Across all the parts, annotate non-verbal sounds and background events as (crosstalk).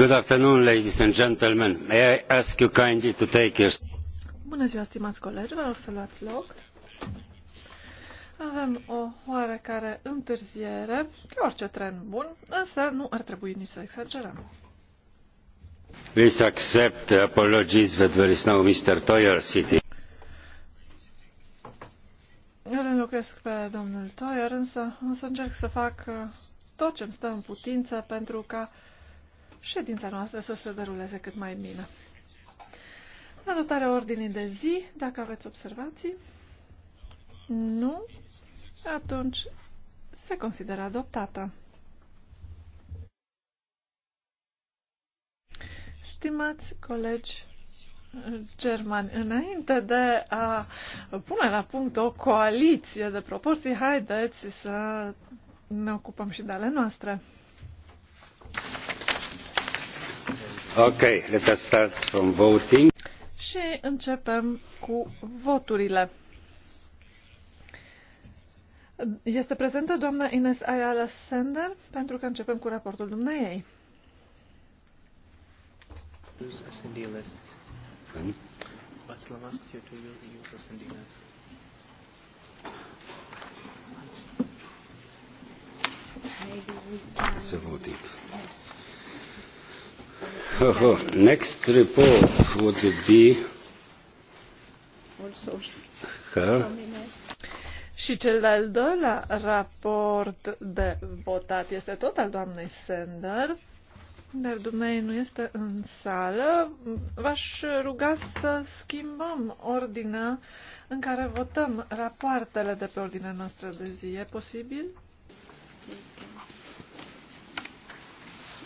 Good afternoon, ladies and gentlemen. May I ask you kindly to take your... Bună ziua, stimați colegi, vă rog să luați loc. Avem o oarecare întârziere, ca orice tren bun, însă nu ar trebui nici să exagerăm. Please accept apologies that there is no Mr. Toyer City. Eu le înlocuiesc pe domnul Toyer, însă o să încerc să fac uh, tot ce-mi stă în putință pentru ca uh, ședința noastră să se deruleze cât mai bine. Adoptarea ordinii de zi, dacă aveți observații. Nu? Atunci se consideră adoptată. Stimați colegi germani, înainte de a pune la punct o coaliție de proporții, haideți să ne ocupăm și de ale noastre. Ok, let us start from voting. Și începem cu voturile. Este prezentă doamna Ines Ayala Sender pentru că începem cu raportul dumneei. Use SND hmm? Yes. (laughs) Next report would be și cel de-al doilea raport de votat este tot al doamnei Sender, dar dumnei nu este în sală. V-aș ruga să schimbăm ordinea în care votăm rapoartele de pe ordinea noastră de zi. E posibil?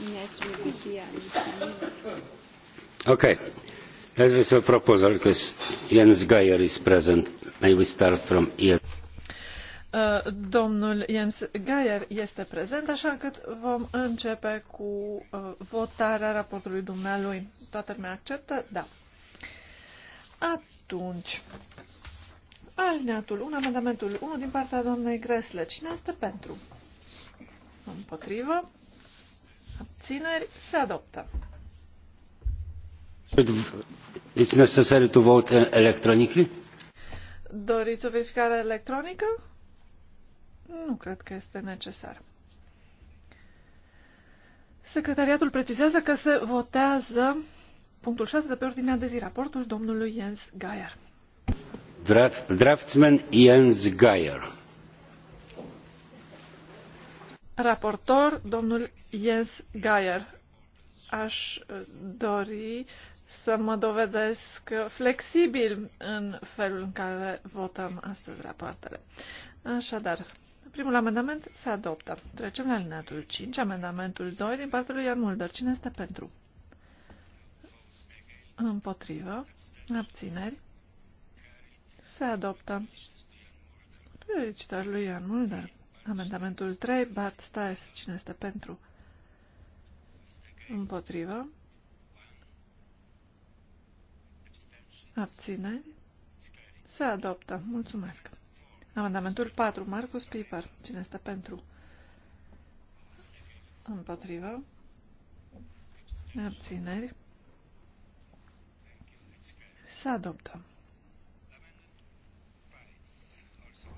Ines will be here in Okay. As was a proposal, because Jens Geier is present, may we start from here? Uh, domnul Jens Geier este prezent, așa că vom începe cu uh, votarea raportului dumnealui. Toată lumea acceptă? Da. Atunci, alineatul 1, amendamentul 1 din partea doamnei Gresle. Cine este pentru? Împotrivă? Abțineri? Se adoptă. It's necessary to vote electronically? Doriți o verificare electronică? Nu cred că este necesar. Secretariatul precizează că se votează punctul 6 de pe ordinea de zi, raportul domnului Jens Geier. Draftsman Jens Geier raportor, domnul Jens Geier. Aș uh, dori să mă dovedesc flexibil în felul în care votăm astfel rapoartele. Așadar, primul amendament se adoptă. Trecem la alineatul 5, amendamentul 2 din partea lui Ian Mulder. Cine este pentru? Împotrivă. Abțineri. Se adoptă. Felicitări lui Ian Mulder. Amendamentul 3, Bat stai, cine este pentru? Împotrivă. Abțineri. Se adoptă. Mulțumesc. Amendamentul 4, Marcus Piper, cine este pentru? Împotrivă. Abțineri. Se adoptă.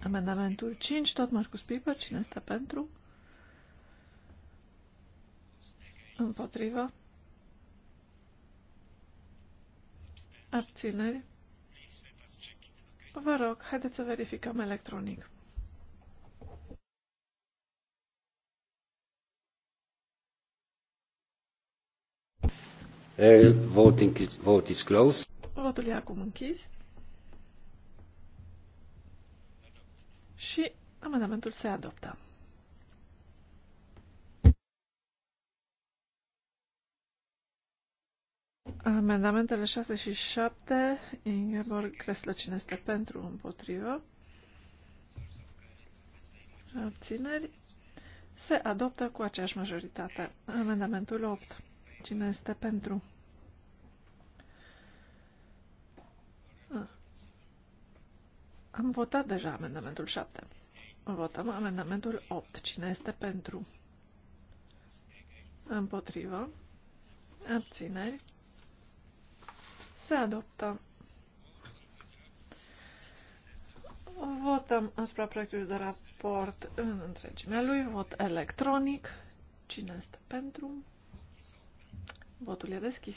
Amendamentul 5, tot Marcus Piper, cine este pentru? Împotrivă. Abțineri. Vă rog, haideți să verificăm electronic. Uh, voting, vote is closed. Votul e acum închis. și amendamentul se adoptă. Amendamentele 6 și 7, Ingeborg Creslă, cine este pentru, împotrivă, abțineri, se adoptă cu aceeași majoritate. Amendamentul 8, cine este pentru, Am votat deja amendamentul 7. Votăm amendamentul 8. Cine este pentru? Împotrivă. Abțineri. Se adoptă. Votăm asupra proiectului de raport în întregimea lui. Vot electronic. Cine este pentru? Votul e deschis.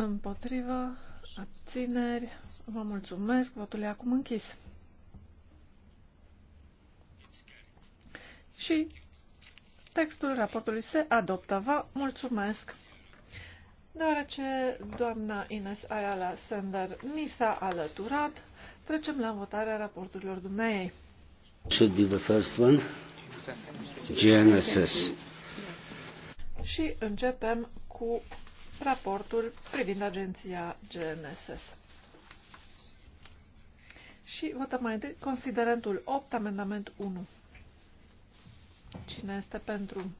Împotrivă. Abțineri. Vă mulțumesc. Votul e acum închis. Și textul raportului se adoptă. Vă mulțumesc. Deoarece doamna Ines Ayala Sender ni s-a alăturat, trecem la votarea raporturilor dumneei. Should be the first one. Genesis. Și începem cu raportul privind agenția GNSS. Și votăm mai întâi considerentul 8, amendament 1. Cine este pentru?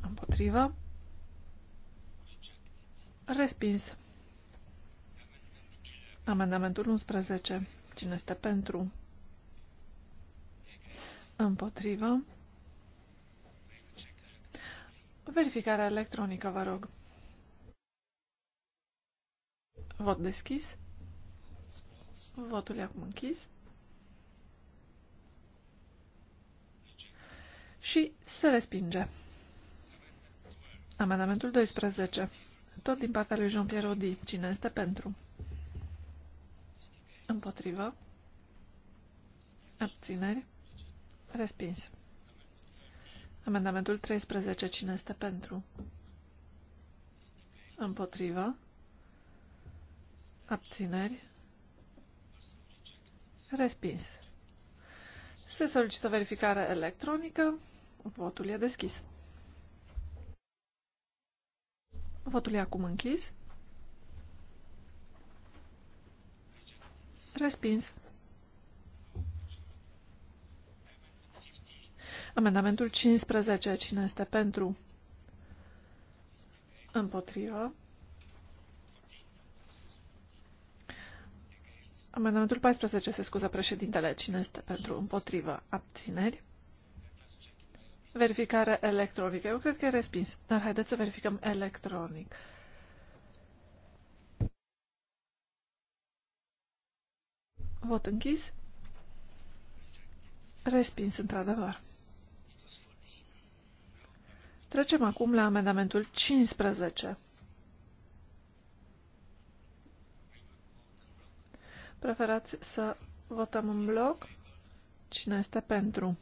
Împotrivă? Respins. Amendamentul 11. Cine este pentru? Împotrivă? Verificarea electronică, vă rog. Vot deschis. Votul e acum închis. Și se respinge. Amendamentul 12. Tot din partea lui Jean-Pierre Odi. Cine este pentru? Împotrivă. Abțineri. Respins. Amendamentul 13. Cine este pentru? Împotrivă. Abțineri. Respins. Se solicită verificare electronică. Votul e deschis. Votul e acum închis. Respins. Amendamentul 15. Cine este pentru? Împotrivă. Amendamentul 14. Se scuză președintele. Cine este pentru? Împotrivă. Abțineri. Verificare electronică. Eu cred că e respins, dar haideți să verificăm electronic. Vot închis. Respins, într-adevăr. Trecem acum la amendamentul 15. Preferați să votăm în bloc? Cine este pentru?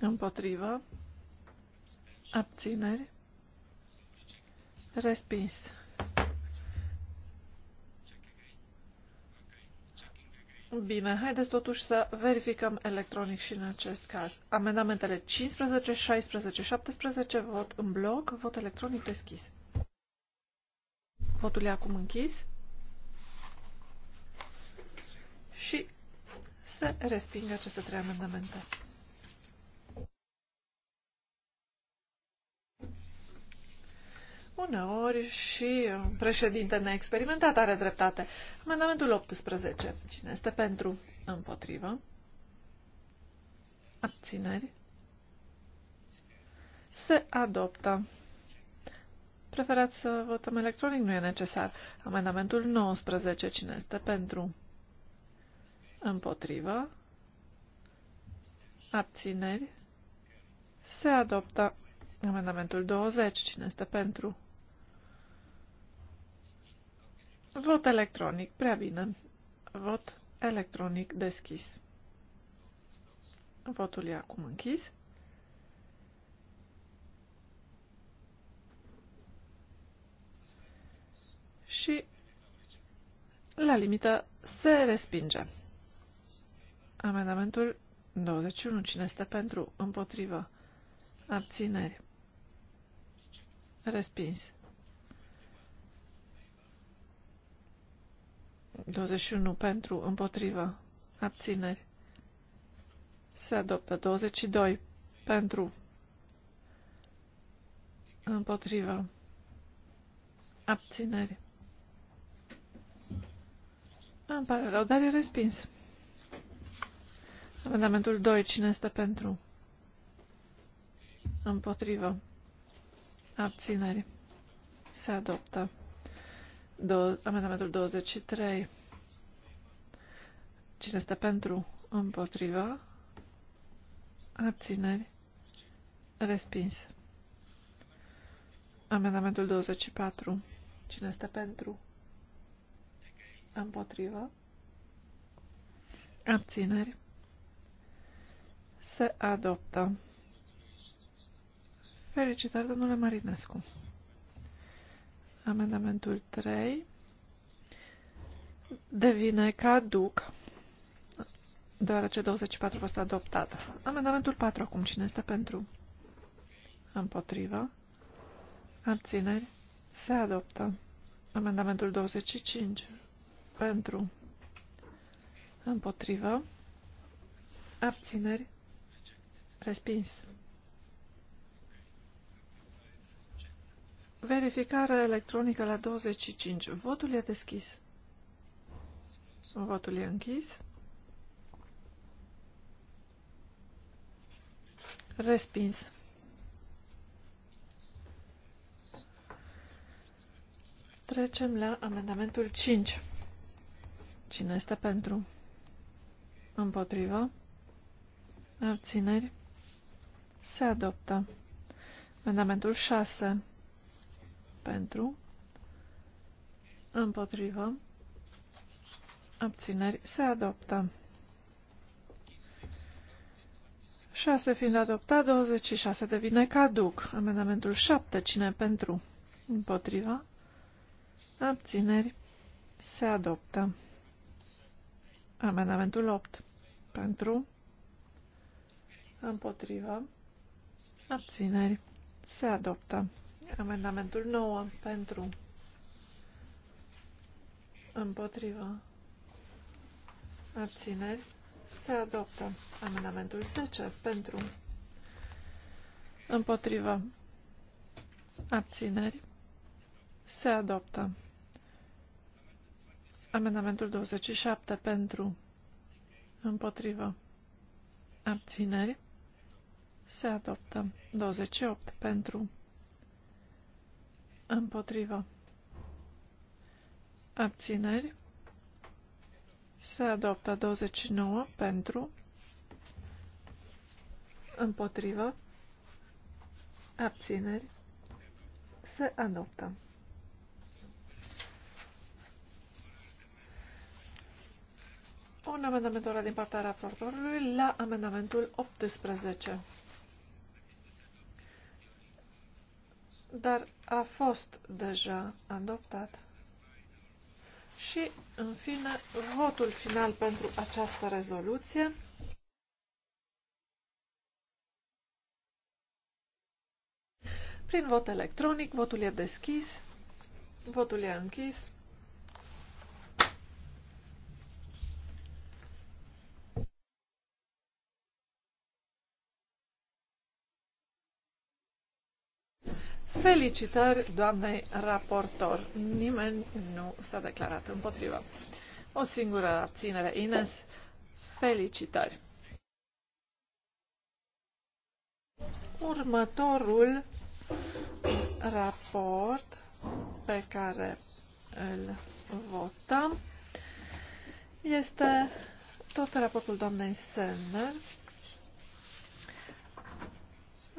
Împotrivă? Abțineri? Respins. Bine, haideți totuși să verificăm electronic și în acest caz. Amendamentele 15, 16, 17, vot în bloc, vot electronic deschis. Votul e acum închis și se resping aceste trei amendamente. Uneori și președintele președinte neexperimentat are dreptate. Amendamentul 18. Cine este pentru? Împotrivă. Abțineri. Se adoptă. Preferați să votăm electronic? Nu e necesar. Amendamentul 19. Cine este pentru? Împotrivă. Abțineri. Se adoptă. Amendamentul 20. Cine este pentru? Vot electronic, prea bine. Vot electronic deschis. Votul e acum închis. Și la limită se respinge. Amendamentul 21. Cine este pentru? Împotrivă. Abțineri. Respins. 21 pentru, împotriva, abțineri. Se adoptă 22 pentru, împotriva, abțineri. Îmi pare rău, dar e respins. Amendamentul 2. Cine este pentru? Împotrivă. Abțineri. Se adoptă amendamentul 23. Cine este pentru? Împotriva. Abțineri. Respins. Amendamentul 24. Cine este pentru? Împotriva. Abțineri. Se adoptă. Felicitări, domnule Marinescu. Amendamentul 3 devine caduc, deoarece 24 a fost adoptat. Amendamentul 4 acum. Cine este pentru? Împotrivă. Abțineri. Se adoptă. Amendamentul 25. Pentru. Împotrivă. Abțineri. Respins. Verificare electronică la 25. Votul e deschis. Votul e închis. Respins. Trecem la amendamentul 5. Cine este pentru? Împotrivă? Abțineri? Se adoptă. Amendamentul 6 pentru, împotrivă, abțineri, se adoptă. 6 fiind adoptat, 26 devine caduc. Amendamentul 7, cine pentru, împotrivă, abțineri, se adoptă. Amendamentul 8, pentru, împotrivă, abțineri, se adoptă. Amendamentul 9 pentru împotrivă abțineri se adoptă. Amendamentul 10 pentru împotrivă abțineri se adoptă. Amendamentul 27 pentru împotrivă abțineri se adoptă. 28 pentru Împotriva. Abțineri. Se adoptă 29 pentru. Împotrivă. Abțineri. Se adoptă. Un amendament ora din partea raportorului la amendamentul 18. dar a fost deja adoptat. Și, în fine, votul final pentru această rezoluție. Prin vot electronic, votul e deschis, votul e închis. Felicitări doamnei raportor. Nimeni nu s-a declarat împotrivă. O singură abținere. Ines, felicitări. Următorul raport pe care îl votăm este tot raportul doamnei Senner.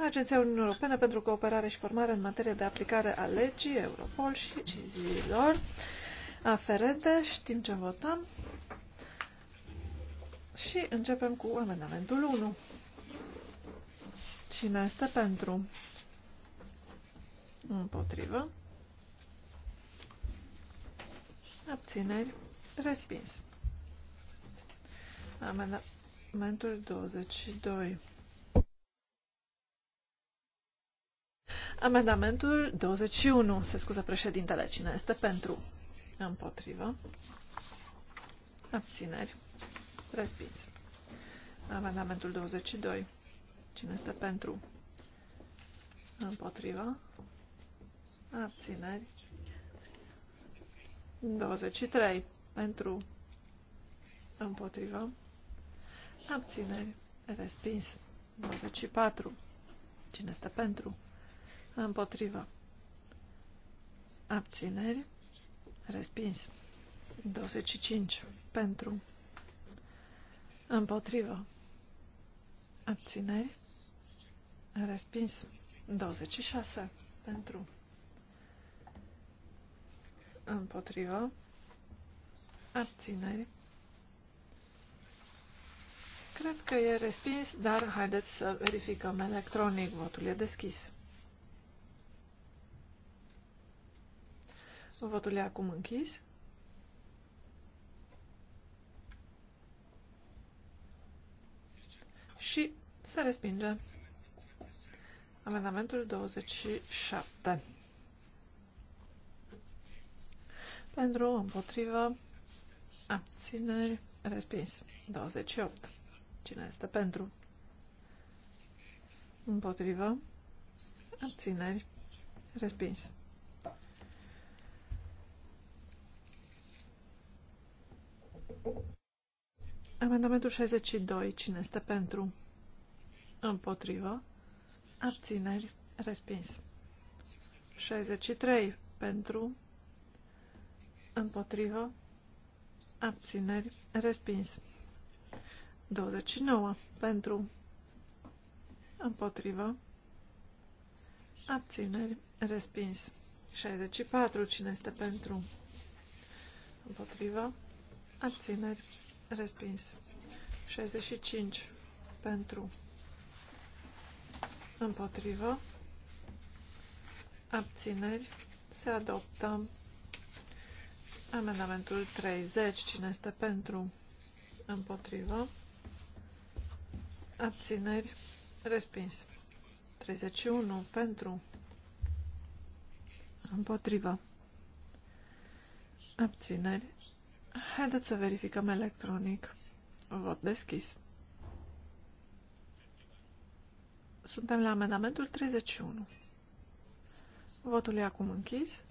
Agenția Uniunii Europene pentru Cooperare și Formare în materie de aplicare a legii, Europol și deciziilor aferente. Știm ce votăm. Și începem cu amendamentul 1. Cine este pentru? Împotrivă. Abțineri. Respins. Amendamentul 22. Amendamentul 21, se scuză președintele, cine este pentru? Împotrivă. Abțineri. Respins. Amendamentul 22. Cine este pentru? Împotrivă. Abțineri. 23. Pentru. Împotrivă. Abțineri. Respins. 24. Cine este pentru? Împotrivă. Abțineri. Respins. 25. Pentru. Împotrivă. Abțineri. Respins. 26. Pentru. Împotrivă. Abțineri. Cred că e respins, dar haideți să verificăm electronic. Votul e deschis. Votul e acum închis. Și se respinge amendamentul 27. Pentru, împotrivă, abțineri, respins. 28. Cine este pentru? Împotrivă, abțineri, respins. Amendamentul 62. Cine este pentru? Împotrivă. Abțineri. Respins. 63. Pentru. Împotrivă. Abțineri. Respins. 29. Pentru. Împotrivă. Abțineri. Respins. 64. Cine este pentru? Împotrivă. Abțineri. Respins. 65 pentru. Împotrivă. Abțineri. Se adoptă. Amendamentul 30. Cine este pentru? Împotrivă. Abțineri. Respins. 31. Pentru. Împotrivă. Abțineri. Haideți să verificăm electronic. Vot deschis. Suntem la amendamentul 31. Votul e acum închis.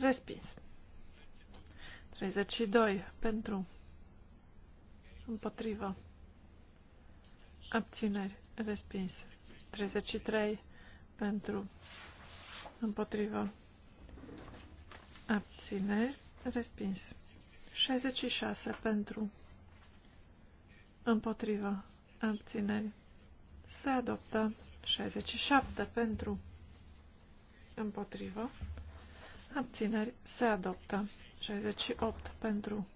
Respins. 32 pentru. Împotrivă. Abțineri. Respins. 33 pentru. Împotrivă. Abțineri. Respins. 66 pentru. Împotrivă. Abțineri. Se adoptă. 67 pentru. Împotrivă. Abțineri. Se adoptă. 68 pentru.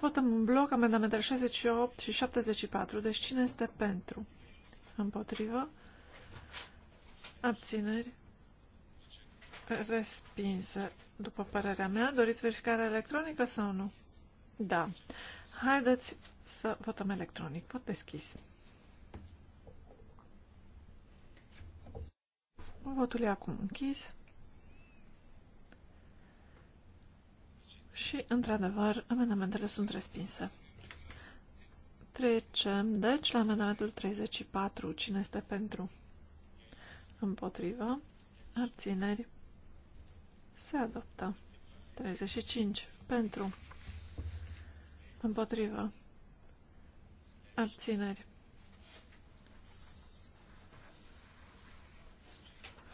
Votăm în bloc amendamentele 68 și 74. Deci cine este pentru? Împotrivă? Abțineri? respinsă, după părerea mea. Doriți verificare electronică sau nu? Da. Haideți să votăm electronic. Vot deschis. Votul e acum închis. Și, într-adevăr, amendamentele sunt respinse. Trecem, deci, la amendamentul 34. Cine este pentru? Împotrivă. Abțineri. Se adoptă. 35. Pentru. Împotriva. Abțineri.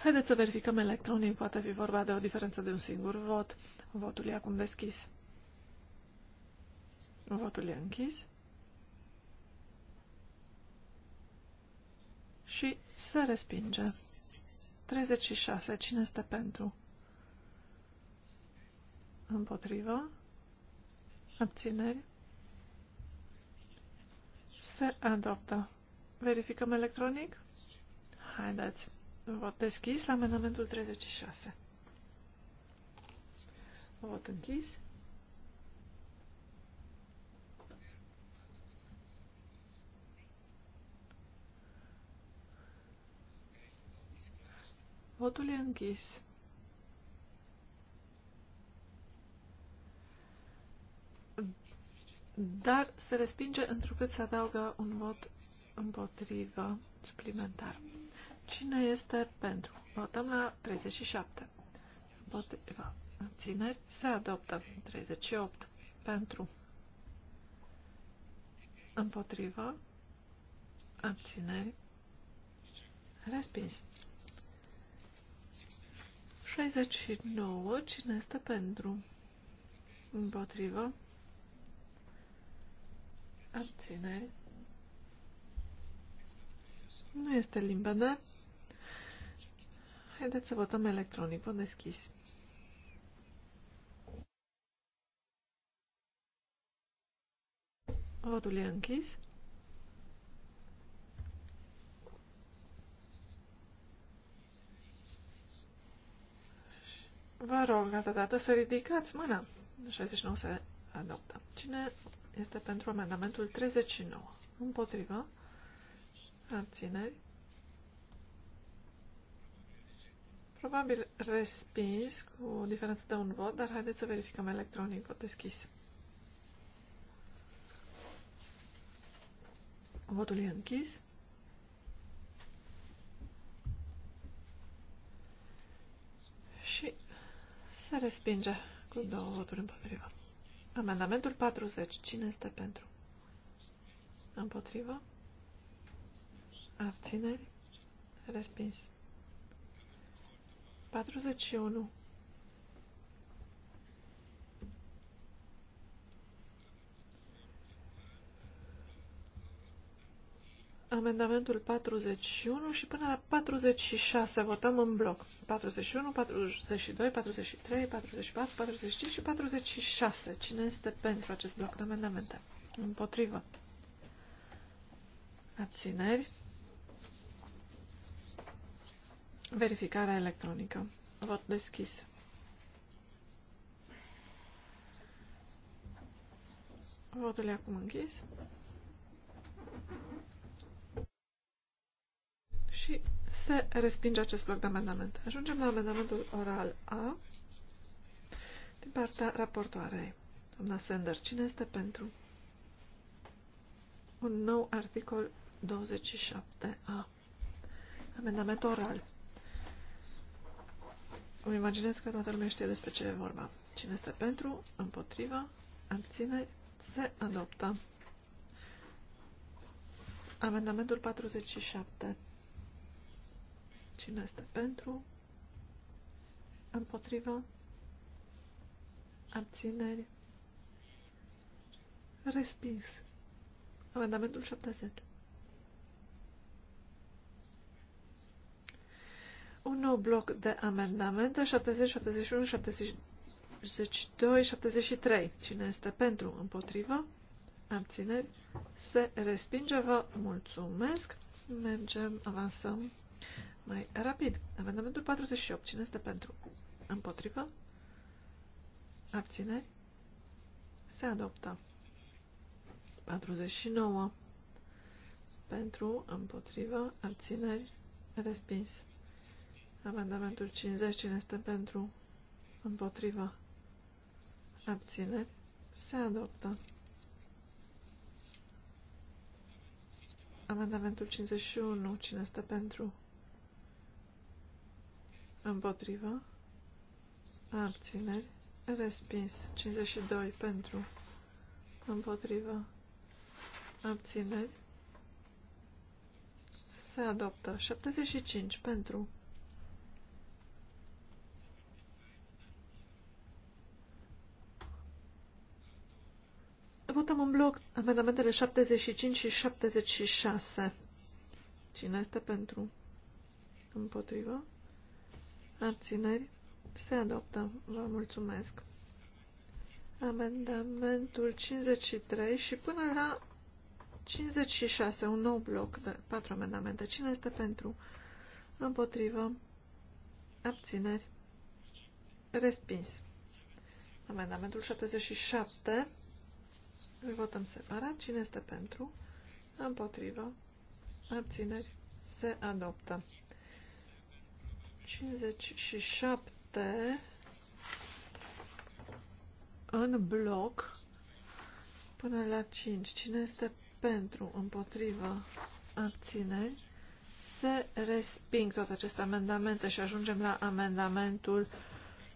Haideți să verificăm electronii. Poate fi vorba de o diferență de un singur vot. Votul e acum deschis. Votul e închis. Și se respinge. 36. Cine este pentru? Împotrivă. Abțineri. Se adoptă. Verificăm electronic? Haideți. Vot deschis la amendamentul 36. Vot închis. Votul e închis. dar se respinge întrucât se adaugă un vot împotrivă suplimentar. Cine este pentru? Votăm la 37. Împotriva. Țineri se adoptă. 38. Pentru. Împotriva. Abțineri. Respins. 69. Cine este pentru? Împotrivă abțineri. Nu este limpede. Haideți să votăm electronic. Vă deschis. Votul e închis. Vă rog, atâta dată, să ridicați mâna. 69 se adoptă. Cine este pentru amendamentul 39. Împotrivă. Abțineri. Probabil respins cu o diferență de un vot, dar haideți să verificăm electronic. Vot deschis. Votul e închis. Și se respinge cu două voturi împotriva. Amendamentul 40. Cine este pentru? Împotrivă? Abțineri? Respins. 41. amendamentul 41 și până la 46 votăm în bloc. 41, 42, 43, 44, 45 și 46. Cine este pentru acest bloc de amendamente? Împotrivă. Abțineri. Verificarea electronică. Vot deschis. Votul e acum închis. și se respinge acest bloc de amendament. Ajungem la amendamentul oral A din partea raportoarei. Doamna Sender, cine este pentru? Un nou articol 27a. Amendament oral. Îmi imaginez că toată lumea știe despre ce e vorba. Cine este pentru, împotriva, abține, se adoptă. Amendamentul 47. Cine este pentru? Împotrivă? Abțineri? Respins. Amendamentul 70. Un nou bloc de amendamente 70, 71, 72, 73. Cine este pentru? Împotrivă? Abțineri? Se respinge. Vă mulțumesc. Mergem, avansăm mai rapid. Amendamentul 48. Cine este pentru? Împotrivă? Abține? Se adoptă. 49. Pentru, împotrivă, abțineri, respins. Amendamentul 50. Cine este pentru? Împotrivă. Abțineri. Se adoptă. Amendamentul 51. Cine este pentru? Împotrivă. Abțineri. Respins. 52 pentru. Împotrivă. Abțineri. Se adoptă. 75 pentru. Votăm în bloc amendamentele 75 și 76. Cine este pentru? Împotrivă? abțineri, se adoptă. Vă mulțumesc. Amendamentul 53 și până la 56, un nou bloc de patru amendamente. Cine este pentru? Împotrivă. Abțineri. Respins. Amendamentul 77. Îl votăm separat. Cine este pentru? Împotrivă. Abțineri. Se adoptă. 57 în bloc până la 5. Cine este pentru, împotrivă, abțineri? Se resping toate aceste amendamente și ajungem la amendamentul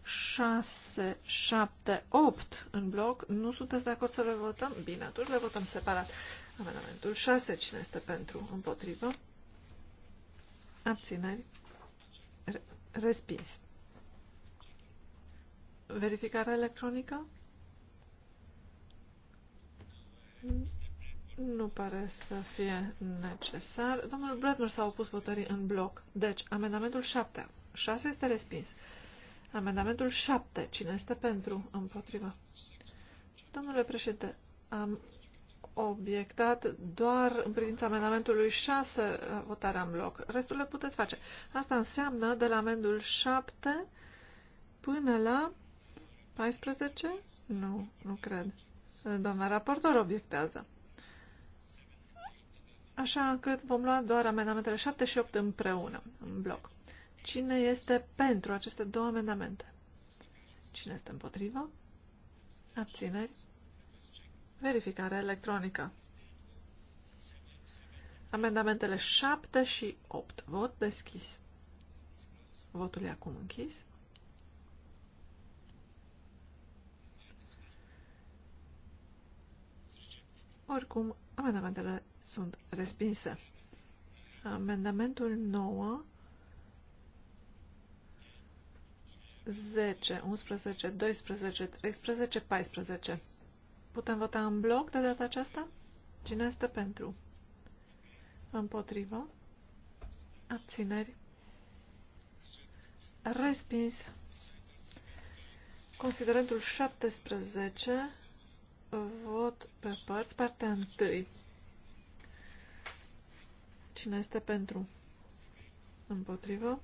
6, 7, 8 în bloc. Nu sunteți de acord să le votăm? Bine, atunci le votăm separat. Amendamentul 6, cine este pentru, împotrivă? Abțineri. Respins. Verificare electronică? Nu pare să fie necesar. Domnul Bradner s-a opus votării în bloc. Deci, amendamentul 7. 6 este respins. Amendamentul 7. Cine este pentru? Împotriva. Domnule președinte, am obiectat doar în privința amendamentului 6 uh, votarea în bloc. Restul le puteți face. Asta înseamnă de la amendul 7 până la 14? Nu, nu cred. Doamna raportor obiectează. Așa încât vom lua doar amendamentele 7 și 8 împreună, în bloc. Cine este pentru aceste două amendamente? Cine este împotriva? Abțineri? Verificare electronică. Amendamentele 7 și 8. Vot deschis. Votul e acum închis. Oricum, amendamentele sunt respinse. Amendamentul 9, 10, 11, 12, 13, 14. Putem vota în bloc de data aceasta? Cine este pentru? Împotrivă. Abțineri. Respins. Considerentul 17, vot pe părți, partea 1. Cine este pentru? Împotrivă.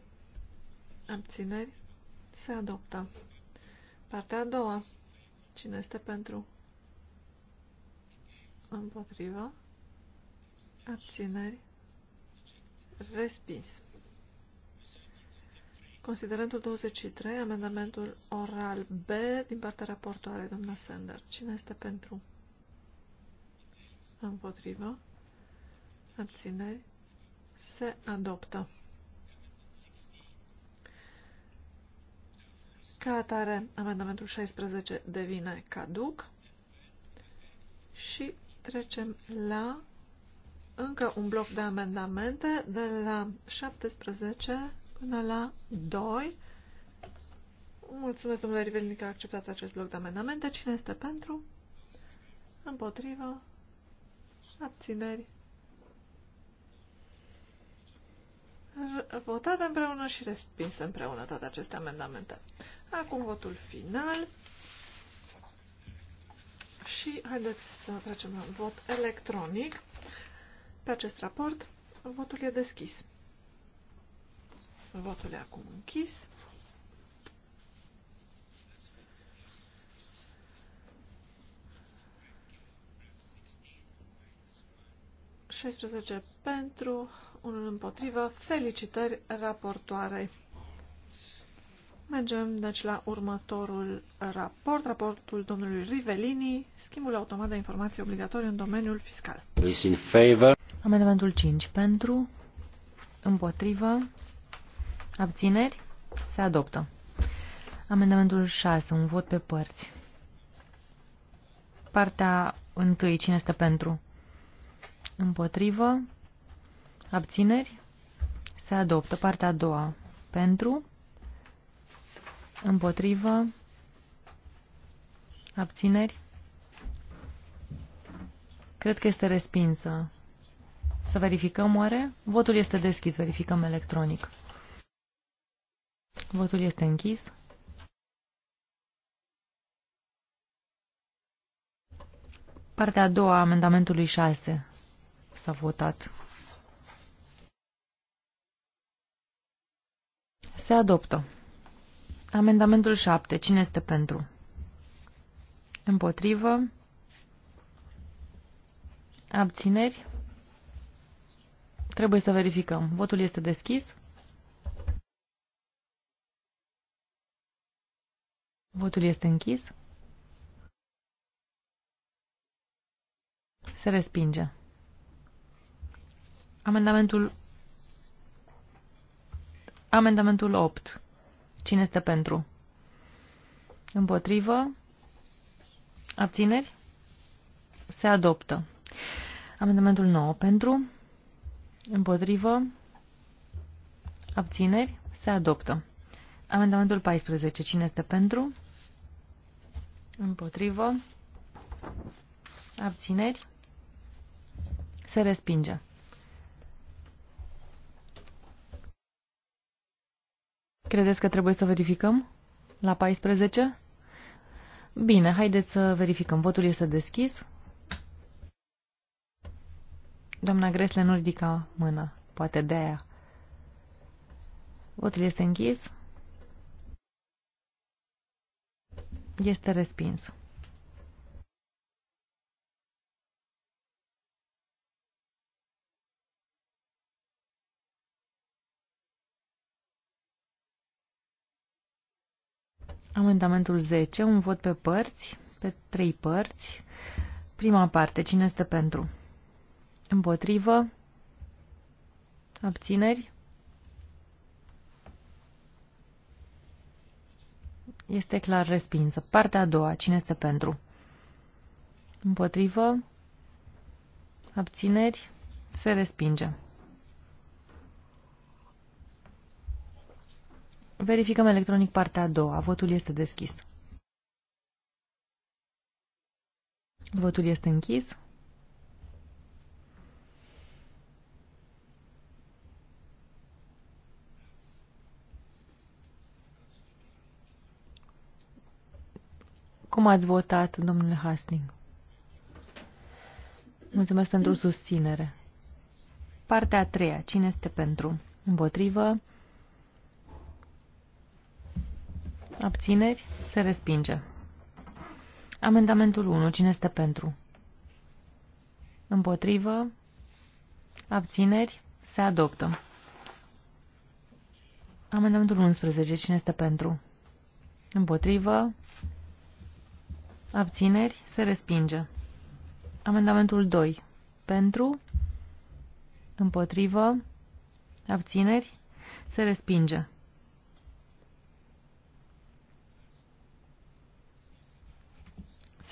Abțineri. Se adoptă. Partea a doua. Cine este pentru? Împotrivă. abțineri, respins. Considerentul 23, amendamentul oral B din partea raportoarei, doamna Sender. Cine este pentru? Împotrivă. Abțineri. Se adoptă. Ca atare, amendamentul 16 devine caduc și Trecem la încă un bloc de amendamente de la 17 până la 2. Mulțumesc, domnule Rivelnic, că a acceptat acest bloc de amendamente. Cine este pentru? Împotrivă? Abțineri? Votat împreună și respins împreună toate aceste amendamente. Acum votul final. Și haideți să trecem la vot electronic. Pe acest raport, votul e deschis. Votul e acum închis. pentru, unul împotrivă. Felicitări raportoarei! Mergem deci la următorul raport, raportul domnului Rivelini, schimbul automat de informații obligatorii în domeniul fiscal. in favor. Amendamentul 5 pentru, împotrivă, abțineri, se adoptă. Amendamentul 6, un vot pe părți. Partea 1, cine este pentru? Împotrivă, abțineri, se adoptă. Partea a doua, pentru, Împotrivă. Abțineri. Cred că este respinsă. Să verificăm oare? Votul este deschis, verificăm electronic. Votul este închis. Partea a doua a amendamentului 6 s-a votat. Se adoptă. Amendamentul 7. Cine este pentru? Împotrivă. Abțineri. Trebuie să verificăm. Votul este deschis. Votul este închis. Se respinge. Amendamentul Amendamentul 8. Cine este pentru? Împotrivă? Abțineri? Se adoptă. Amendamentul 9 pentru? Împotrivă? Abțineri? Se adoptă. Amendamentul 14. Cine este pentru? Împotrivă? Abțineri? Se respinge. Credeți că trebuie să verificăm? La 14? Bine, haideți să verificăm. Votul este deschis. Doamna Gresle nu ridica mâna. Poate de aia. Votul este închis. Este respins. Amendamentul 10, un vot pe părți, pe trei părți. Prima parte, cine este pentru? Împotrivă? Abțineri? Este clar respinsă. Partea a doua, cine este pentru? Împotrivă? Abțineri? Se respinge. Verificăm electronic partea a doua. Votul este deschis. Votul este închis. Cum ați votat, domnule Hasling? Mulțumesc pentru susținere. Partea a treia. Cine este pentru? Împotrivă? Abțineri? Se respinge. Amendamentul 1. Cine este pentru? Împotrivă? Abțineri? Se adoptă. Amendamentul 11. Cine este pentru? Împotrivă? Abțineri? Se respinge. Amendamentul 2. Pentru? Împotrivă? Abțineri? Se respinge.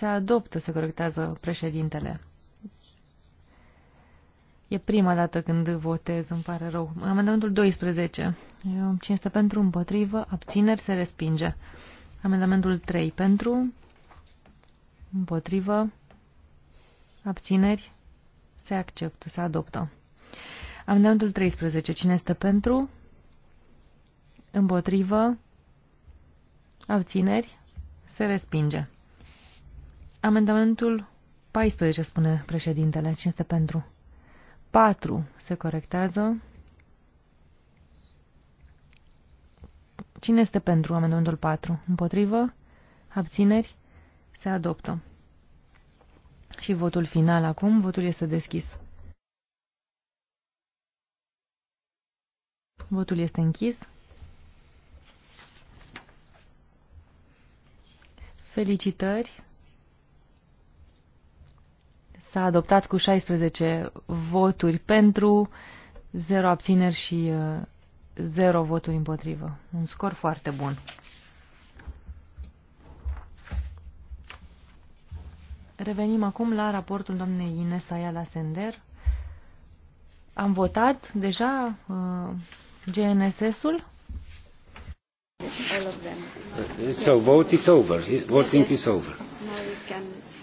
Se adoptă, se corectează președintele. E prima dată când votez, îmi pare rău. Amendamentul 12. Cine este pentru, împotrivă, abțineri, se respinge. Amendamentul 3. Pentru, împotrivă, abțineri, se acceptă, se adoptă. Amendamentul 13. Cine este pentru, împotrivă, abțineri, se respinge. Amendamentul 14, spune președintele. Cine este pentru? 4 se corectează. Cine este pentru amendamentul 4? Împotrivă? Abțineri? Se adoptă. Și votul final acum. Votul este deschis. Votul este închis. Felicitări s-a adoptat cu 16 voturi pentru, 0 abțineri și 0 uh, voturi împotrivă. Un scor foarte bun. Revenim acum la raportul doamnei Ines Ayala Sender. Am votat deja uh, GNSS-ul. So vote is over. Voting is over.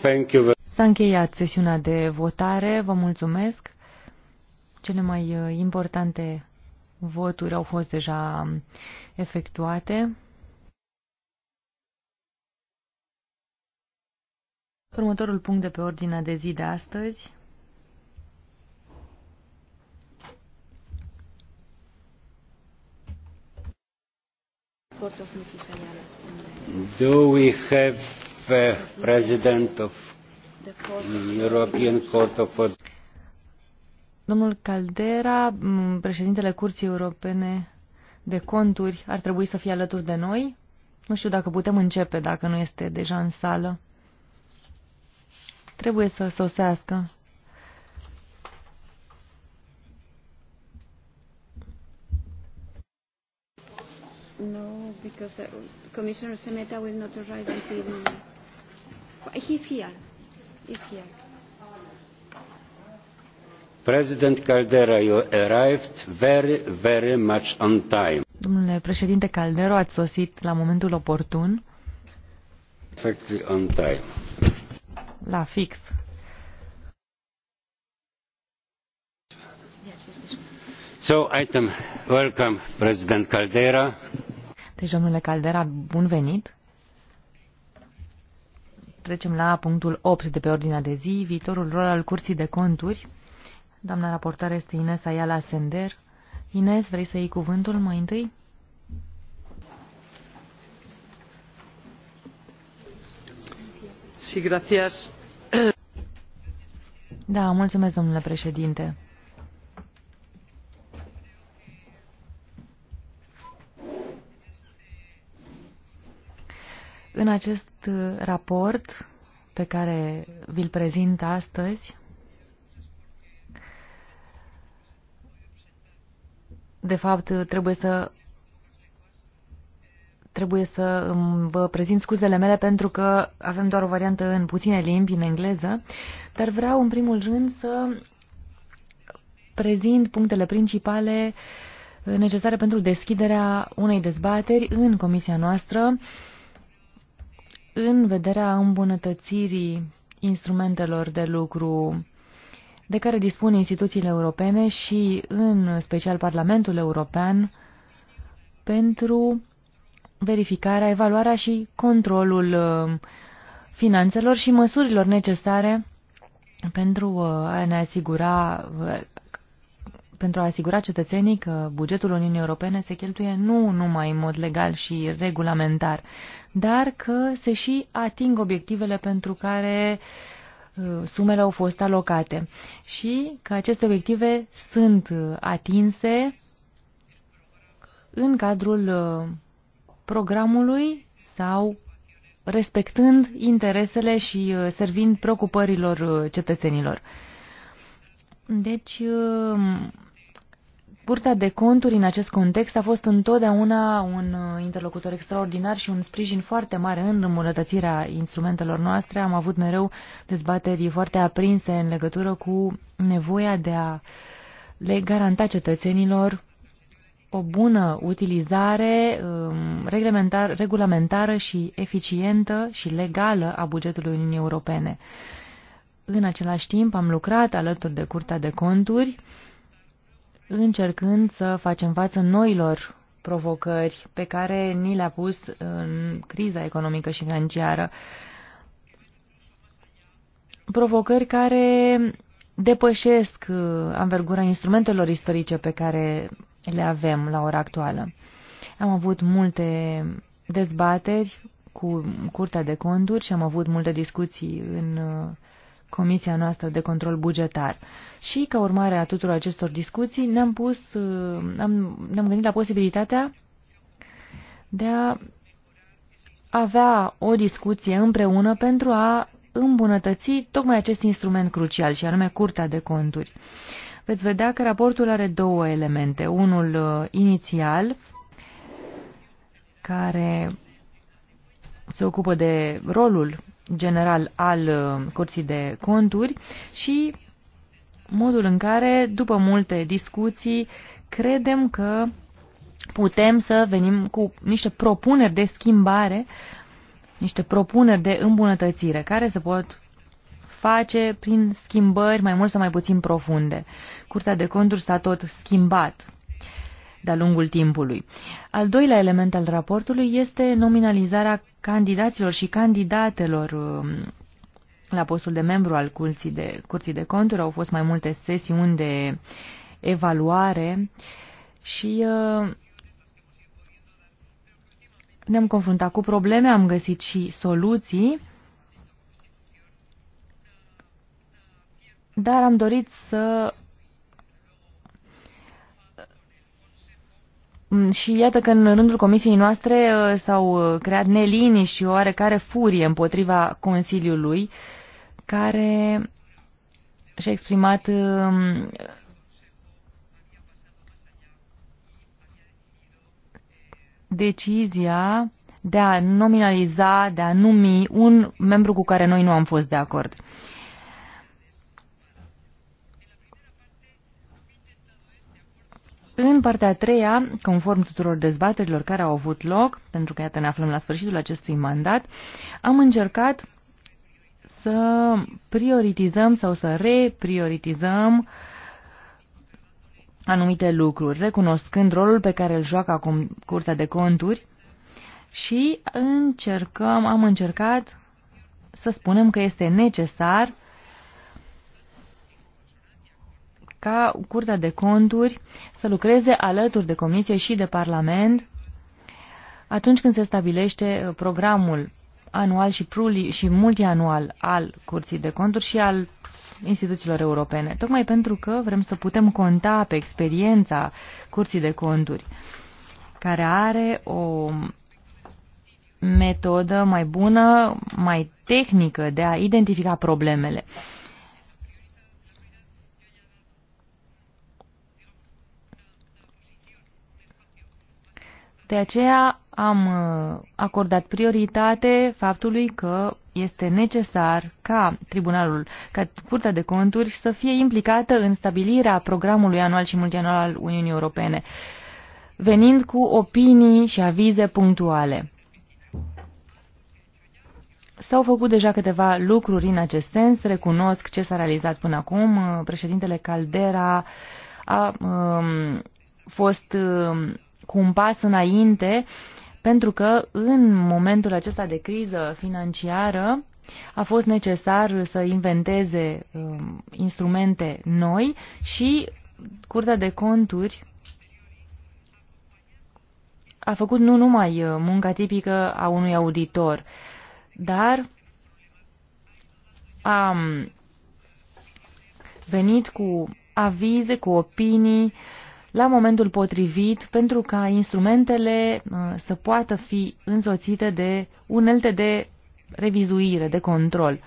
Thank you very S-a încheiat sesiunea de votare. Vă mulțumesc. Cele mai uh, importante voturi au fost deja efectuate. Următorul punct de pe ordinea de zi de astăzi Do we have a uh, president of Domnul Caldera, președintele Curții Europene de Conturi, ar trebui să fie alături de noi. Nu știu dacă putem începe, dacă nu este deja în sală. Trebuie să sosească. No, because uh, Commissioner Semeta will not arrive until... Uh, he's here is here. President Caldera, you arrived very, very much on time. Domnule președinte Caldero, ați sosit la momentul oportun. Perfectly on time. La fix. So, item, welcome, President Caldera. Deci, domnule Caldera, bun venit. Trecem la punctul 8 de pe ordinea de zi, viitorul rol al Curții de Conturi. Doamna raportare este Ines Ayala Sender. Ines, vrei să iei cuvântul mai întâi? Sí, gracias. Da, mulțumesc, domnule președinte. În acest uh, raport pe care vi-l prezint astăzi, de fapt, trebuie să trebuie să vă prezint scuzele mele pentru că avem doar o variantă în puține limbi, în engleză, dar vreau în primul rând să prezint punctele principale uh, necesare pentru deschiderea unei dezbateri în comisia noastră uh, în vederea îmbunătățirii instrumentelor de lucru de care dispun instituțiile europene și în special Parlamentul European pentru verificarea, evaluarea și controlul uh, finanțelor și măsurilor necesare pentru uh, a ne asigura uh, pentru a asigura cetățenii că bugetul Uniunii Europene se cheltuie nu numai în mod legal și regulamentar, dar că se și ating obiectivele pentru care uh, sumele au fost alocate și că aceste obiective sunt uh, atinse în cadrul uh, programului sau respectând interesele și servind preocupărilor cetățenilor. Deci, Curtea de conturi în acest context a fost întotdeauna un uh, interlocutor extraordinar și un sprijin foarte mare în îmbunătățirea instrumentelor noastre. Am avut mereu dezbateri foarte aprinse în legătură cu nevoia de a le garanta cetățenilor o bună utilizare um, reglementar, regulamentară și eficientă și legală a bugetului Uniunii Europene. În același timp am lucrat alături de Curtea de Conturi încercând să facem față noilor provocări pe care ni le-a pus în criza economică și financiară. Provocări care depășesc uh, anvergura instrumentelor istorice pe care le avem la ora actuală. Am avut multe dezbateri cu Curtea de Conturi și am avut multe discuții în uh, Comisia noastră de control bugetar. Și ca urmare a tuturor acestor discuții ne-am pus, uh, am, ne-am gândit la posibilitatea de a avea o discuție împreună pentru a îmbunătăți tocmai acest instrument crucial și anume Curtea de Conturi. Veți vedea că raportul are două elemente. Unul uh, inițial, care se ocupă de rolul general al uh, Curții de Conturi și modul în care, după multe discuții, credem că putem să venim cu niște propuneri de schimbare, niște propuneri de îmbunătățire, care se pot face prin schimbări mai mult sau mai puțin profunde. Curtea de conturi s-a tot schimbat de-a lungul timpului. Al doilea element al raportului este nominalizarea candidaților și candidatelor um, la postul de membru al curții de, curții de conturi. Au fost mai multe sesiuni de evaluare și uh, ne-am confruntat cu probleme, am găsit și soluții, dar am dorit să Mm, și iată că în rândul comisiei noastre uh, s-au uh, creat nelini și oarecare furie împotriva Consiliului, care și-a exprimat um, decizia de a nominaliza, de a numi un membru cu care noi nu am fost de acord. Uh, În partea a treia, conform tuturor dezbaterilor care au avut loc, pentru că iată ne aflăm la sfârșitul acestui mandat, am încercat să prioritizăm sau să reprioritizăm anumite lucruri, recunoscând rolul pe care îl joacă acum Curtea de Conturi și încercăm, am încercat să spunem că este necesar uh, ca Curtea de Conturi să lucreze alături de Comisie și de Parlament atunci când se stabilește uh, programul anual și, pruli, și multianual al Curții de Conturi și al instituțiilor europene, tocmai pentru că vrem să putem conta pe experiența Curții de Conturi, care are o metodă mai bună, mai tehnică de a identifica problemele. De aceea am uh, acordat prioritate faptului că este necesar ca tribunalul, ca Curtea de Conturi să fie implicată în stabilirea programului anual și multianual al Uniunii Europene, venind cu opinii și avize punctuale. S-au făcut deja câteva lucruri în acest sens, recunosc ce s-a realizat până acum. Uh, președintele Caldera a um, fost um, cu un pas înainte, pentru că în momentul acesta de criză financiară a fost necesar să inventeze um, instrumente noi și Curtea de Conturi a făcut nu numai uh, munca tipică a unui auditor, dar a um, venit cu avize, cu opinii, uh, la momentul potrivit pentru ca instrumentele uh, să poată fi însoțite de unelte de revizuire, de control.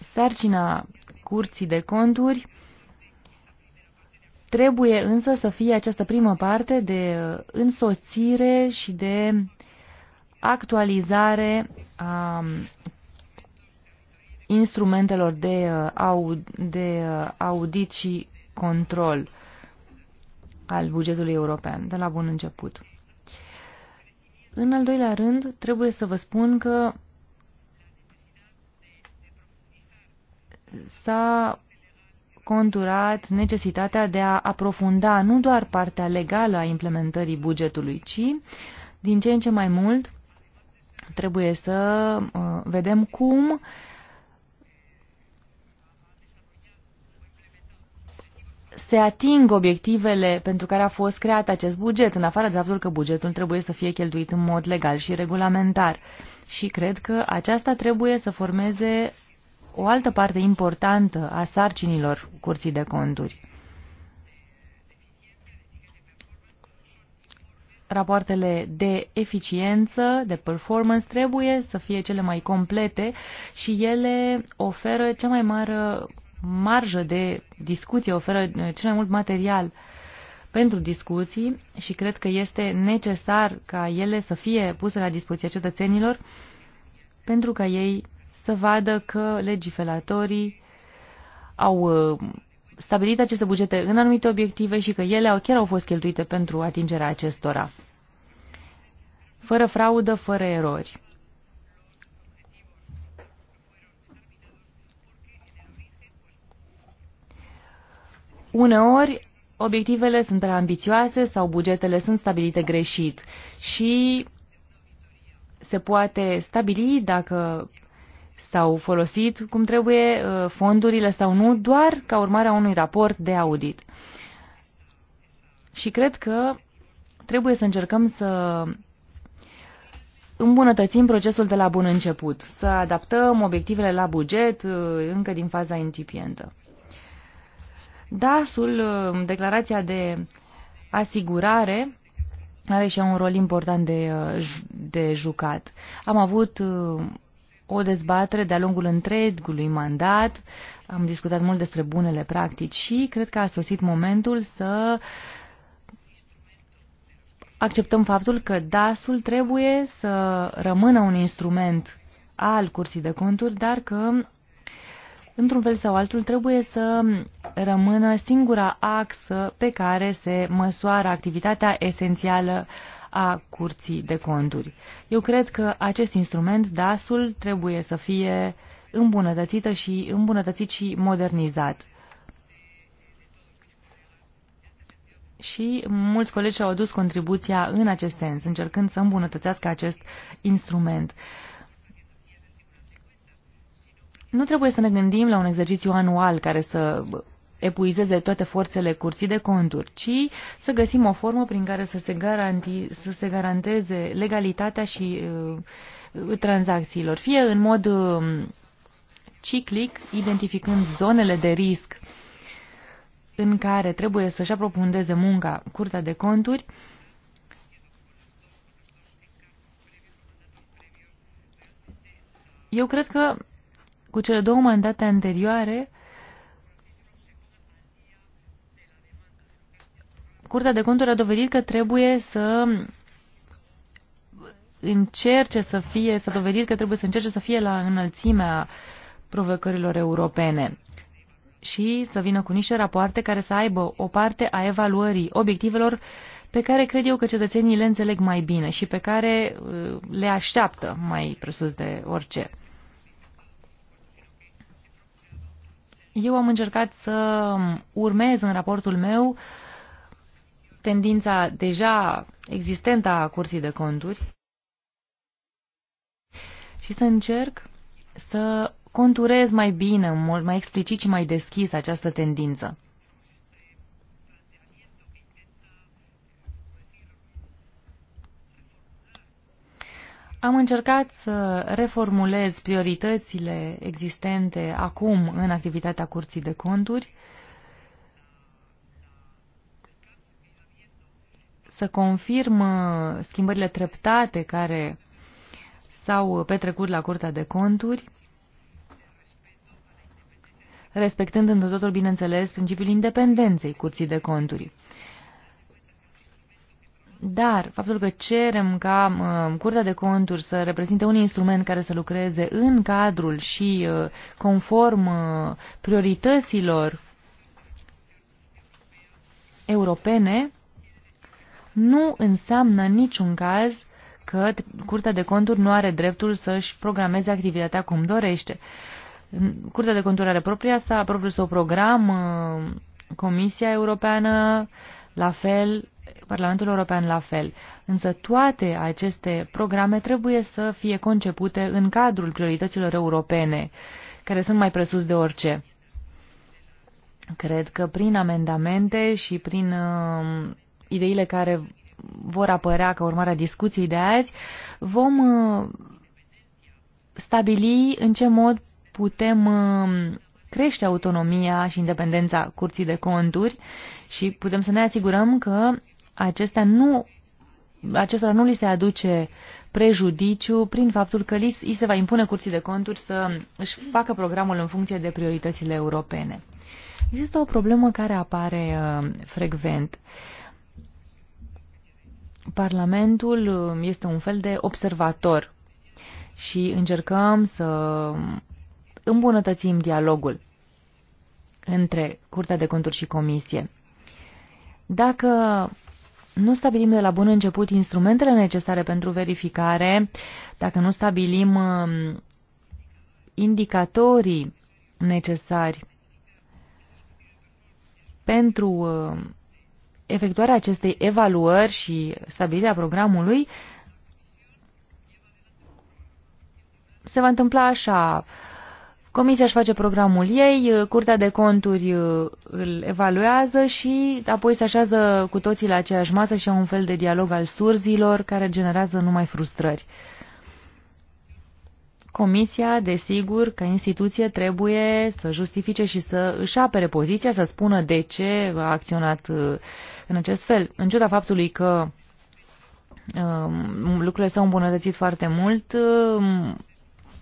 Sarcina curții de conturi trebuie însă să fie această primă parte de uh, însoțire și de actualizare a um, instrumentelor de, uh, aud, de audit și control al bugetului european, de la bun început. În al doilea rând, trebuie să vă spun că s-a conturat necesitatea de a aprofunda nu doar partea legală a implementării bugetului, ci din ce în ce mai mult trebuie să uh, vedem cum uh, se ating obiectivele pentru care a fost creat acest buget, în afară de faptul că bugetul trebuie să fie cheltuit în mod legal și regulamentar. Și cred că aceasta trebuie să formeze o altă parte importantă a sarcinilor curții de conturi. Rapoartele de eficiență, de performance, trebuie să fie cele mai complete și ele oferă cea mai mare marjă de discuție, oferă uh, cel mai mult material pentru discuții și cred că este necesar ca ele să fie puse la dispoziția cetățenilor pentru ca ei să vadă că legiferatorii au uh, stabilit aceste bugete în anumite obiective și că ele chiar au fost cheltuite pentru atingerea acestora. Fără fraudă, fără erori. Uneori, obiectivele sunt prea ambițioase sau bugetele sunt stabilite greșit și se poate stabili dacă s-au folosit cum trebuie uh, fondurile sau nu, doar ca urmare a unui raport de audit. Și cred că trebuie să încercăm să îmbunătățim procesul de la bun început, să adaptăm obiectivele la buget uh, încă din faza incipientă. DAS-ul, uh, declarația de asigurare, are și un rol important de, uh, de jucat. Am avut uh, o dezbatere de-a lungul întregului mandat, am discutat mult despre bunele practici și cred că a sosit momentul să acceptăm faptul că DAS-ul trebuie să rămână un instrument al curții de conturi, dar că într-un fel sau altul, trebuie să rămână singura axă pe care se măsoară activitatea esențială a curții de conturi. Eu cred că acest instrument, DAS-ul, trebuie să fie îmbunătățită și îmbunătățit și modernizat. Și mulți colegi au adus contribuția în acest sens, încercând să îmbunătățească acest instrument. Uh, nu trebuie să ne gândim la un exercițiu anual care să epuizeze toate forțele curții de conturi, ci să găsim o formă prin care să se, garanti, să se garanteze legalitatea și uh, tranzacțiilor, fie în mod uh, ciclic, identificând zonele de risc în care trebuie să-și aprofundeze munca curtea de conturi, eu cred că cu cele două mandate anterioare, Curtea de Conturi a dovedit că trebuie să încerce să fie, să dovedit că trebuie să încerce să fie la înălțimea provocărilor europene și să vină cu niște rapoarte care să aibă o parte a evaluării obiectivelor pe care cred eu că cetățenii le înțeleg mai bine și pe care uh, le așteaptă mai presus de orice. Eu am încercat să urmez în raportul meu tendința deja existentă a Curții de Conturi și să încerc să conturez mai bine, mai explicit și mai deschis această tendință. Am încercat să reformulez prioritățile existente acum în activitatea Curții de Conturi, să confirm uh, schimbările treptate care s-au petrecut la Curtea de Conturi, respectând întotdeauna, bineînțeles, principiul independenței Curții de Conturi. Dar faptul că cerem ca uh, Curtea de Conturi să reprezinte un instrument care să lucreze în cadrul și uh, conform uh, priorităților europene, nu înseamnă în niciun caz că Curtea de Conturi nu are dreptul să-și programeze activitatea cum dorește. Curtea de Conturi are propria sa, propriul său program, uh, Comisia Europeană, la fel, Parlamentul European la fel. Însă toate aceste programe trebuie să fie concepute în cadrul priorităților europene, care sunt mai presus de orice. Cred că prin amendamente și prin uh, ideile care vor apărea ca urmare a discuției de azi, vom uh, stabili în ce mod putem uh, crește autonomia și independența curții de conturi și putem să ne asigurăm că acestea nu, acestora nu li se aduce prejudiciu prin faptul că li, se va impune curții de conturi să își facă programul în funcție de prioritățile europene. Există o problemă care apare uh, frecvent. Parlamentul uh, este un fel de observator și încercăm să îmbunătățim dialogul între Curtea de Conturi și Comisie. Dacă nu stabilim de la bun început instrumentele necesare pentru verificare, dacă nu stabilim um, indicatorii necesari pentru um, efectuarea acestei evaluări și stabilirea programului, se va întâmpla așa. Comisia își face programul ei, Curtea de Conturi uh, îl evaluează și apoi se așează cu toții la aceeași masă și au un fel de dialog al surzilor care generează numai frustrări. Comisia, desigur, ca instituție trebuie să justifice și să își apere poziția, să spună de ce a acționat uh, în acest fel. În ciuda faptului că um, lucrurile s-au îmbunătățit foarte mult, um,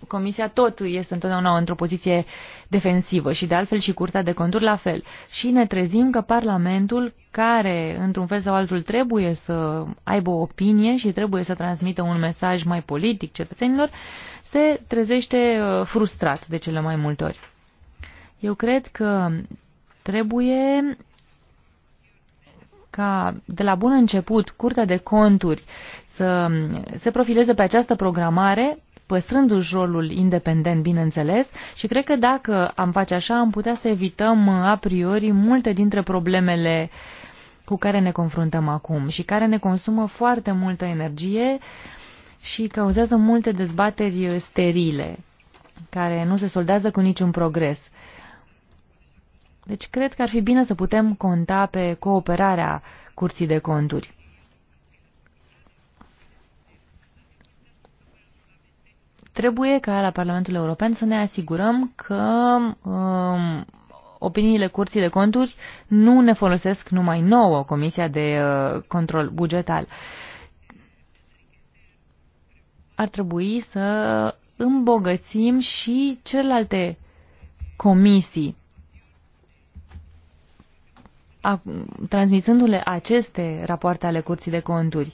Comisia tot este întotdeauna într-o poziție defensivă și de altfel și Curtea de Conturi la fel. Și ne trezim că Parlamentul, care într-un fel sau altul trebuie să aibă o opinie și trebuie să transmită un mesaj mai politic cetățenilor, se trezește uh, frustrat de cele mai multe ori. Eu cred că trebuie ca de la bun început Curtea de Conturi să se profileze pe această programare păstrându-și rolul independent, bineînțeles, și cred că dacă am face așa, am putea să evităm a priori multe dintre problemele cu care ne confruntăm acum și care ne consumă foarte multă energie și cauzează multe dezbateri sterile, care nu se soldează cu niciun progres. Deci cred că ar fi bine să putem conta pe cooperarea Curții de Conturi. Trebuie ca la Parlamentul European să ne asigurăm că um, opiniile curții de conturi nu ne folosesc numai nouă Comisia de uh, Control Bugetal. Ar trebui să îmbogățim și celelalte comisii transmițându-le aceste rapoarte ale curții de conturi,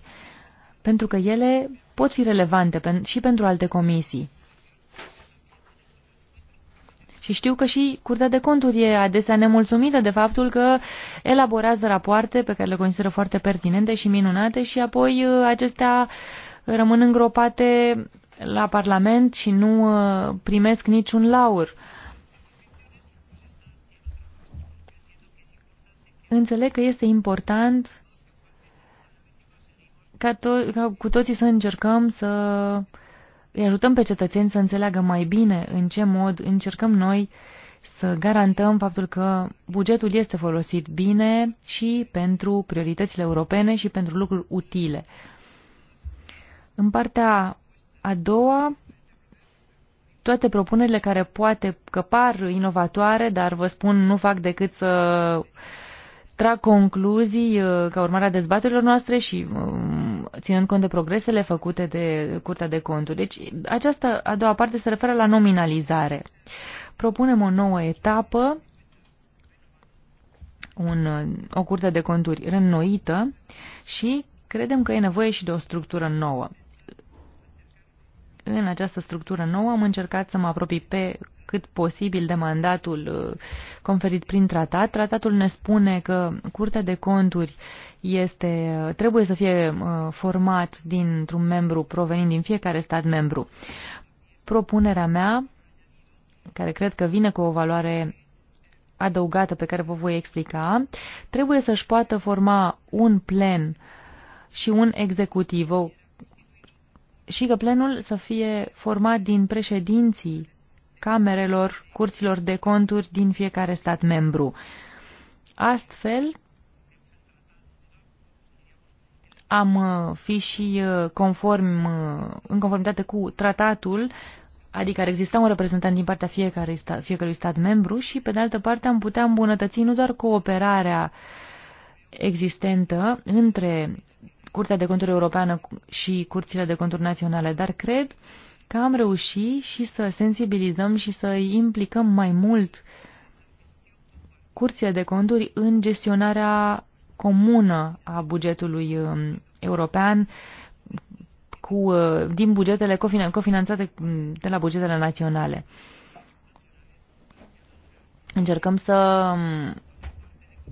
pentru că ele pot fi relevante și pentru alte comisii. Și știu că și Curtea de Conturi e adesea nemulțumită de faptul că elaborează rapoarte pe care le consideră foarte pertinente și minunate și apoi uh, acestea rămân îngropate la Parlament și nu uh, primesc niciun laur. Înțeleg că este important ca, to- ca cu toții să încercăm să îi ajutăm pe cetățeni să înțeleagă mai bine în ce mod încercăm noi să garantăm faptul că bugetul este folosit bine și pentru prioritățile europene și pentru lucruri utile. În partea a doua, toate propunerile care poate că par inovatoare, dar vă spun nu fac decât să trag concluzii uh, ca urmare a dezbaterilor noastre și um, ținând cont de progresele făcute de Curtea de Conturi. Deci această a doua parte se referă la nominalizare. Propunem o nouă etapă, un, o curte de conturi reînnoită și credem că e nevoie și de o structură nouă. În această structură nouă am încercat să mă apropii pe cât posibil de mandatul uh, conferit prin tratat. Tratatul ne spune că Curtea de Conturi este, uh, trebuie să fie uh, format dintr-un membru provenind din fiecare stat membru. Propunerea mea, care cred că vine cu o valoare adăugată pe care vă voi explica, trebuie să-și poată forma un plen și un executiv, și că plenul să fie format din președinții camerelor, curților de conturi din fiecare stat membru. Astfel, am uh, fi și uh, conform, uh, în conformitate cu tratatul, adică ar exista un reprezentant din partea fiecărui stat, fiecărui stat membru și, pe de altă parte, am putea îmbunătăți nu doar cooperarea existentă între Curtea de Conturi Europeană și Curțile de Conturi Naționale, dar cred uh, că am reușit și să sensibilizăm și să îi implicăm mai mult curțile de conturi în gestionarea comună a bugetului um, european cu, uh, din bugetele cofinanțate um, de la bugetele naționale. Încercăm să um,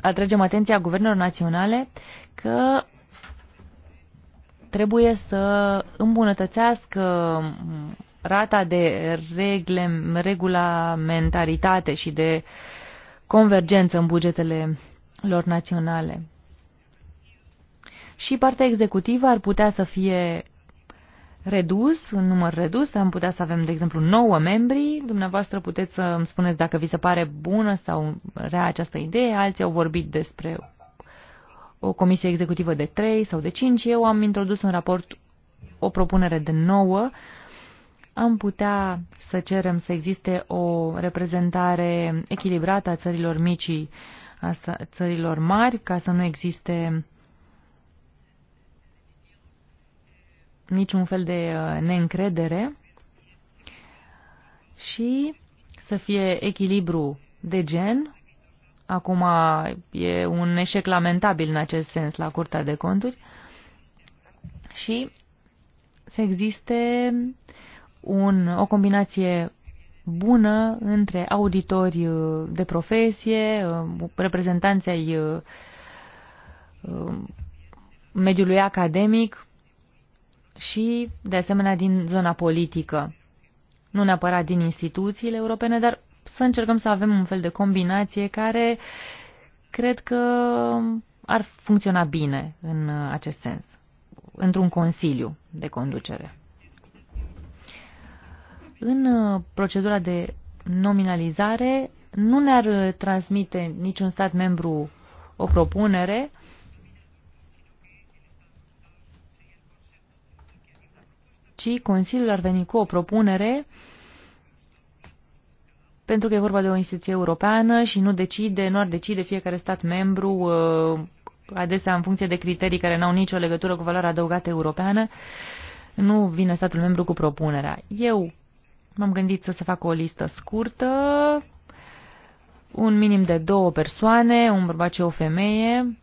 atragem atenția guvernelor naționale că trebuie să îmbunătățească rata de regle, regulamentaritate și de convergență în bugetele lor naționale. Și partea executivă ar putea să fie redus, în număr redus, am putea să avem, de exemplu, nouă membri. Dumneavoastră puteți să îmi spuneți dacă vi se pare bună sau rea această idee. Alții au vorbit despre o comisie executivă de 3 sau de 5. Eu am introdus în raport o propunere de 9. Am putea să cerem să existe o reprezentare echilibrată a țărilor mici, a țărilor mari, ca să nu existe niciun fel de uh, neîncredere și să fie echilibru de gen Acum e un eșec lamentabil în acest sens la Curtea de Conturi și să existe un, o combinație bună între auditori de profesie, reprezentanții ai um, mediului academic și, de asemenea, din zona politică. Nu neapărat din instituțiile europene, dar să încercăm să avem un fel de combinație care cred că ar funcționa bine în acest sens, într-un consiliu de conducere. În uh, procedura de nominalizare nu ne-ar uh, transmite niciun stat membru o propunere, ci Consiliul ar veni cu o propunere uh, pentru că e vorba de o instituție europeană și nu decide, nu ar decide fiecare stat membru uh, adesea în funcție de criterii care n-au nicio legătură cu valoarea adăugată europeană, nu vine statul membru cu propunerea. Eu m-am gândit să se facă o listă scurtă, un minim de două persoane, un bărbat și o femeie,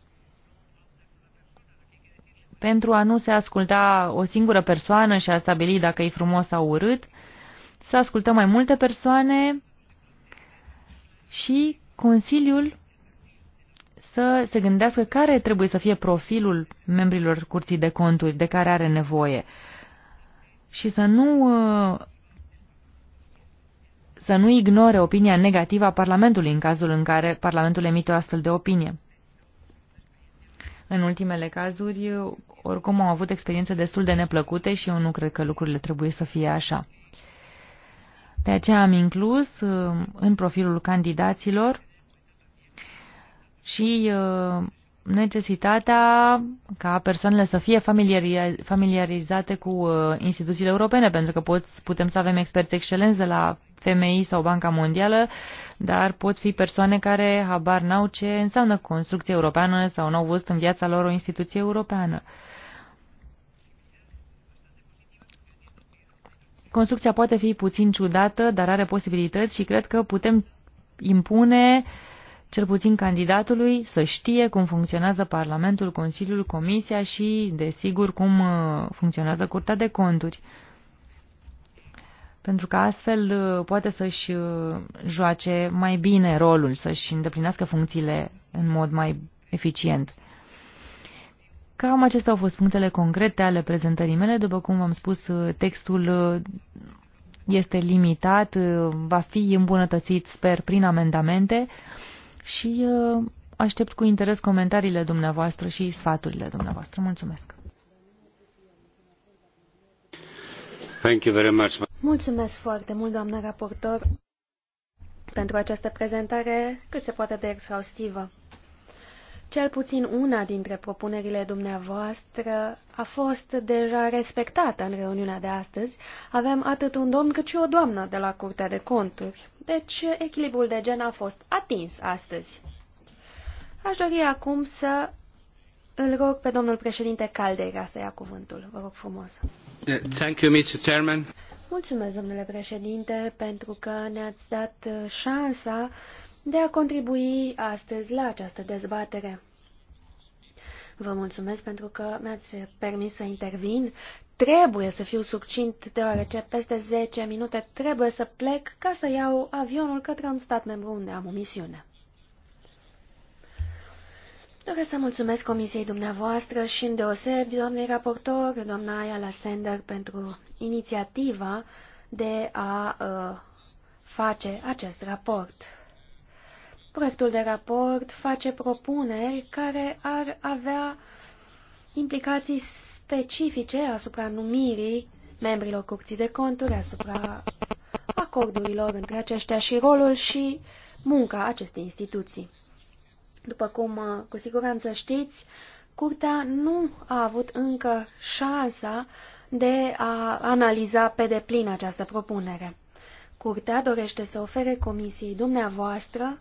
pentru a nu se asculta o singură persoană și a stabili dacă e frumos sau urât, să ascultăm mai multe persoane și Consiliul să se gândească care trebuie să fie profilul membrilor curții de conturi de care are nevoie și să nu uh, să nu ignore opinia negativă a Parlamentului în cazul în care Parlamentul emite o astfel de opinie. În ultimele cazuri, oricum, am avut experiențe destul de neplăcute și eu nu cred că lucrurile trebuie să fie așa. De aceea am inclus uh, în profilul candidaților și uh, necesitatea ca persoanele să fie familiarizate cu uh, instituțiile europene, pentru că poți, putem să avem experți excelenți de la FMI sau Banca Mondială, dar pot fi persoane care habar n-au ce înseamnă construcție europeană sau n-au văzut în viața lor o instituție europeană. Construcția poate fi puțin ciudată, dar are posibilități și cred că putem impune cel puțin candidatului să știe cum funcționează Parlamentul, Consiliul, Comisia și, desigur, cum uh, funcționează Curtea de Conturi. Pentru că astfel uh, poate să-și uh, joace mai bine rolul, să-și îndeplinească funcțiile în mod mai eficient. Cam acestea au fost punctele concrete ale prezentării mele. După cum v-am spus, textul uh, este limitat, uh, va fi îmbunătățit, sper, prin amendamente și uh, aștept cu interes comentariile dumneavoastră și sfaturile dumneavoastră. Mulțumesc! Thank you very much. Mulțumesc foarte mult, doamnă raportor, pentru această prezentare cât se poate de exhaustivă. Cel puțin una dintre propunerile dumneavoastră a fost deja respectată în reuniunea de astăzi. Avem atât un domn cât și o doamnă de la Curtea de Conturi. Deci, echilibrul de gen a fost atins astăzi. Aș dori acum să îl rog pe domnul președinte Caldeira să ia cuvântul. Vă rog frumos. Thank you, Mr. Chairman. Mulțumesc, domnule președinte, pentru că ne-ați dat șansa de a contribui astăzi la această dezbatere. Vă mulțumesc pentru că mi-ați permis să intervin. Trebuie să fiu succint, deoarece peste 10 minute trebuie să plec ca să iau avionul către un stat membru unde am o misiune. Doresc să mulțumesc comisiei dumneavoastră și în deoseb doamnei raportor, doamna Ayala Lassender, pentru inițiativa de a uh, face acest raport. Proiectul de raport face propuneri care ar avea implicații specifice asupra numirii membrilor Curții de Conturi, asupra acordurilor între aceștia și rolul și munca acestei instituții. După cum uh, cu siguranță știți, Curtea nu a avut încă șansa de a analiza pe deplin această propunere. Curtea dorește să ofere Comisiei dumneavoastră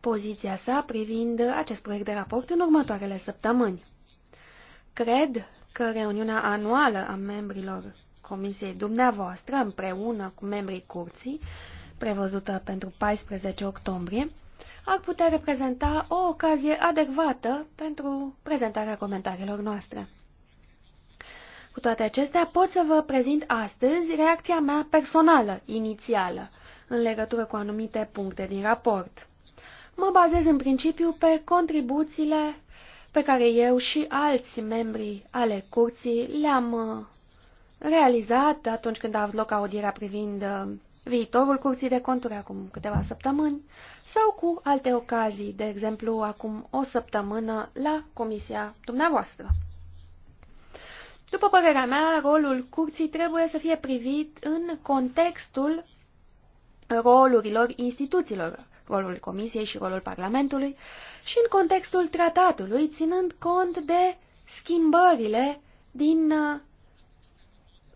poziția sa privind acest proiect de raport în următoarele săptămâni. Cred că reuniunea anuală a membrilor Comisiei dumneavoastră, împreună cu membrii curții, prevăzută pentru 14 octombrie, ar putea reprezenta o ocazie adecvată pentru prezentarea comentariilor noastre. Cu toate acestea, pot să vă prezint astăzi reacția mea personală, inițială, în legătură cu anumite puncte din raport. Mă bazez în principiu pe contribuțiile pe care eu și alți membri ale curții le-am uh, realizat atunci când a avut loc audierea privind uh, viitorul curții de conturi acum câteva săptămâni sau cu alte ocazii, de exemplu acum o săptămână la comisia dumneavoastră. După părerea mea, rolul curții trebuie să fie privit în contextul rolurilor instituțiilor rolul Comisiei și rolul Parlamentului, și în contextul tratatului, ținând cont de schimbările din uh,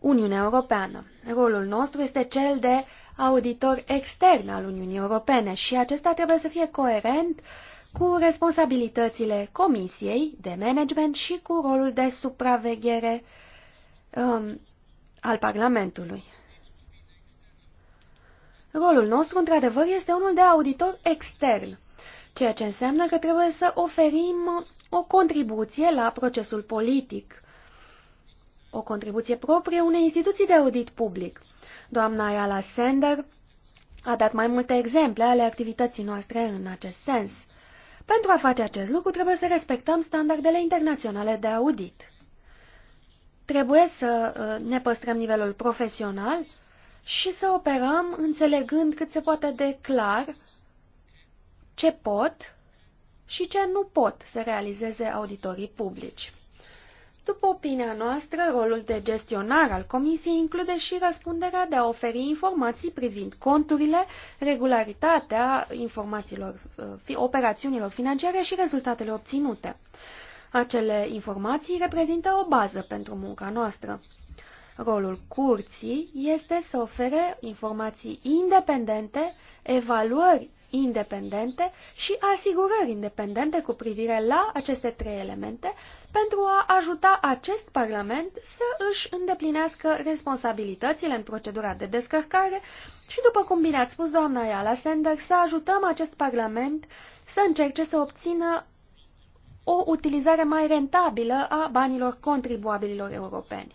Uniunea Europeană. Rolul nostru este cel de auditor extern al Uniunii Europene și acesta trebuie să fie coerent cu responsabilitățile Comisiei de management și cu rolul de supraveghere um, al Parlamentului. Rolul nostru, într-adevăr, este unul de auditor extern, ceea ce înseamnă că trebuie să oferim o contribuție la procesul politic, o contribuție proprie unei instituții de audit public. Doamna Ayala Sender a dat mai multe exemple ale activității noastre în acest sens. Pentru a face acest lucru trebuie să respectăm standardele internaționale de audit. Trebuie să uh, ne păstrăm nivelul profesional, și să operăm înțelegând cât se poate de clar ce pot și ce nu pot să realizeze auditorii publici. După opinia noastră, rolul de gestionar al comisiei include și răspunderea de a oferi informații privind conturile, regularitatea informațiilor, operațiunilor financiare și rezultatele obținute. Acele informații reprezintă o bază pentru munca noastră. Rolul curții este să ofere informații independente, evaluări independente și asigurări independente cu privire la aceste trei elemente pentru a ajuta acest Parlament să își îndeplinească responsabilitățile în procedura de descărcare și, după cum bine ați spus, doamna Iala Sender, să ajutăm acest Parlament să încerce să obțină o utilizare mai rentabilă a banilor contribuabililor europeni.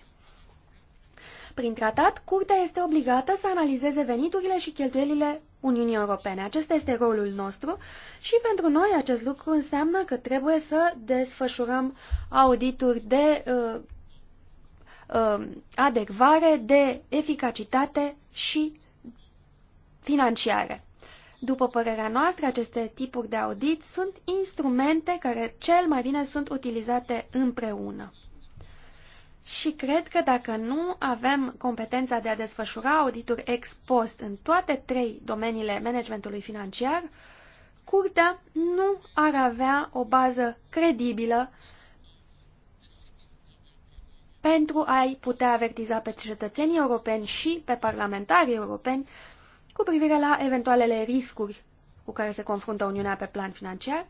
Prin tratat, Curtea este obligată să analizeze veniturile și cheltuielile Uniunii Europene. Acesta este rolul nostru și pentru noi acest lucru înseamnă că trebuie să desfășurăm audituri de uh, uh, adecvare, de eficacitate și financiare. După părerea noastră, aceste tipuri de audit sunt instrumente care cel mai bine sunt utilizate împreună și cred că dacă nu avem competența de a desfășura audituri ex post în toate trei domeniile managementului financiar, curtea nu ar avea o bază credibilă pentru a-i putea avertiza pe cetățenii europeni și pe parlamentarii europeni cu privire la eventualele riscuri cu care se confruntă Uniunea pe plan financiar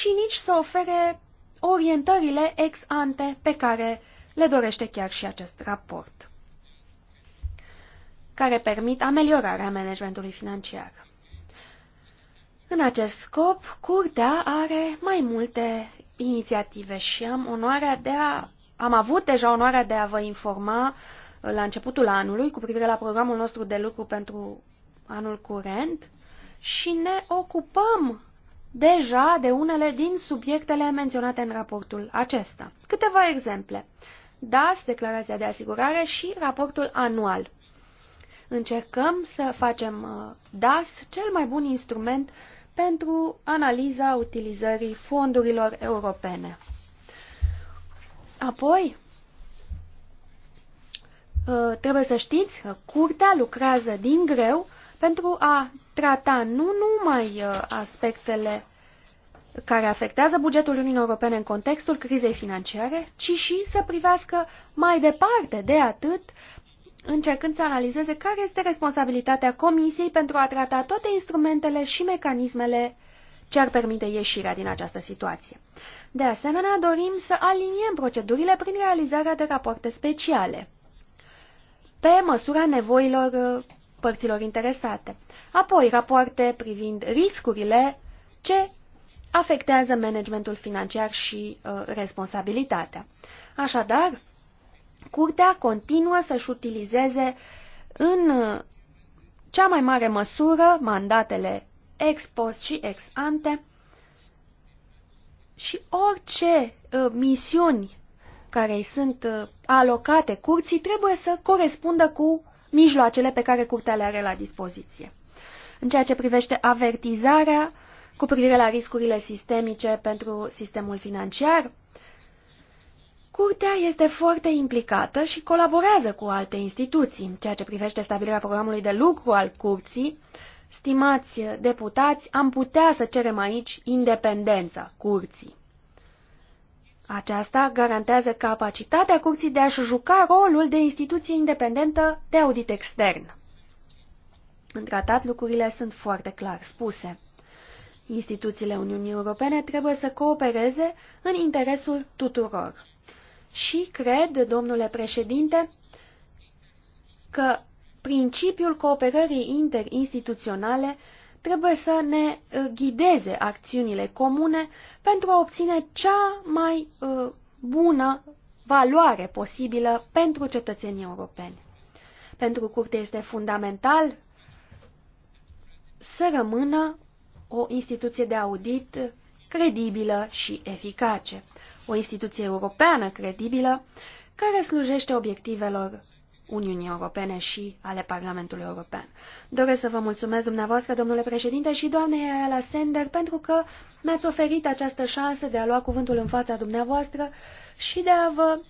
și nici să ofere orientările ex ante pe care uh, le dorește chiar și acest raport, care permit ameliorarea managementului financiar. În acest scop, Curtea are mai multe inițiative și am onoarea de a am avut deja onoarea de a vă informa uh, la începutul anului cu privire la programul nostru de lucru pentru anul curent și ne ocupăm deja de unele din subiectele menționate în raportul acesta. Câteva exemple. DAS, declarația de asigurare și raportul anual. Încercăm să facem uh, DAS cel mai bun instrument pentru analiza utilizării fondurilor europene. Apoi, uh, trebuie să știți că curtea lucrează din greu pentru a trata nu numai uh, aspectele care afectează bugetul Uniunii Europene în contextul crizei financiare, ci și să privească mai departe de atât, încercând să analizeze care este responsabilitatea Comisiei pentru a trata toate instrumentele și mecanismele ce ar permite ieșirea din această situație. De asemenea, dorim să aliniem procedurile prin realizarea de rapoarte speciale, pe măsura nevoilor uh, părților interesate. Apoi, rapoarte privind riscurile ce afectează managementul financiar și uh, responsabilitatea. Așadar, curtea continuă să-și utilizeze în uh, cea mai mare măsură mandatele ex post și ex ante și orice uh, misiuni care îi sunt uh, alocate curții trebuie să corespundă cu mijloacele pe care curtea le are la dispoziție. În ceea ce privește avertizarea, uh, cu privire la riscurile sistemice pentru sistemul financiar. Curtea este foarte implicată și colaborează cu alte instituții ceea ce privește stabilirea programului de lucru al curții. Stimați deputați, am putea să cerem aici independența curții. Aceasta garantează capacitatea curții de a-și juca rolul de instituție independentă de audit extern. În tratat, lucrurile sunt foarte clar spuse. Instituțiile Uniunii Europene trebuie să coopereze în interesul tuturor. Și cred, domnule președinte, că principiul cooperării interinstituționale trebuie să ne uh, ghideze acțiunile comune pentru a obține cea mai uh, bună valoare posibilă pentru cetățenii europeni. Pentru curte este fundamental să rămână o instituție de audit credibilă și eficace, o instituție europeană credibilă care slujește obiectivelor Uniunii Europene și ale Parlamentului European. Doresc să vă mulțumesc dumneavoastră, domnule președinte, și doamnei Ayala Sender, pentru că mi-ați oferit această șansă de a lua cuvântul în fața dumneavoastră și de a vă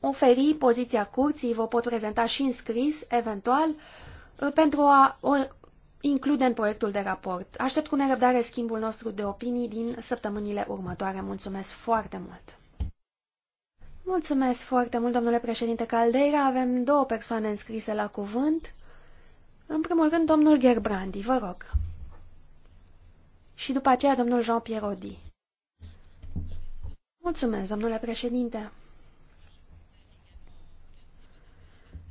oferi poziția curții, vă pot prezenta și în scris, eventual, pentru a include în proiectul de raport. Aștept cu nerăbdare schimbul nostru de opinii din săptămânile următoare. Mulțumesc foarte mult! Mulțumesc foarte mult, domnule președinte Caldeira. Avem două persoane înscrise la cuvânt. În primul rând, domnul Gerbrandi, vă rog. Și după aceea, domnul Jean Pierodi. Mulțumesc, domnule președinte.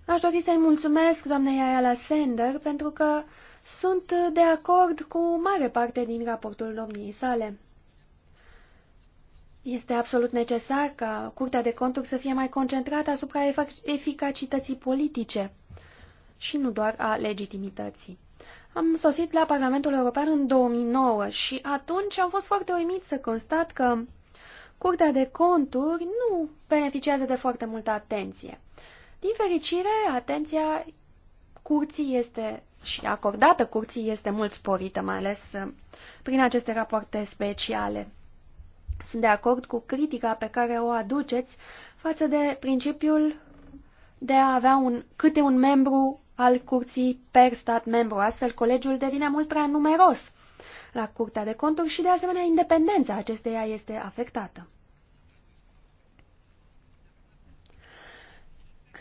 Aș dori să-i mulțumesc doamnei Ayala Sender pentru că sunt de acord cu mare parte din raportul domniei sale. Este absolut necesar ca Curtea de Conturi să fie mai concentrată asupra eficacității politice și nu doar a legitimității. Am sosit la Parlamentul European în 2009 și atunci am fost foarte uimit să constat că Curtea de Conturi nu beneficiază de foarte multă atenție. Din fericire, atenția curții este și acordată curții este mult sporită, mai ales uh, prin aceste rapoarte speciale. Sunt de acord cu critica pe care o aduceți față de principiul de a avea un, câte un membru al curții per stat membru. Astfel, colegiul devine mult prea numeros la Curtea de Conturi și, de asemenea, independența acesteia este afectată.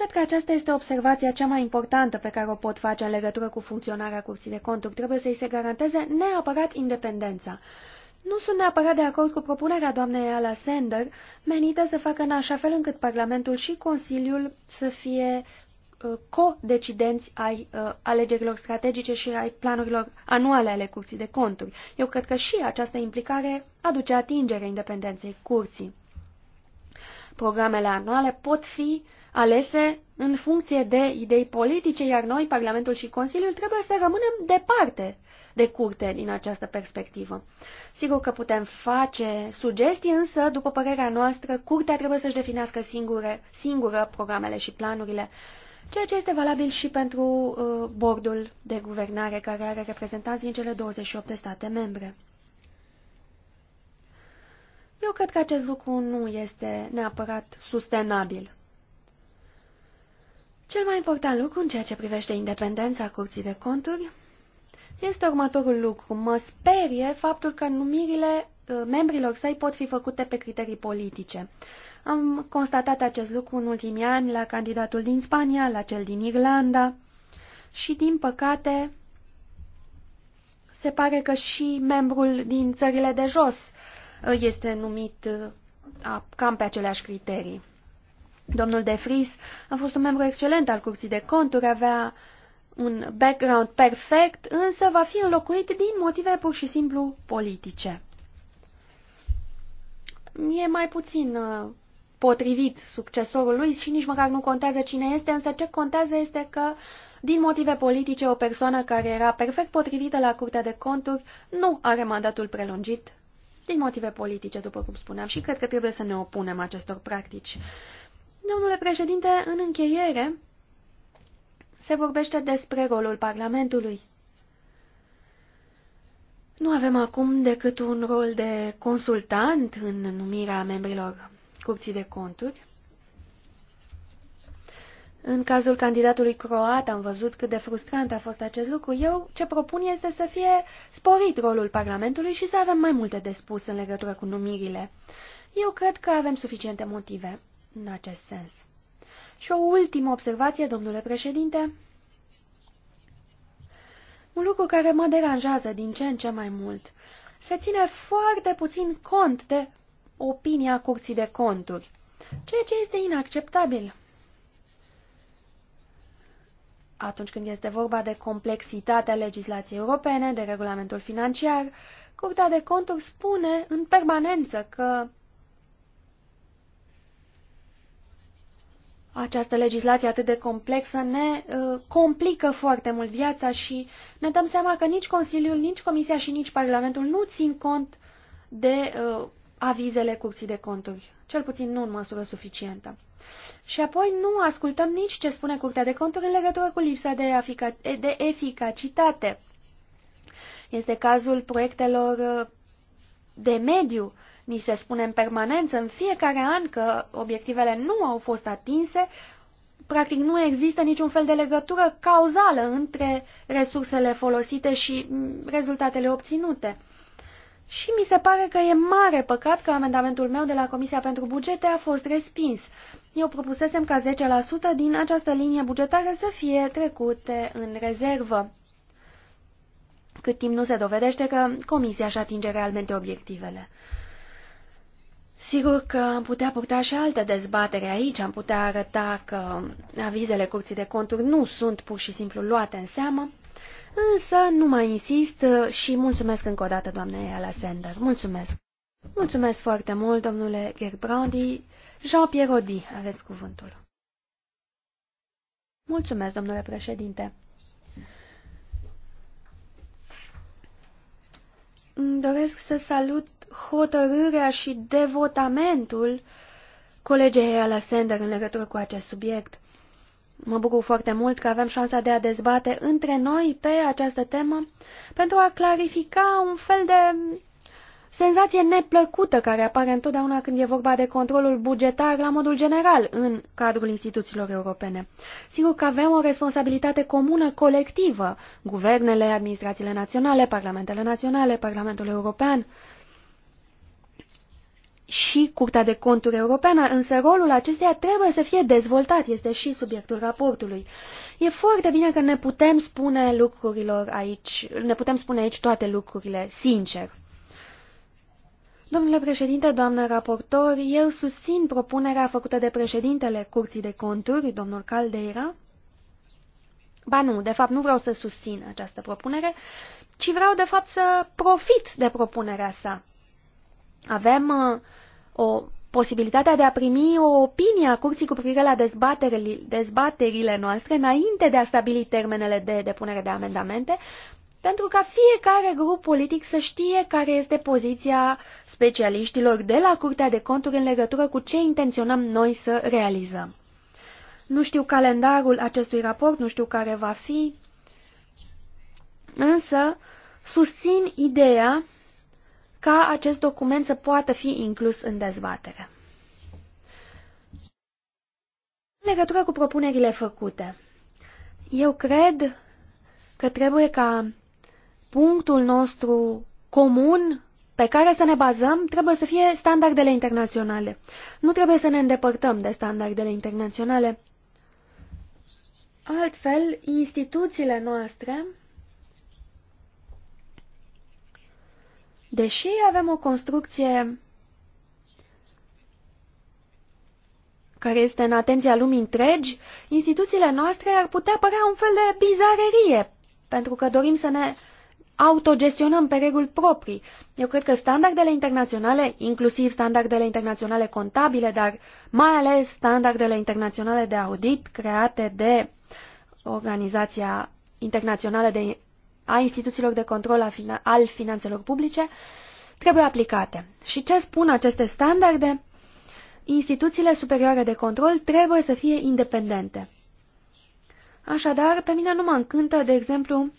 Cred că aceasta este observația cea mai importantă pe care o pot face în legătură cu funcționarea Curții de Conturi. Trebuie să-i se garanteze neapărat independența. Nu sunt neapărat de acord cu propunerea doamnei Ala Sender, menită să facă în așa fel încât Parlamentul și Consiliul să fie uh, co-decidenți ai uh, alegerilor strategice și ai planurilor anuale ale Curții de Conturi. Eu cred că și această implicare aduce atingere independenței Curții. Programele anuale pot fi uh, alese în funcție de idei politice, iar noi, Parlamentul și Consiliul, trebuie să rămânem departe de curte din această perspectivă. Sigur că putem face sugestii, însă, după părerea noastră, curtea trebuie să-și definească singure, singură programele și planurile, ceea ce este valabil și pentru uh, bordul de guvernare care are reprezentanți din cele 28 de state membre. Eu cred că acest lucru nu este neapărat sustenabil. Cel mai important lucru în ceea ce privește independența Curții de Conturi este următorul lucru. Mă sperie faptul că numirile uh, membrilor săi pot fi făcute pe criterii politice. Am constatat acest lucru în ultimii ani la candidatul din Spania, la cel din Irlanda și, din păcate, se pare că și membrul din țările de jos uh, este numit uh, cam pe aceleași criterii. Domnul De Fris a fost un membru excelent al Curții de Conturi, avea un background perfect, însă va fi înlocuit din motive pur și simplu politice. E mai puțin uh, potrivit succesorul lui și nici măcar nu contează cine este, însă ce contează este că, din motive politice, o persoană care era perfect potrivită la Curtea de Conturi nu are mandatul prelungit din motive politice, după cum spuneam, și cred că trebuie să ne opunem acestor practici. Domnule președinte, în încheiere se vorbește despre rolul Parlamentului. Nu avem acum decât un rol de consultant în numirea membrilor Curții de Conturi. În cazul candidatului croat am văzut cât de frustrant a fost acest lucru. Eu ce propun este să fie sporit rolul Parlamentului și să avem mai multe de spus în legătură cu numirile. Eu cred că avem suficiente motive în acest sens. Și o ultimă observație, domnule președinte. Un lucru care mă deranjează din ce în ce mai mult. Se ține foarte puțin cont de opinia curții de conturi, ceea ce este inacceptabil. Atunci când este vorba de complexitatea legislației europene, de regulamentul financiar, Curtea de Conturi spune în permanență că această legislație atât de complexă ne uh, complică foarte mult viața și ne dăm seama că nici Consiliul, nici Comisia și nici Parlamentul nu țin cont de uh, avizele curții de conturi, cel puțin nu în măsură suficientă. Și apoi nu ascultăm nici ce spune curtea de conturi în legătură cu lipsa de, efica- de eficacitate. Este cazul proiectelor uh, de mediu, Ni se spune în permanență, în fiecare an, că obiectivele nu au fost atinse, practic nu există niciun fel de legătură cauzală între resursele folosite și rezultatele obținute. Și mi se pare că e mare păcat că amendamentul meu de la Comisia pentru Bugete a fost respins. Eu propusesem ca 10% din această linie bugetară să fie trecute în rezervă, cât timp nu se dovedește că Comisia își atinge realmente obiectivele. Sigur că am putea purta și alte dezbatere aici, am putea arăta că avizele curții de conturi nu sunt pur și simplu luate în seamă, însă nu mai insist și mulțumesc încă o dată doamnei Alassander. Mulțumesc! Mulțumesc foarte mult, domnule Gerbrandi. Jean-Pierre Odi, aveți cuvântul. Mulțumesc, domnule președinte. Doresc să salut hotărârea și devotamentul colegei la Sender în legătură cu acest subiect. Mă bucur foarte mult că avem șansa de a dezbate între noi pe această temă pentru a clarifica un fel de senzație neplăcută care apare întotdeauna când e vorba de controlul bugetar la modul general în cadrul instituțiilor europene. Sigur că avem o responsabilitate comună, colectivă, guvernele, administrațiile naționale, parlamentele naționale, Parlamentul European, și Curtea de Conturi Europeană, însă rolul acesteia trebuie să fie dezvoltat, este și subiectul raportului. E foarte bine că ne putem spune lucrurilor aici, ne putem spune aici toate lucrurile, sincer. Domnule președinte, doamnă raportor, eu susțin propunerea făcută de președintele Curții de Conturi, domnul Caldeira. Ba nu, de fapt nu vreau să susțin această propunere, ci vreau de fapt să profit de propunerea sa. Avem uh, o posibilitatea de a primi o opinie a curții cu privire la dezbaterile, noastre înainte de a stabili termenele de depunere de amendamente, pentru ca fiecare grup politic să știe care este poziția specialiștilor de la Curtea de Conturi în legătură cu ce intenționăm noi să realizăm. Nu știu calendarul acestui raport, nu știu care va fi, însă susțin ideea ca acest document să poată fi inclus în dezbatere. În legătură cu propunerile făcute, eu cred că trebuie ca punctul nostru comun pe care să ne bazăm trebuie să fie standardele internaționale. Nu trebuie să ne îndepărtăm de standardele internaționale. Altfel, instituțiile noastre Deși avem o construcție care este în atenția lumii întregi, instituțiile noastre ar putea părea un fel de bizarerie, pentru că dorim să ne autogestionăm pe reguli proprii. Eu cred că standardele internaționale, inclusiv standardele internaționale contabile, dar mai ales standardele internaționale de audit create de Organizația Internațională de a instituțiilor de control al finanțelor publice trebuie aplicate. Și ce spun aceste standarde? Instituțiile superioare de control trebuie să fie independente. Așadar, pe mine nu mă încântă, de exemplu,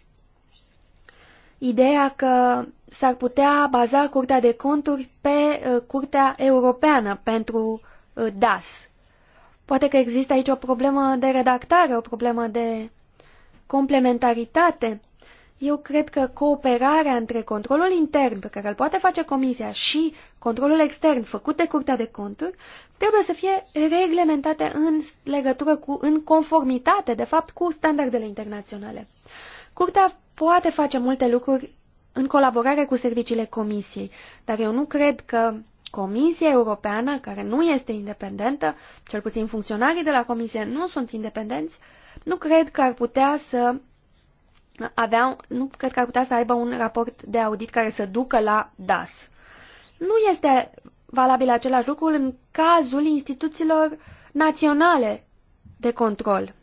ideea că s-ar putea baza Curtea de Conturi pe uh, Curtea Europeană pentru uh, DAS. Poate că există aici o problemă de redactare, o problemă de complementaritate eu cred că cooperarea între controlul intern pe care îl poate face Comisia și controlul extern făcut de Curtea de Conturi trebuie să fie reglementate în legătură cu, în conformitate, de fapt, cu standardele internaționale. Curtea poate face multe lucruri în colaborare cu serviciile Comisiei, dar eu nu cred că Comisia Europeană, care nu este independentă, cel puțin funcționarii de la Comisie nu sunt independenți, nu cred că ar putea să avea, nu cred că ar putea să aibă un raport de audit care să ducă la DAS. Nu este valabil același lucru în cazul instituțiilor naționale de control.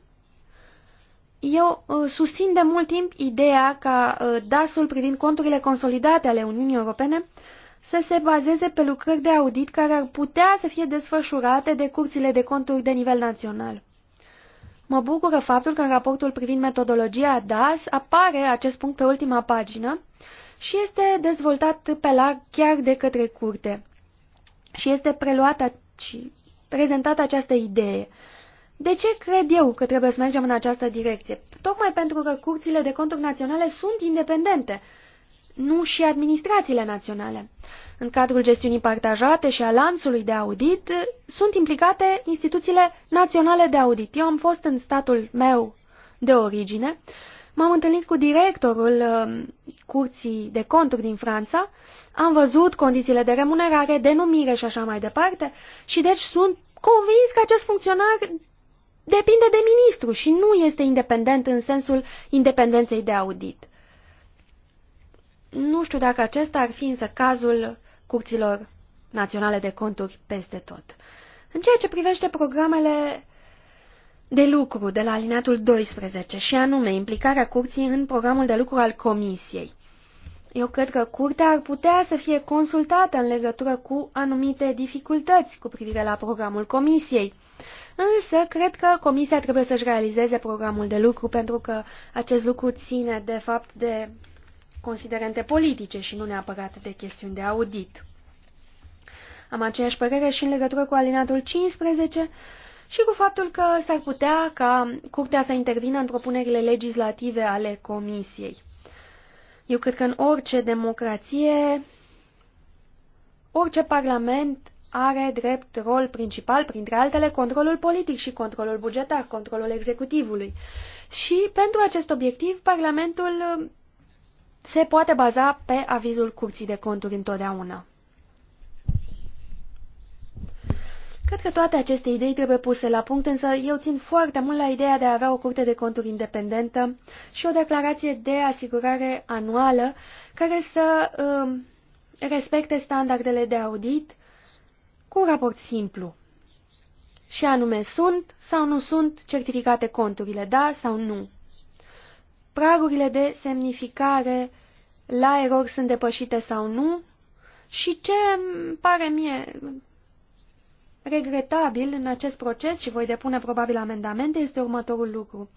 Eu uh, susțin de mult timp ideea ca uh, DAS-ul privind conturile consolidate ale Uniunii Europene să se bazeze pe lucrări de audit care ar putea să fie desfășurate de curțile de conturi de nivel național. Mă bucură faptul că în raportul privind metodologia DAS apare acest punct pe ultima pagină și este dezvoltat pe larg chiar de către curte. Și este preluată și prezentată această idee. De ce cred eu că trebuie să mergem în această direcție? Tocmai pentru că curțile de conturi naționale sunt independente nu și administrațiile naționale. În cadrul gestiunii partajate și a lanțului de audit eh, sunt implicate instituțiile naționale de audit. Eu am fost în statul meu de origine, m-am întâlnit cu directorul eh, Curții de Conturi din Franța, am văzut condițiile de remunerare, denumire și așa mai departe și deci sunt convins că acest funcționar depinde de ministru și nu este independent în sensul independenței de audit. Nu știu dacă acesta ar fi însă cazul curților naționale de conturi peste tot. În ceea ce privește programele de lucru de la alineatul 12 și anume implicarea curții în programul de lucru al comisiei. Eu cred că curtea ar putea să fie consultată în legătură cu anumite dificultăți cu privire la programul comisiei. Însă, cred că comisia trebuie să-și realizeze programul de lucru pentru că acest lucru ține, de fapt, de considerente politice și nu neapărat de chestiuni de audit. Am aceeași părere și în legătură cu alinatul 15 și cu faptul că s-ar putea ca Curtea să intervină în propunerile legislative ale Comisiei. Eu cred că în orice democrație, orice parlament are drept rol principal, printre altele, controlul politic și controlul bugetar, controlul executivului. Și pentru acest obiectiv, Parlamentul se poate baza pe avizul Curții de Conturi întotdeauna. Cred că toate aceste idei trebuie puse la punct, însă eu țin foarte mult la ideea de a avea o curte de conturi independentă și o declarație de asigurare anuală care să uh, respecte standardele de audit cu un raport simplu. Și anume, sunt sau nu sunt certificate conturile, da sau nu pragurile de semnificare la erori sunt depășite sau nu și ce îmi pare mie regretabil în acest proces și voi depune probabil amendamente este următorul lucru.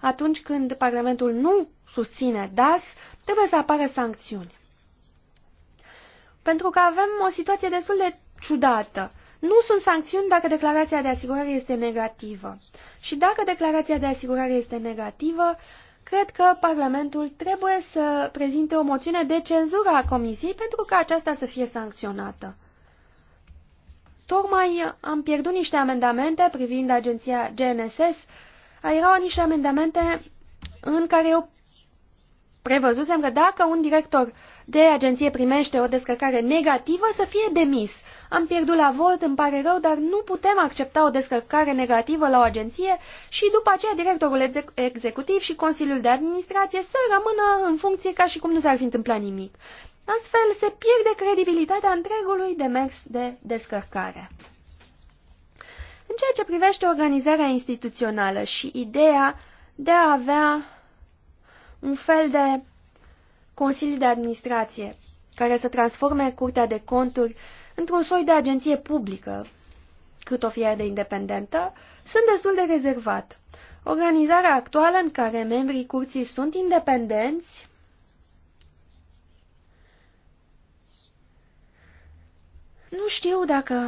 Atunci când Parlamentul nu susține DAS, trebuie să apară sancțiuni. Pentru că avem o situație destul de ciudată. Nu sunt sancțiuni dacă declarația de asigurare este negativă. Și dacă declarația de asigurare este negativă, cred că Parlamentul trebuie să prezinte o moțiune de cenzură a Comisiei pentru ca aceasta să fie sancționată. Tocmai am pierdut niște amendamente privind agenția GNSS. Erau niște amendamente în care eu prevăzusem că dacă un director de agenție primește o descărcare negativă, să fie demis. Am pierdut la vot, îmi pare rău, dar nu putem accepta o descărcare negativă la o agenție și după aceea directorul exec executiv și Consiliul de Administrație să rămână în funcție ca și cum nu s-ar fi întâmplat nimic. Astfel se pierde credibilitatea întregului demers de descărcare. În ceea ce privește organizarea instituțională și ideea de a avea un fel de Consiliu de Administrație care să transforme Curtea de Conturi într-un soi de agenție publică, cât o fie de independentă, sunt destul de rezervat. Organizarea actuală în care membrii curții sunt independenți Nu știu dacă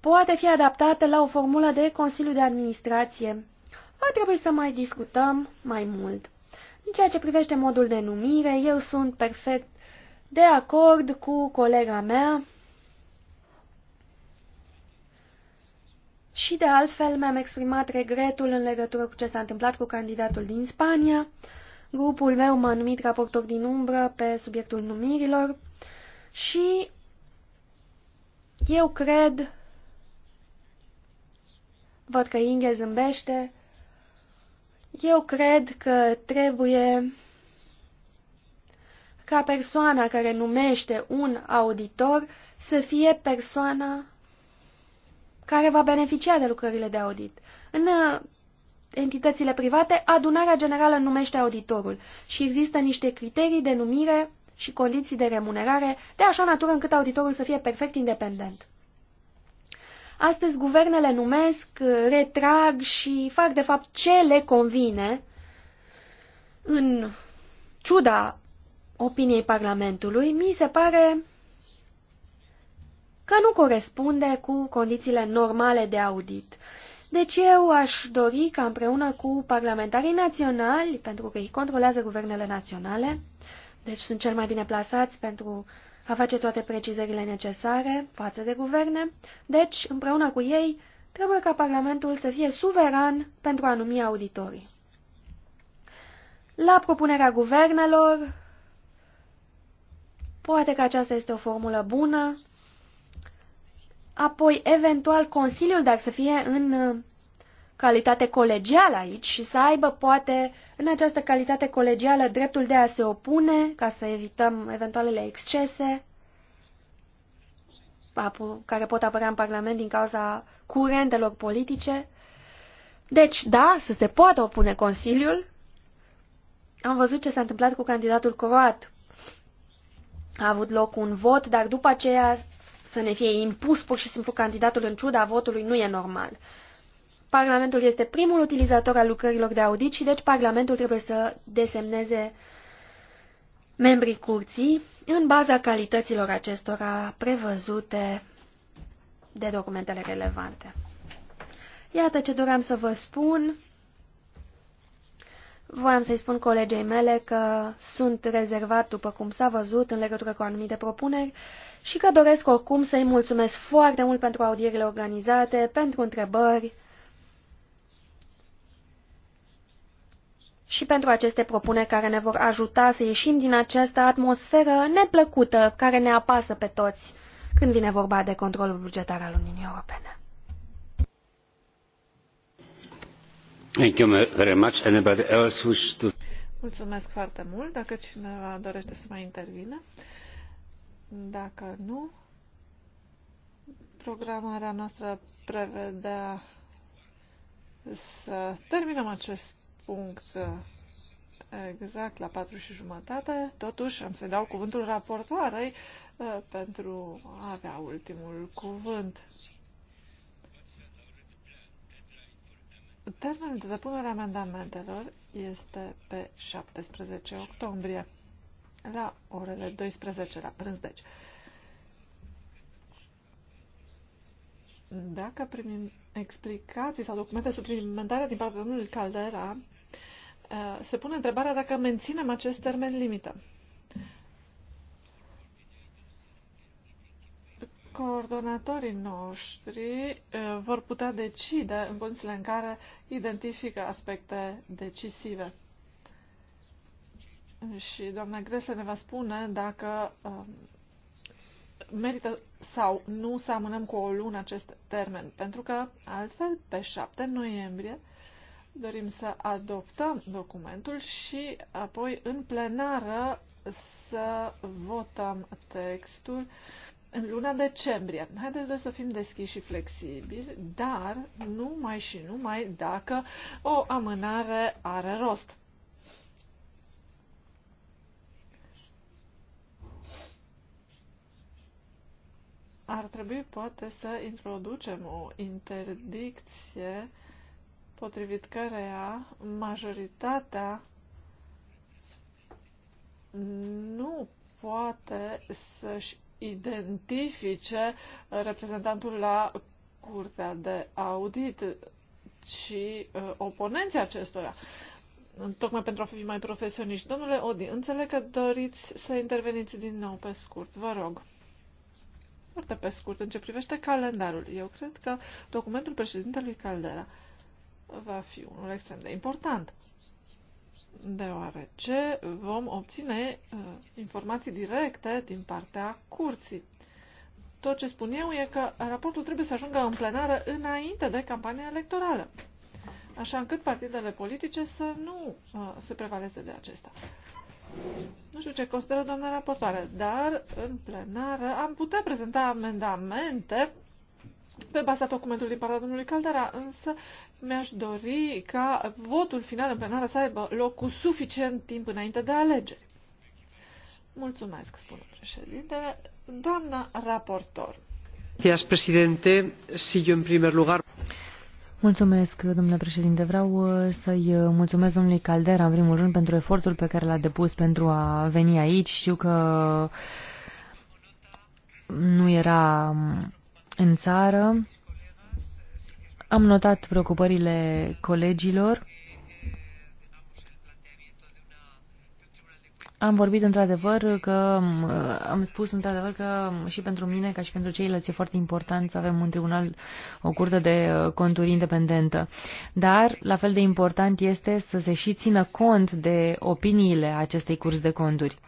poate fi adaptată la o formulă de Consiliu de Administrație. Va trebui să mai discutăm mai mult. În ceea ce privește modul de numire, eu sunt perfect de acord cu colega mea și de altfel mi-am exprimat regretul în legătură cu ce s-a întâmplat cu candidatul din Spania. Grupul meu m-a numit raportor din umbră pe subiectul numirilor și eu cred, văd că Inge zâmbește, eu cred că trebuie ca persoana care numește un auditor să fie persoana care va beneficia de lucrările de audit. În uh, entitățile private, adunarea generală numește auditorul și există niște criterii de numire și condiții de remunerare de așa natură încât auditorul să fie perfect independent. Astăzi, guvernele numesc, retrag și fac, de fapt, ce le convine în ciuda opiniei Parlamentului mi se pare că nu corespunde cu condițiile normale de audit. Deci eu aș dori ca împreună cu parlamentarii naționali, pentru că ei controlează guvernele naționale, deci sunt cel mai bine plasați pentru a face toate precizările necesare față de guverne, deci împreună cu ei trebuie ca Parlamentul să fie suveran pentru a numi auditorii. La propunerea guvernelor, Poate că aceasta este o formulă bună. Apoi, eventual, Consiliul, dacă să fie în uh, calitate colegială aici și să aibă, poate, în această calitate colegială, dreptul de a se opune, ca să evităm eventualele excese care pot apărea în Parlament din cauza curentelor politice. Deci, da, să se poată opune Consiliul. Am văzut ce s-a întâmplat cu candidatul croat a avut loc un vot, dar după aceea să ne fie impus pur și simplu candidatul în ciuda votului nu e normal. Parlamentul este primul utilizator al lucrărilor de audit și deci Parlamentul trebuie să desemneze membrii curții în baza calităților acestora prevăzute de documentele relevante. Iată ce doream să vă spun. Voiam să-i spun colegei mele că sunt rezervat, după cum s-a văzut, în legătură cu anumite propuneri și că doresc oricum să-i mulțumesc foarte mult pentru audierile organizate, pentru întrebări și pentru aceste propuneri care ne vor ajuta să ieșim din această atmosferă neplăcută care ne apasă pe toți când vine vorba de controlul bugetar al Uniunii Europene. Mulțumesc foarte mult. Dacă cineva dorește să mai intervine. Dacă nu, programarea noastră prevedea să terminăm acest punct exact la patru și jumătate. Totuși, am să-i dau cuvântul raportoarei uh, pentru a avea ultimul cuvânt. Termenul de depunere a amendamentelor este pe 17 octombrie, la orele 12 la prânz, deci. Dacă primim explicații sau documente suplimentare din partea domnului Caldera, uh, se pune întrebarea dacă menținem acest termen limită. Coordonatorii noștri eh, vor putea decide în condițiile în care identifică aspecte decisive. Și doamna Gresle ne va spune dacă eh, merită sau nu să amânăm cu o lună acest termen, pentru că altfel pe 7 noiembrie dorim să adoptăm documentul și apoi în plenară să votăm textul în luna decembrie. Haideți să fim deschiși și flexibili, dar numai și numai dacă o amânare are rost. Ar trebui poate să introducem o interdicție potrivit căreia majoritatea nu poate să-și identifice reprezentantul la curtea de audit, ci uh, oponenții acestora. Tocmai pentru a fi mai profesioniști. Domnule Odi, înțeleg că doriți să interveniți din nou pe scurt. Vă rog. Foarte pe scurt, în ce privește calendarul. Eu cred că documentul președintelui Caldera va fi unul extrem de important deoarece vom obține uh, informații directe din partea curții. Tot ce spun eu e că raportul trebuie să ajungă în plenară înainte de campania electorală, așa încât partidele politice să nu uh, se prevaleze de acesta. Nu știu ce consideră doamna raportoare, dar în plenară am putea prezenta amendamente pe baza documentului din partea domnului Caldera, însă mi-aș dori ca votul final în plenară să aibă loc cu suficient timp înainte de alegeri. Mulțumesc, spune președintele. Doamna raportor. Gracias, președinte, Si eu, în primer lugar... Mulțumesc, domnule președinte. Vreau uh, să-i uh, mulțumesc domnului Caldera, în primul rând, pentru efortul pe care l-a depus pentru a veni aici. Știu că nu era um, în țară. Am notat preocupările colegilor. Am vorbit într-adevăr că, uh, am spus într-adevăr că și pentru mine, ca și pentru ceilalți, e foarte important să avem un tribunal, o curte de uh, conturi independentă. Dar, la fel de important este să se și țină cont de opiniile acestei curs de conturi.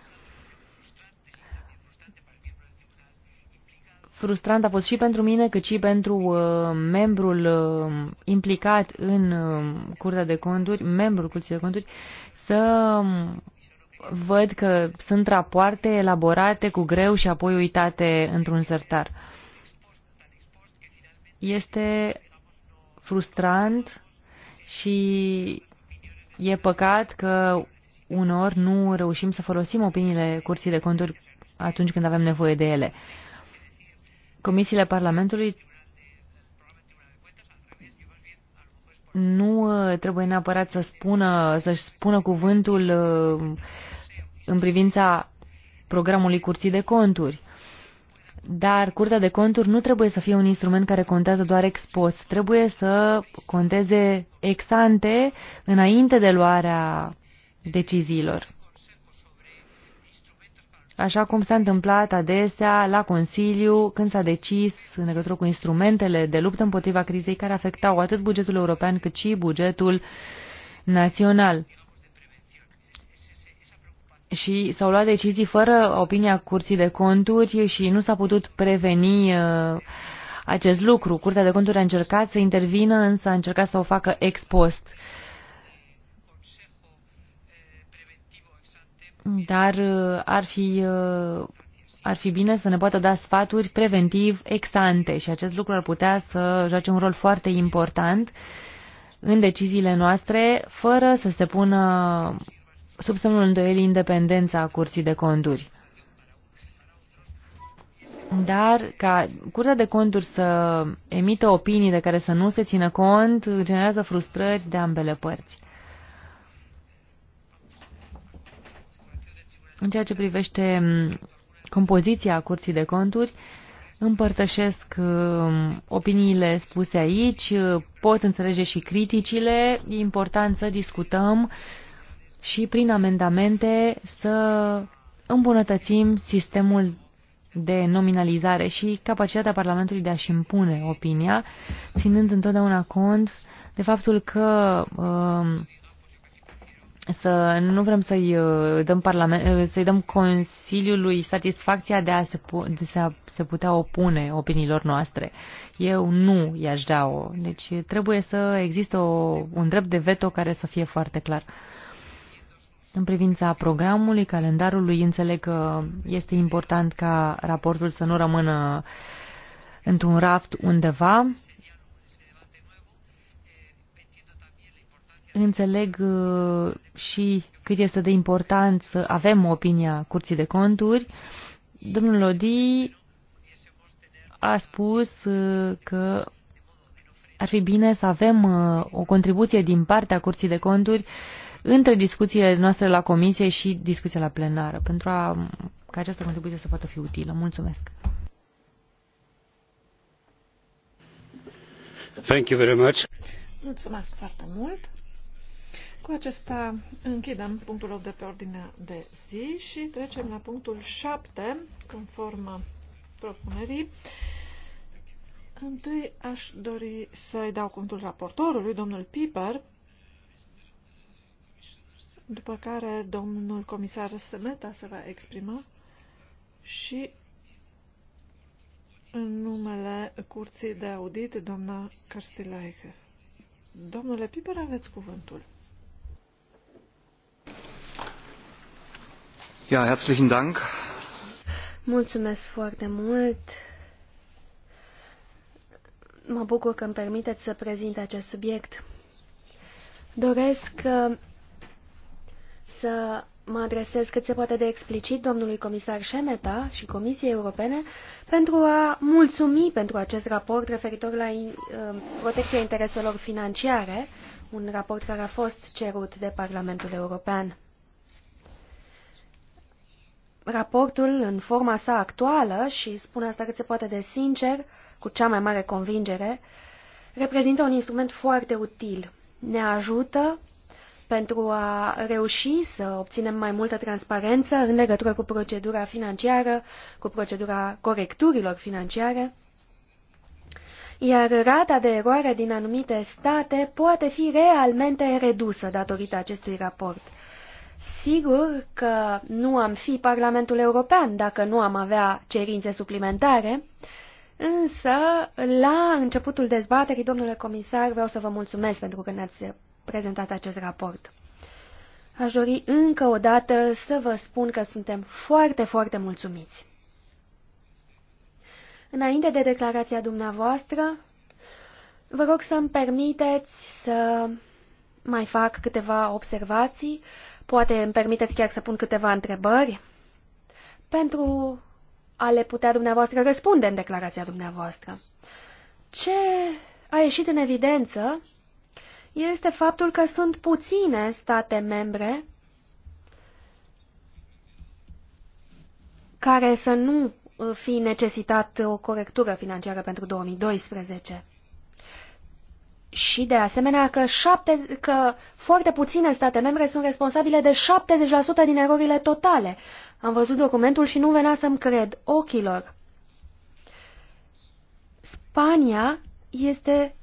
frustrant a fost și pentru mine, cât și pentru uh, membrul uh, implicat în uh, Curtea de Conturi, membrul Curții de Conturi, să um, văd că sunt rapoarte elaborate cu greu și apoi uitate într-un sertar. Este frustrant și e păcat că unor nu reușim să folosim opiniile curții de conturi atunci când avem nevoie de ele. Uh, comisiile Parlamentului nu uh, trebuie neapărat să spună, să-și spună cuvântul uh, în privința programului Curții de Conturi. Dar Curtea de Conturi nu trebuie să fie un instrument care contează doar ex post. Trebuie să conteze ex ante înainte de luarea deciziilor așa cum s-a întâmplat adesea la Consiliu, când s-a decis în legătură cu instrumentele de luptă împotriva crizei care afectau atât bugetul european cât și bugetul național. Și s-au luat decizii fără opinia Curții de Conturi și nu s-a putut preveni uh, acest lucru. Curtea de Conturi a încercat să intervină, însă a încercat să o facă ex post. Uh, dar uh, ar fi, uh, ar fi bine să ne poată da sfaturi preventiv exante și acest lucru ar putea să joace un rol foarte important în deciziile noastre, fără să se pună sub semnul îndoielii independența Curții de conduri. Dar ca Curtea de Conturi să emită opinii de care să nu se țină cont, generează frustrări de ambele părți. În ceea ce privește mm, compoziția Curții de Conturi, împărtășesc mm, opiniile spuse aici, pot înțelege și criticile, e important să discutăm și prin amendamente să îmbunătățim sistemul de nominalizare și capacitatea Parlamentului de a-și impune opinia, ținând întotdeauna cont de faptul că uh, să nu vrem să-i uh, dăm, parlament, uh, să-i dăm Consiliului satisfacția de a se, de a se putea opune opiniilor noastre. Eu nu i-aș da-o. Deci trebuie să existe o, un drept de veto care să fie foarte clar. În privința programului, calendarului, înțeleg că este important ca raportul să nu rămână într-un raft undeva. înțeleg uh, și cât este de important să avem opinia Curții de Conturi. Domnul Lodi a spus uh, că ar fi bine să avem uh, o contribuție din partea Curții de Conturi între discuțiile noastre la comisie și discuția la plenară, pentru a, ca această contribuție să poată fi utilă. Mulțumesc! Thank you very much. Mulțumesc foarte mult! Cu acesta închidem punctul 8 de pe ordinea de zi și trecem la punctul 7, conform propunerii. Întâi aș dori să-i dau cuvântul raportorului, domnul Piper, după care domnul comisar Semeta se va exprima și în numele Curții de Audit, doamna Cărstilaihe. Domnule Piper, aveți cuvântul. Ja, herzlichen Dank. Mulțumesc foarte mult. Mă bucur că îmi permiteți să prezint acest subiect. Doresc uh, să mă adresez cât se poate de explicit domnului comisar Șemeta și Comisiei Europene pentru a mulțumi pentru acest raport referitor la uh, protecția intereselor financiare, un raport care a fost cerut de Parlamentul European raportul în forma sa actuală, și spun asta cât se poate de sincer, cu cea mai mare convingere, reprezintă un instrument foarte util. Ne ajută pentru a reuși să obținem mai multă transparență în legătură cu procedura financiară, cu procedura corecturilor financiare, iar rata de eroare din anumite state poate fi realmente redusă datorită acestui raport – Sigur că nu am fi Parlamentul European dacă nu am avea cerințe suplimentare, însă la începutul dezbaterii, domnule comisar, vreau să vă mulțumesc pentru că ne-ați prezentat acest raport. Aș dori încă o dată să vă spun că suntem foarte, foarte mulțumiți. Înainte de declarația dumneavoastră, vă rog să-mi permiteți să mai fac câteva observații Poate îmi permiteți chiar să pun câteva întrebări pentru a le putea dumneavoastră răspunde în declarația dumneavoastră. Ce a ieșit în evidență este faptul că sunt puține state membre care să nu fi necesitat o corectură financiară pentru 2012 și de asemenea că, șapte, că foarte puține state membre sunt responsabile de 70% din erorile totale. Am văzut documentul și nu venea să-mi cred ochilor. Spania este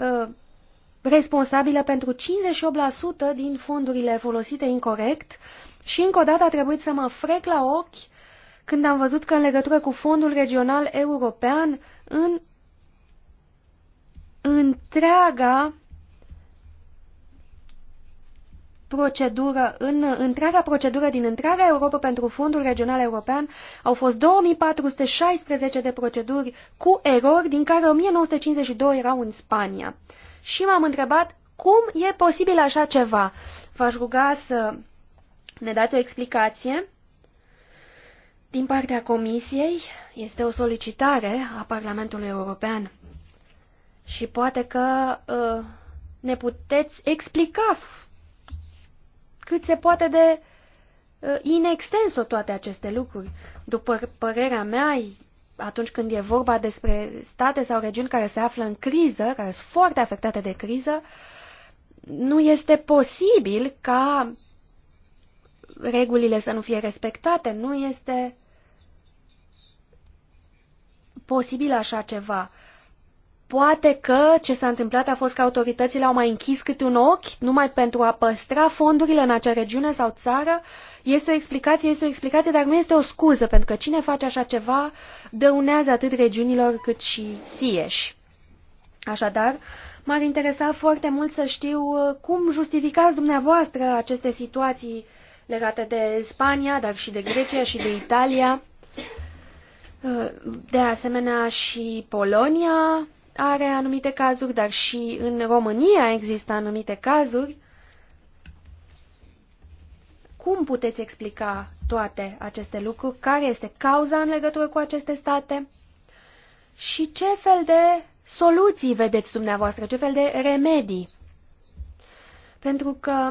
uh, responsabilă pentru 58% din fondurile folosite incorrect și încă o dată a trebuit să mă frec la ochi când am văzut că în legătură cu fondul regional european în întreaga procedură, în întreaga procedură din întreaga Europa pentru Fondul Regional European au fost 2416 de proceduri cu erori, din care 1952 erau în Spania. Și m-am întrebat cum e posibil așa ceva. V-aș ruga să ne dați o explicație din partea Comisiei. Este o solicitare a Parlamentului European. Și poate că uh, ne puteți explica cât se poate de uh, in toate aceste lucruri. După părerea mea, atunci când e vorba despre state sau regiuni care se află în criză, care sunt foarte afectate de criză, nu este posibil ca regulile să nu fie respectate, nu este posibil așa ceva. Poate că ce s-a întâmplat a fost că autoritățile au mai închis câte un ochi numai pentru a păstra fondurile în acea regiune sau țară. Este o explicație, este o explicație, dar nu este o scuză, pentru că cine face așa ceva dăunează atât regiunilor cât și sieși. Așadar, m-ar interesa foarte mult să știu uh, cum justificați dumneavoastră aceste situații legate de Spania, dar și de Grecia și de Italia. Uh, de asemenea și Polonia, are anumite cazuri, dar și în România există anumite cazuri. Cum puteți explica toate aceste lucruri? Care este cauza în legătură cu aceste state? Și ce fel de soluții vedeți dumneavoastră? Ce fel de remedii? Pentru că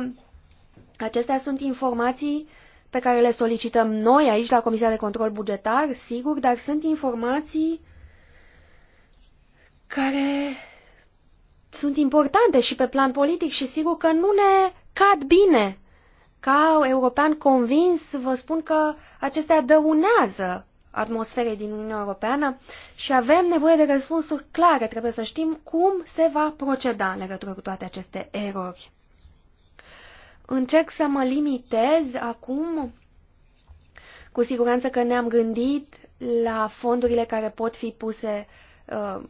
acestea sunt informații pe care le solicităm noi aici la Comisia de Control Bugetar, sigur, dar sunt informații uh, care sunt importante și pe plan politic și sigur că nu ne cad bine. Ca european convins, vă spun că acestea dăunează atmosferei din Uniunea Europeană și avem nevoie de răspunsuri clare. Trebuie să știm cum se va proceda în legătură cu toate aceste erori. Încerc să mă limitez acum. Cu siguranță că ne-am gândit la fondurile care pot fi puse uh,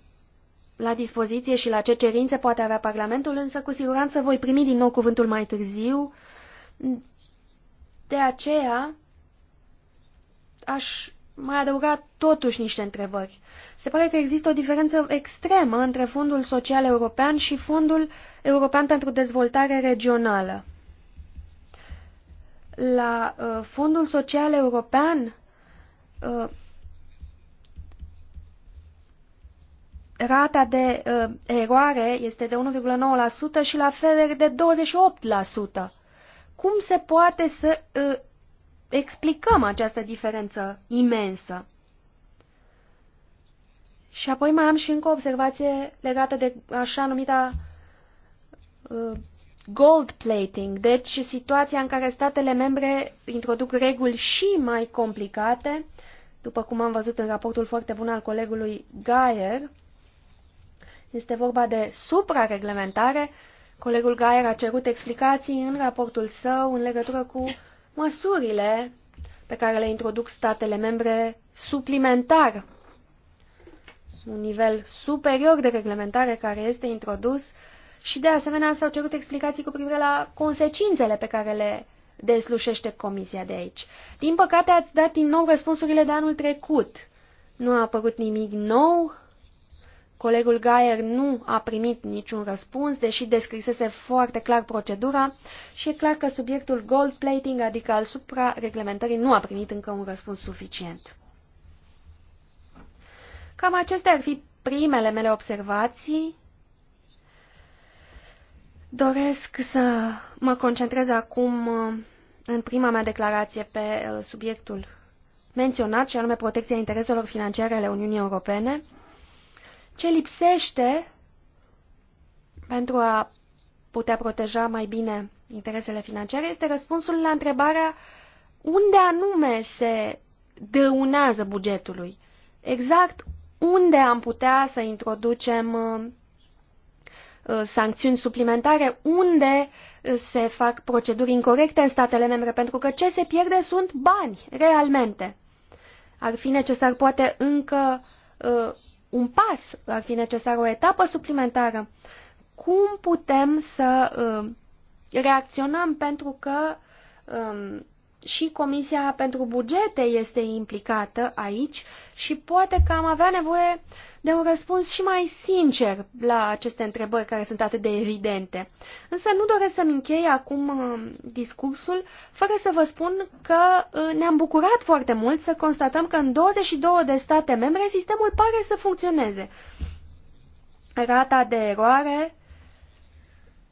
la dispoziție și la ce cerințe poate avea Parlamentul, însă cu siguranță voi primi din nou cuvântul mai târziu. De aceea aș mai adăuga totuși niște întrebări. Se pare că există o diferență extremă între Fondul Social European și Fondul European pentru Dezvoltare Regională. La uh, Fondul Social European uh, rata de uh, eroare este de 1,9% și la FEDER de 28%. Cum se poate să uh, explicăm această diferență imensă? Și apoi mai am și încă o observație legată de așa numita uh, gold plating, deci situația în care statele membre introduc reguli și mai complicate, după cum am văzut în raportul foarte bun al colegului Gaier, este vorba de suprareglementare. Colegul Gaier a cerut explicații în raportul său în legătură cu măsurile pe care le introduc statele membre suplimentar. Un nivel superior de reglementare care este introdus și de asemenea s-au cerut explicații cu privire la consecințele pe care le deslușește comisia de aici. Din păcate ați dat din nou răspunsurile de anul trecut. Nu a apărut nimic nou Colegul Gaier nu a primit niciun răspuns, deși descrisese foarte clar procedura și e clar că subiectul gold plating, adică al suprareglementării, nu a primit încă un răspuns suficient. Cam acestea ar fi primele mele observații. Doresc să mă concentrez acum uh, în prima mea declarație pe uh, subiectul menționat, și anume protecția intereselor financiare ale Uniunii Europene. Ce lipsește pentru a putea proteja mai bine interesele financiare este răspunsul la întrebarea unde anume se dăunează bugetului. Exact unde am putea să introducem uh, uh, sancțiuni suplimentare, unde se fac proceduri incorrecte în statele membre, pentru că ce se pierde sunt bani, realmente. Ar fi necesar poate încă uh, un pas, ar fi necesară o etapă suplimentară. Cum putem să uh, reacționăm pentru că uh, și Comisia pentru Bugete este implicată aici și poate că am avea nevoie de un răspuns și mai sincer la aceste întrebări care sunt atât de evidente. Însă nu doresc să-mi închei acum uh, discursul fără să vă spun că uh, ne-am bucurat foarte mult să constatăm că în 22 de state membre sistemul pare să funcționeze. Rata de eroare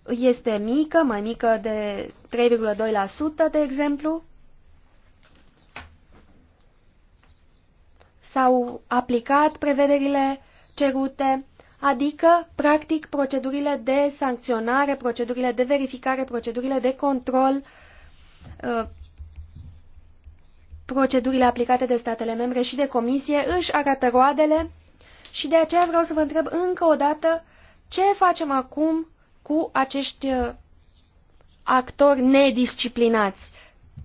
este mică, mai mică de 3,2%, de exemplu, s-au aplicat prevederile cerute, adică, practic, procedurile de sancționare, procedurile de verificare, procedurile de control, uh, procedurile aplicate de statele membre și de comisie își arată roadele și de aceea vreau să vă întreb încă o dată ce facem acum cu acești uh, actori nedisciplinați.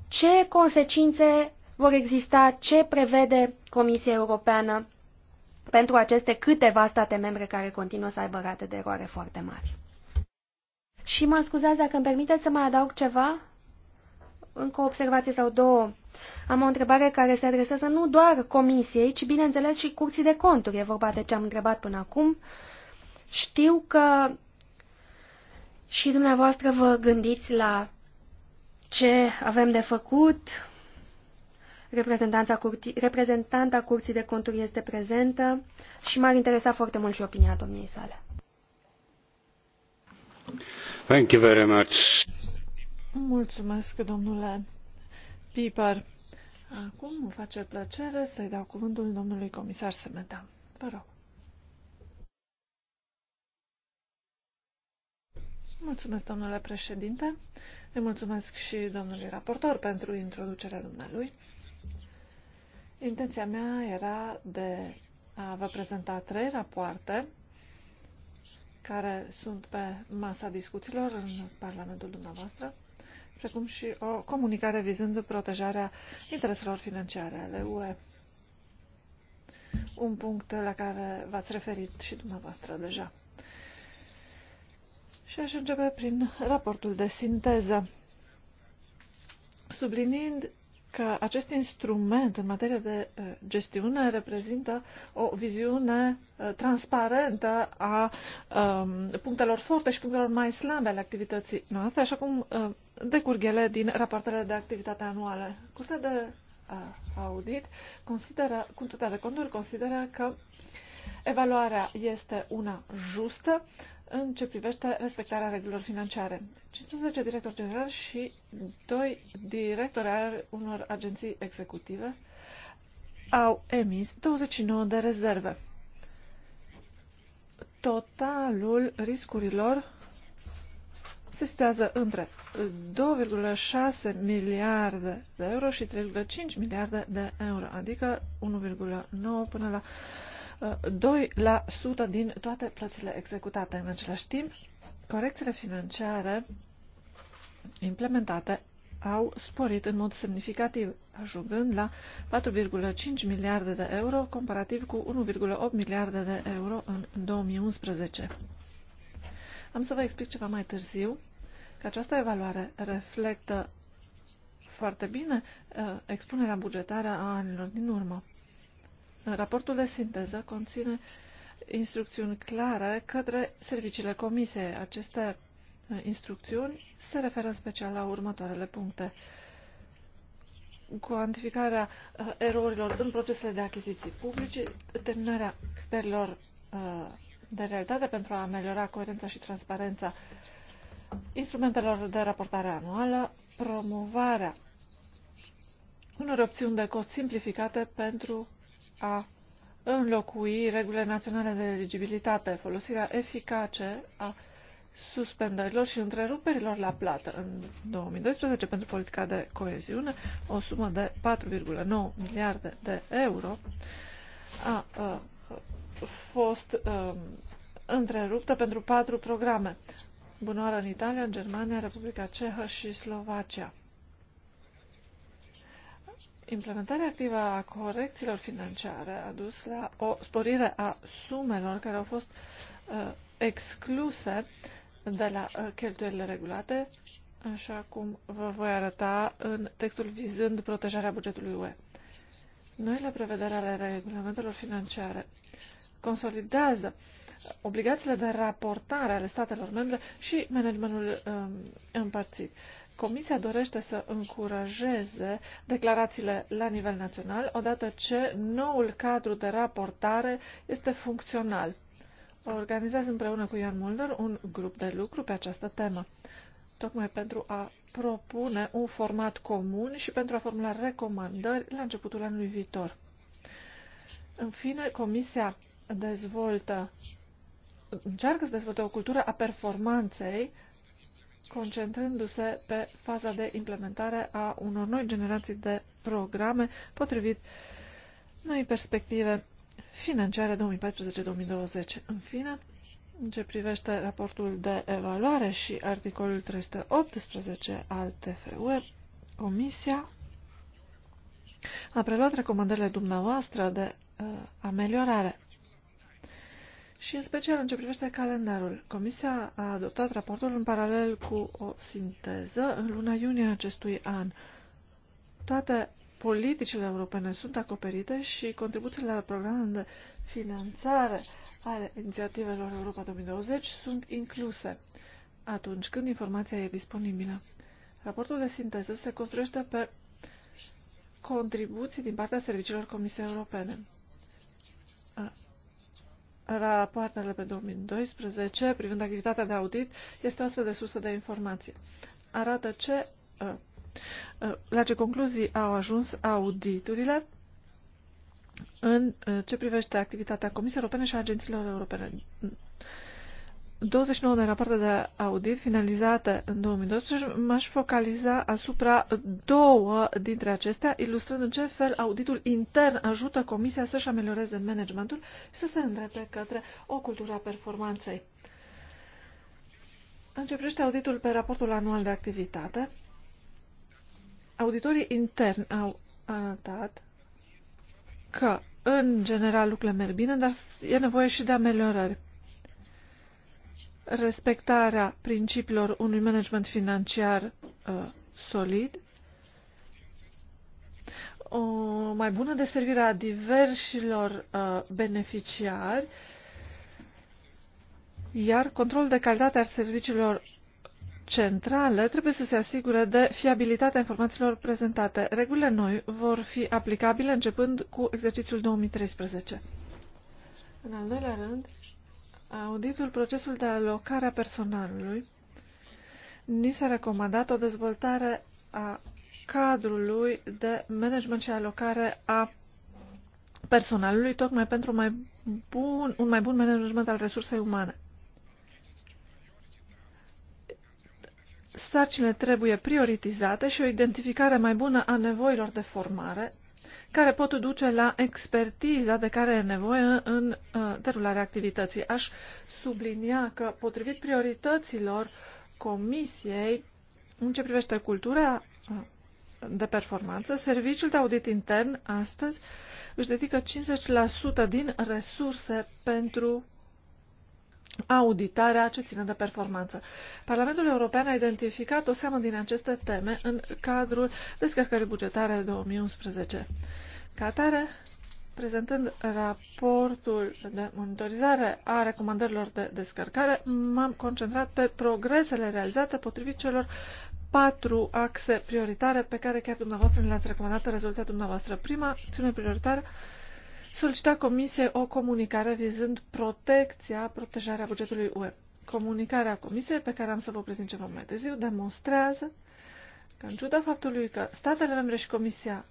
Ce consecințe vor exista, ce prevede Comisia Europeană pentru aceste câteva state membre care continuă să aibă rate de eroare foarte mari. Și mă scuzați dacă îmi permiteți să mai adaug ceva? Încă o observație sau două. Am o întrebare care se adresează nu doar Comisiei, ci bineînțeles și Curții de Conturi. E vorba de ce am întrebat până acum. Știu că și dumneavoastră vă gândiți la ce avem de făcut, Reprezentanta curții, reprezentanta curții de conturi este prezentă și m-ar interesa foarte mult și opinia domniei sale. Thank you very much. Mulțumesc, domnule Pipar. Acum îmi face plăcere să-i dau cuvântul domnului comisar Semeta. Vă rog. Mulțumesc, domnule președinte. Îi mulțumesc și domnului raportor pentru introducerea dumnealui. Intenția mea era de a vă prezenta trei rapoarte care sunt pe masa discuțiilor în Parlamentul dumneavoastră, precum și o comunicare vizând protejarea intereselor financiare ale UE. Un punct la care v-ați referit și dumneavoastră deja. Și aș începe prin raportul de sinteză, sublinind că acest instrument în materie de uh, gestiune reprezintă o viziune uh, transparentă a um, punctelor forte și punctelor mai slabe ale activității noastre, așa cum uh, decurg ele din rapoartele de activitate anuale. Curtea de audit consideră, cu de conturi consideră că uh, Evaluarea este una justă în ce privește respectarea regulilor financiare. 15 directori generali și 2 directori al unor agenții executive au emis 29 de rezerve. Totalul riscurilor se situează între 2,6 miliarde de euro și 3,5 miliarde de euro, adică 1,9 până la 2% din toate plățile executate. În același timp, corecțiile financiare implementate au sporit în mod semnificativ, ajungând la 4,5 miliarde de euro, comparativ cu 1,8 miliarde de euro în 2011. Am să vă explic ceva mai târziu că această evaluare reflectă foarte bine uh, expunerea bugetară a anilor din urmă. Raportul de sinteză conține instrucțiuni clare către serviciile comisiei. Aceste uh, instrucțiuni se referă în special la următoarele puncte. Cuantificarea uh, erorilor în procesele de achiziții publice, determinarea criteriilor uh, de realitate pentru a ameliora coerența și transparența instrumentelor de raportare anuală, promovarea unor opțiuni de cost simplificate pentru a înlocui regulile naționale de eligibilitate, folosirea eficace a suspendărilor și întreruperilor la plată în 2012 pentru politica de coeziune, o sumă de 4,9 miliarde de euro a, a fost a, întreruptă pentru patru programe. Bunoară în Italia, în Germania, Republica Cehă și Slovacia. Implementarea activă a corecțiilor financiare a dus la o sporire a sumelor care au fost uh, excluse de la uh, cheltuielile regulate, așa cum vă voi arăta în textul vizând protejarea bugetului UE. Noile prevederi ale regulamentelor financiare consolidează obligațiile de raportare ale statelor membre și managementul uh, împărțit. Comisia dorește să încurajeze declarațiile la nivel național, odată ce noul cadru de raportare este funcțional. Organizez împreună cu Ion Mulder un grup de lucru pe această temă, tocmai pentru a propune un format comun și pentru a formula recomandări la începutul anului viitor. În fine, Comisia dezvoltă, încearcă să dezvolte o cultură a performanței concentrându-se pe faza de implementare a unor noi generații de programe potrivit noi perspective financiare 2014-2020. În fine, în ce privește raportul de evaluare și articolul 318 al TFUE, Comisia a preluat recomandările dumneavoastră de uh, ameliorare și în special în ce privește calendarul. Comisia a adoptat raportul în paralel cu o sinteză în luna iunie acestui an. Toate politicile europene sunt acoperite și contribuțiile la programul de finanțare ale inițiativelor Europa 2020 sunt incluse atunci când informația e disponibilă. Raportul de sinteză se construiește pe contribuții din partea serviciilor Comisiei Europene. Rapoartele pe 2012 privind activitatea de audit este o astfel de sursă de informație. Arată ce, uh, uh, la ce concluzii au ajuns auditurile în uh, ce privește activitatea Comisiei Europene și a agențiilor europene. 29 de rapoarte de audit finalizate în 2012, m-aș focaliza asupra două dintre acestea, ilustrând în ce fel auditul intern ajută Comisia să-și amelioreze managementul și să se îndrepte către o cultură a performanței. Începește auditul pe raportul anual de activitate. Auditorii interni au anotat că, în general, lucrurile merg bine, dar e nevoie și de ameliorări respectarea principiilor unui management financiar uh, solid, o mai bună deservire a diversilor uh, beneficiari, iar controlul de calitate al serviciilor centrale trebuie să se asigure de fiabilitatea informațiilor prezentate. Regulile noi vor fi aplicabile începând cu exercițiul 2013. În al doilea rând, auditul, procesul de alocare a personalului, ni s-a recomandat o dezvoltare a cadrului de management și alocare a personalului, tocmai pentru mai bun, un mai bun management al resursei umane. Sarcinile trebuie prioritizate și o identificare mai bună a nevoilor de formare care pot duce la expertiza de care e nevoie în uh, derularea activității. Aș sublinia că, potrivit priorităților Comisiei, în ce privește cultura uh, de performanță, Serviciul de Audit Intern astăzi își dedică 50% din resurse pentru auditarea ce ține de performanță. Parlamentul European a identificat o seamă din aceste teme în cadrul descărcării bugetare 2011. Ca atare, prezentând raportul de monitorizare a recomandărilor de descărcare, m-am concentrat pe progresele realizate potrivit celor patru axe prioritare pe care chiar dumneavoastră le-ați recomandat în rezoluția dumneavoastră. Prima acțiune prioritară solicita Comisiei o comunicare vizând protecția, protejarea bugetului UE. Comunicarea Comisiei, pe care am să vă prezint ceva mai târziu, demonstrează că, în ciuda faptului că statele membre și Comisia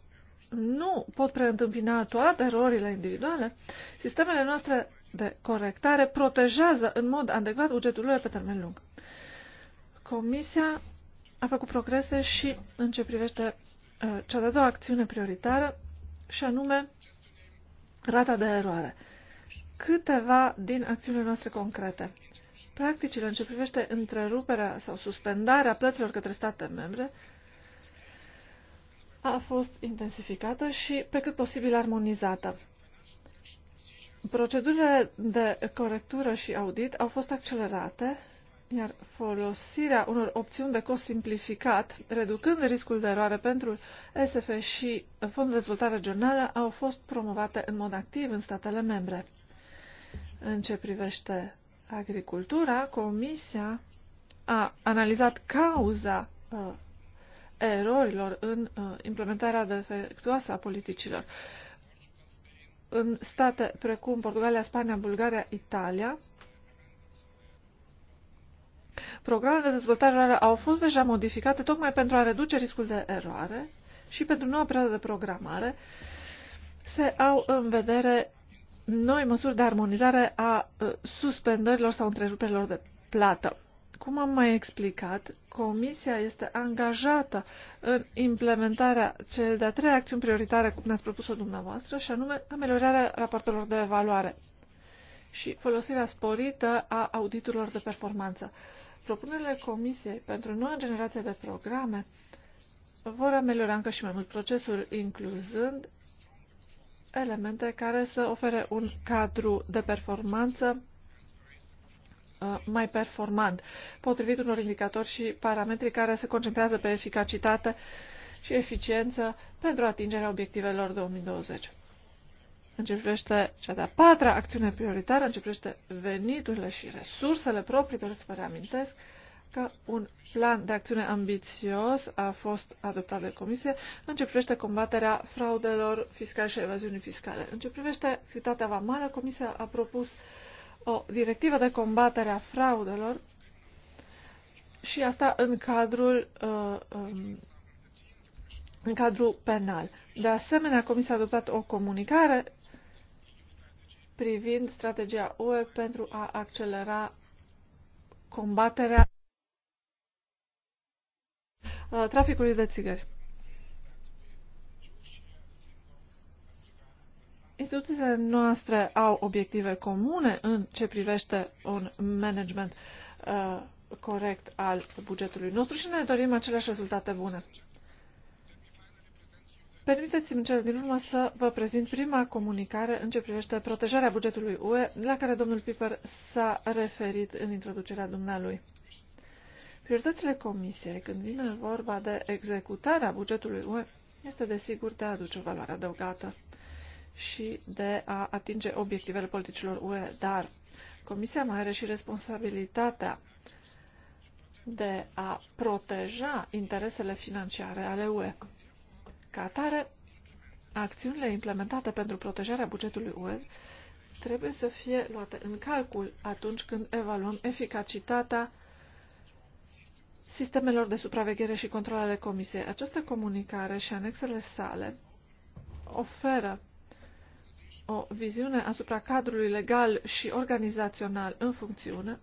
nu pot preîntâmpina toate erorile individuale, sistemele noastre de corectare protejează în mod adecvat bugetul UE pe termen lung. Comisia a făcut progrese și în ce privește uh, cea de-a doua acțiune prioritară, și anume Rata de eroare. Câteva din acțiunile noastre concrete. Practicile în ce privește întreruperea sau suspendarea plăților către state membre a fost intensificată și pe cât posibil armonizată. Procedurile de corectură și audit au fost accelerate iar folosirea unor opțiuni de cost simplificat, reducând riscul de eroare pentru SF și Fondul de Dezvoltare Regională, au fost promovate în mod activ în statele membre. În ce privește agricultura, Comisia a analizat cauza uh, erorilor în uh, implementarea defectuoasă a politicilor. În state precum Portugalia, Spania, Bulgaria, Italia, Programele de dezvoltare rurală au fost deja modificate tocmai pentru a reduce riscul de eroare și pentru noua perioadă de programare se au în vedere noi măsuri de armonizare a ă, suspendărilor sau întreruperilor de plată. Cum am mai explicat, Comisia este angajată în implementarea cel de-a treia acțiuni prioritare, cum ne-ați propus-o dumneavoastră, și anume ameliorarea raportelor de evaluare și folosirea sporită a auditurilor de performanță propunerile Comisiei pentru noua generație de programe vor ameliora încă și mai mult procesul, incluzând elemente care să ofere un cadru de performanță uh, mai performant, potrivit unor indicatori și parametri care se concentrează pe eficacitate și eficiență pentru atingerea obiectivelor 2020 în ce privește cea de-a patra acțiune prioritară, în ce privește veniturile și resursele proprii, trebuie să vă reamintesc că un plan de acțiune ambițios a fost adoptat de Comisie în ce privește combaterea fraudelor fiscale și evaziunii fiscale. În ce privește activitatea vamală, Comisia a propus o directivă de combatere a fraudelor și asta în cadrul uh, um, în cadrul penal. De asemenea, Comisia a adoptat o comunicare privind strategia UE pentru a accelera combaterea uh, traficului de țigări. Instituțiile noastre au obiective comune în ce privește un management uh, corect al bugetului nostru și ne dorim aceleași rezultate bune. Permiteți-mi cel din urmă să vă prezint prima comunicare în ce privește protejarea bugetului UE, la care domnul Piper s-a referit în introducerea dumnealui. Prioritățile Comisiei, când vine vorba de executarea bugetului UE, este desigur de a aduce valoare adăugată și de a atinge obiectivele politicilor UE, dar Comisia mai are și responsabilitatea de a proteja interesele financiare ale UE. Ca atare, acțiunile implementate pentru protejarea bugetului UE trebuie să fie luate în calcul atunci când evaluăm eficacitatea sistemelor de supraveghere și control ale Comisiei. Această comunicare și anexele sale oferă o viziune asupra cadrului legal și organizațional în funcțiune,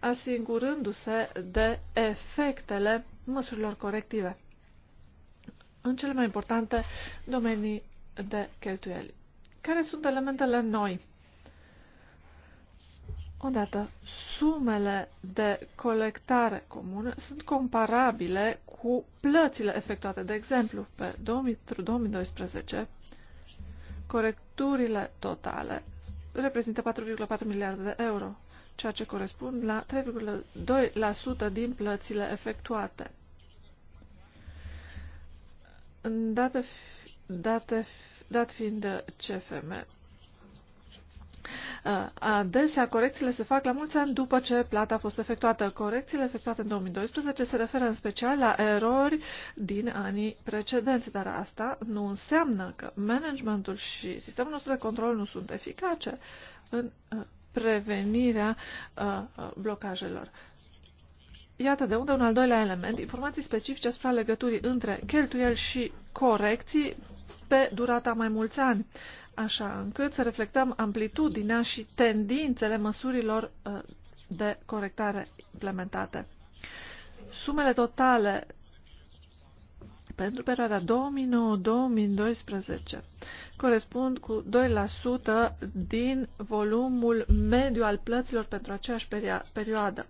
asigurându-se de efectele măsurilor corective în cele mai importante domenii de cheltuieli. Care sunt elementele noi? Odată, sumele de colectare comună sunt comparabile cu plățile efectuate. De exemplu, pe 2012, corecturile totale reprezintă 4,4 miliarde de euro, ceea ce corespund la 3,2% din plățile efectuate. Dată date, dat fiind CFM. Uh, adesea, corecțiile se fac la mulți ani după ce plata a fost efectuată. Corecțiile efectuate în 2012 se referă în special la erori din anii precedenți, dar asta nu înseamnă că managementul și sistemul nostru de control nu sunt eficace în uh, prevenirea uh, blocajelor. Iată de unde un al doilea element, informații specifice asupra legăturii între cheltuieli și corecții pe durata mai mulți ani, așa încât să reflectăm amplitudinea și tendințele măsurilor uh, de corectare implementate. Sumele totale pentru perioada 2009-2012 corespund cu 2% din volumul mediu al plăților pentru aceeași perioadă.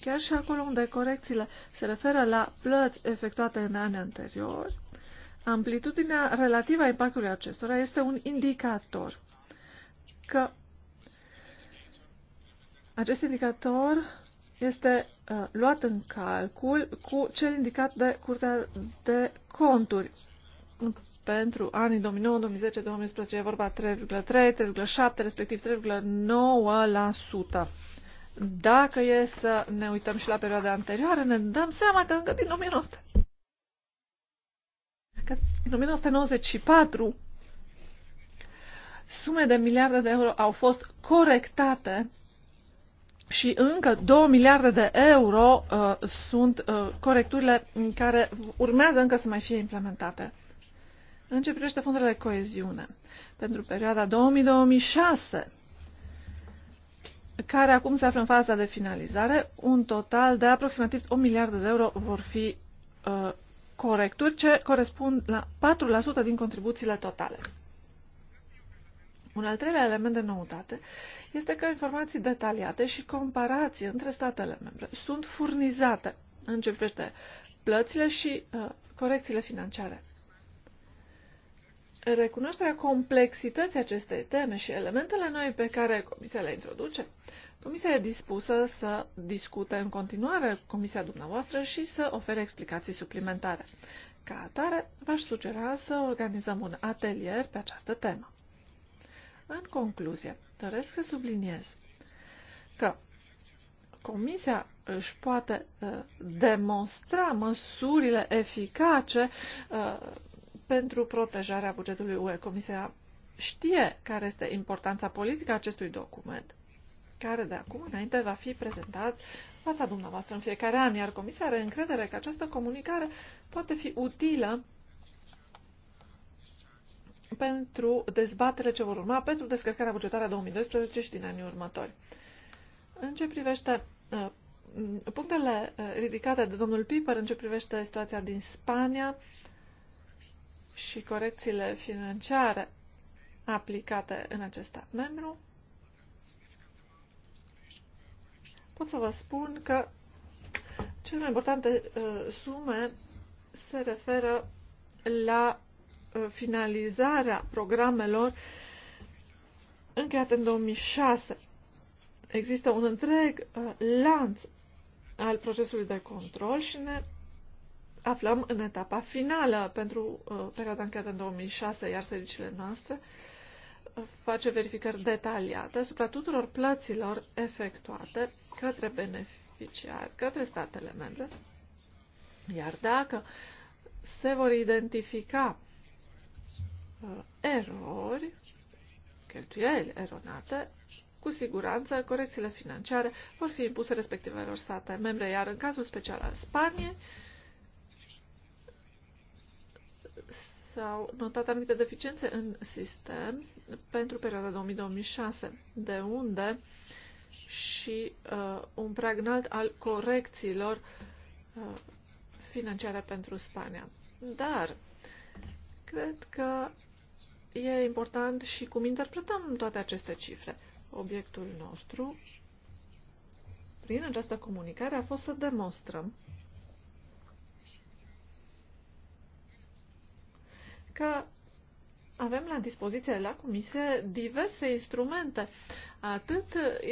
Chiar și acolo unde corecțiile se referă la plăți efectuate în anii anteriori, amplitudinea relativă a impactului acestora este un indicator că acest indicator este uh, luat în calcul cu cel indicat de Curtea de Conturi pentru anii 2009, 2010, 2011 e vorba 3,3, 3,7, respectiv 3,9%. Dacă e să ne uităm și la perioada anterioară, ne dăm seama că încă din 1900. Că din 1994 sume de miliarde de euro au fost corectate și încă 2 miliarde de euro uh, sunt uh, corecturile care urmează încă să mai fie implementate. În ce privește fondurile de coeziune, pentru perioada 2000-2006, care acum se află în faza de finalizare, un total de aproximativ 1 miliard de euro vor fi uh, corecturi, ce corespund la 4% din contribuțiile totale. Un al treilea element de noutate este că informații detaliate și comparații între statele membre sunt furnizate în ce privește plățile și uh, corecțiile financiare recunoașterea complexității acestei teme și elementele noi pe care Comisia le introduce, Comisia e dispusă să discute în continuare Comisia dumneavoastră și să ofere explicații suplimentare. Ca atare, v-aș sugera să organizăm un atelier pe această temă. În concluzie, doresc să subliniez că Comisia își poate uh, demonstra măsurile eficace uh, pentru protejarea bugetului UE. Comisia știe care este importanța politică a acestui document, care de acum înainte va fi prezentat fața dumneavoastră în fiecare an, iar Comisia are încredere că această comunicare poate fi utilă pentru dezbatere ce vor urma, pentru descărcarea bugetară a 2012 și din anii următori. În ce privește uh, punctele uh, ridicate de domnul Piper, în ce privește situația din Spania, și corecțiile financiare aplicate în acest stat membru, pot să vă spun că cele mai importante uh, sume se referă la uh, finalizarea programelor încheiate în 2006. Există un întreg uh, lanț al procesului de control și ne aflăm în etapa finală pentru uh, perioada încheiată în 2006, iar serviciile noastre uh, face verificări detaliate asupra tuturor plăților efectuate către beneficiari, către statele membre, iar dacă se vor identifica uh, erori, cheltuieli eronate, cu siguranță corecțiile financiare vor fi impuse respectivelor state membre, iar în cazul special al Spaniei, uh, s-au notat anumite deficiențe în sistem pentru perioada 2000-2006, de unde și uh, un prag înalt al corecțiilor uh, financiare pentru Spania. Dar cred că e important și cum interpretăm toate aceste cifre. Obiectul nostru prin această comunicare a fost să demonstrăm că avem la dispoziție la comisie diverse instrumente, atât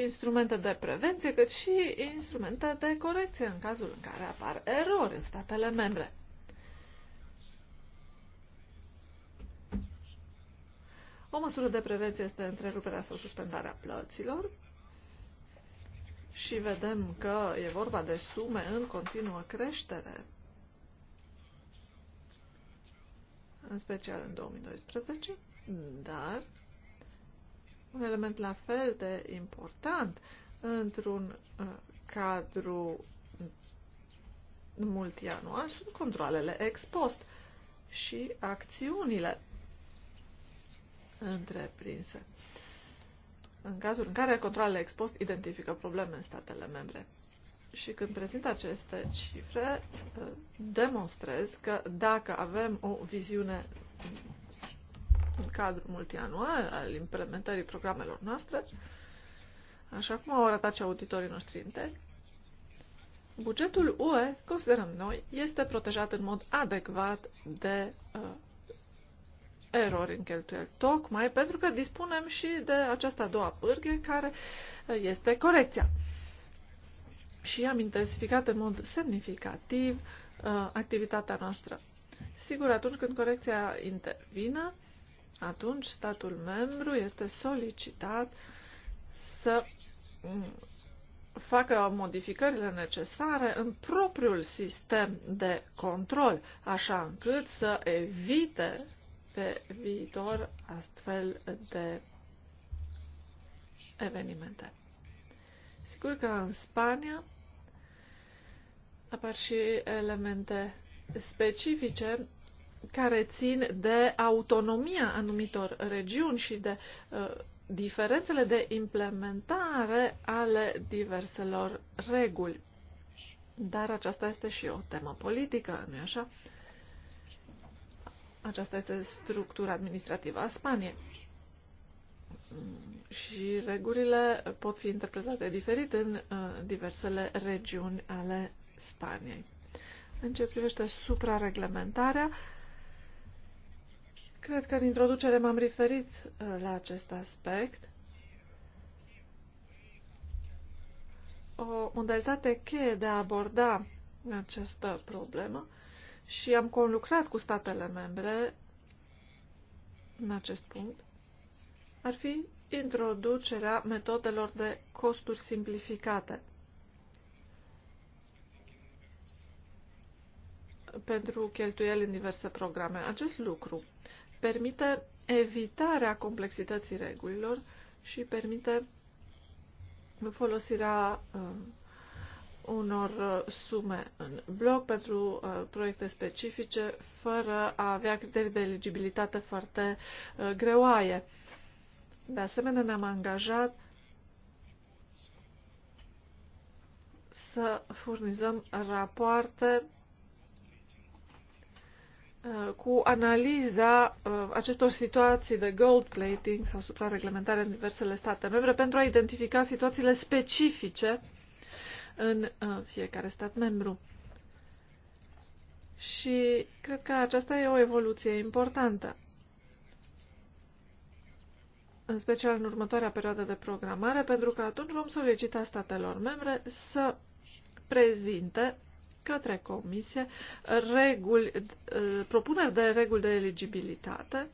instrumente de prevenție, cât și instrumente de corecție în cazul în care apar erori în statele membre. O măsură de prevenție este întreruperea sau suspendarea plăților și vedem că e vorba de sume în continuă creștere în special în 2012, dar un element la fel de important într-un uh, cadru multianual sunt controlele ex post și acțiunile întreprinse în cazul în care controlele ex post identifică probleme în statele membre și când prezint aceste cifre, demonstrez că dacă avem o viziune în cadrul multianual al implementării programelor noastre, așa cum au arătat și auditorii noștri interni, bugetul UE, considerăm noi, este protejat în mod adecvat de uh, erori în cheltuieli, tocmai pentru că dispunem și de această a doua pârghie care uh, este corecția și am intensificat în mod semnificativ uh, activitatea noastră. Sigur, atunci când corecția intervine, atunci statul membru este solicitat să mm, facă modificările necesare în propriul sistem de control, așa încât să evite pe viitor astfel de evenimente. Sigur că în Spania apar și elemente specifice care țin de autonomia anumitor regiuni și de uh, diferențele de implementare ale diverselor reguli. Dar aceasta este și o temă politică, nu-i așa? Aceasta este structura administrativă a Spaniei. Și regulile pot fi interpretate diferit în uh, diversele regiuni ale Spaniei. În ce privește suprareglementarea, cred că în introducere m-am referit uh, la acest aspect. O modalitate cheie de a aborda această problemă și am conlucrat cu statele membre în acest punct ar fi introducerea metodelor de costuri simplificate – pentru cheltuieli în diverse programe. Acest lucru permite evitarea complexității regulilor și permite folosirea um, uh, unor sume în bloc pentru uh, proiecte specifice, fără a avea criterii de eligibilitate foarte uh, greoaie. De asemenea, ne-am angajat să furnizăm rapoarte Uh, cu analiza uh, acestor situații de gold plating sau suprareglementare în diversele state membre pentru a identifica situațiile specifice în uh, fiecare stat membru. Și cred că aceasta e o evoluție importantă. În special în următoarea perioadă de programare, pentru că atunci vom solicita statelor membre să prezinte către comisie reguli, eh, propuneri de reguli de eligibilitate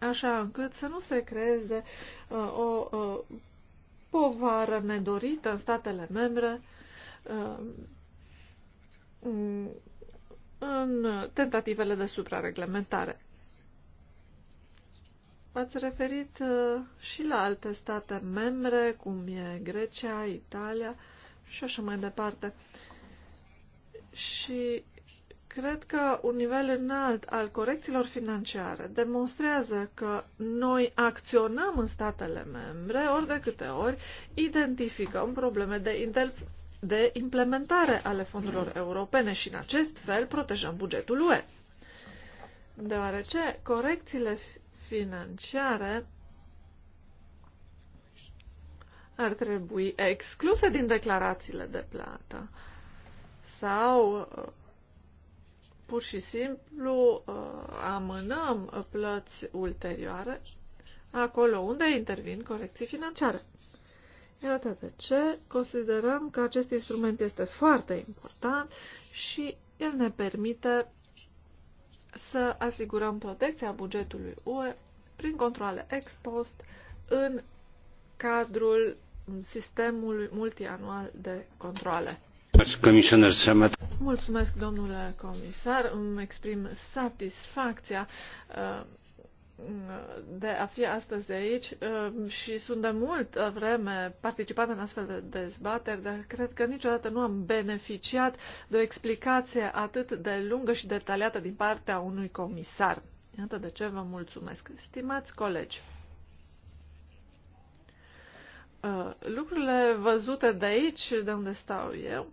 așa încât să nu se creeze eh, o eh, povară nedorită în statele membre în tentativele de suprareglementare. V-ați referit uh, și la alte state membre, cum e Grecia, Italia și așa mai departe. Și cred că un nivel înalt al corecțiilor financiare demonstrează că noi acționăm în statele membre ori de câte ori identificăm probleme de, inter- de implementare ale fondurilor europene și în acest fel protejăm bugetul UE. Deoarece corecțiile financiare ar trebui excluse din declarațiile de plată sau uh, pur și simplu uh, amânăm plăți ulterioare acolo unde intervin corecții financiare. Iată de ce considerăm că acest instrument este foarte important și el ne permite să asigurăm protecția bugetului UE prin controle ex post în cadrul sistemul multianual de controle. Mulțumesc, domnule comisar. Îmi exprim satisfacția uh, de a fi astăzi aici uh, și sunt de mult vreme participat în astfel de dezbateri, dar cred că niciodată nu am beneficiat de o explicație atât de lungă și detaliată din partea unui comisar. Iată de ce vă mulțumesc. Stimați colegi, Uh, lucrurile văzute de aici, de unde stau eu,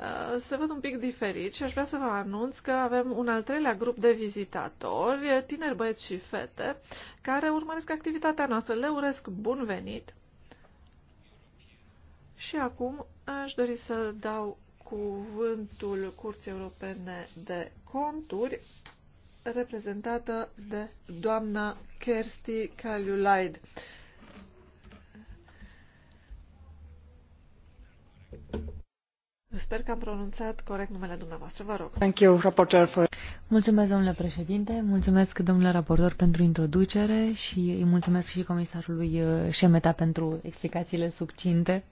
uh, se văd un pic diferit și aș vrea să vă anunț că avem un al treilea grup de vizitatori, tineri băieți și fete, care urmăresc activitatea noastră. Le urez bun venit! Și acum aș dori să dau cuvântul Curții Europene de Conturi, reprezentată de doamna Kersti Kaliulaid. Sper că am pronunțat corect numele dumneavoastră. Vă rog. Thank you, Rapporteur. For... Mulțumesc, domnule președinte, mulțumesc, domnule raportor, pentru introducere și îi mulțumesc și comisarului uh, Șemeta pentru explicațiile succinte.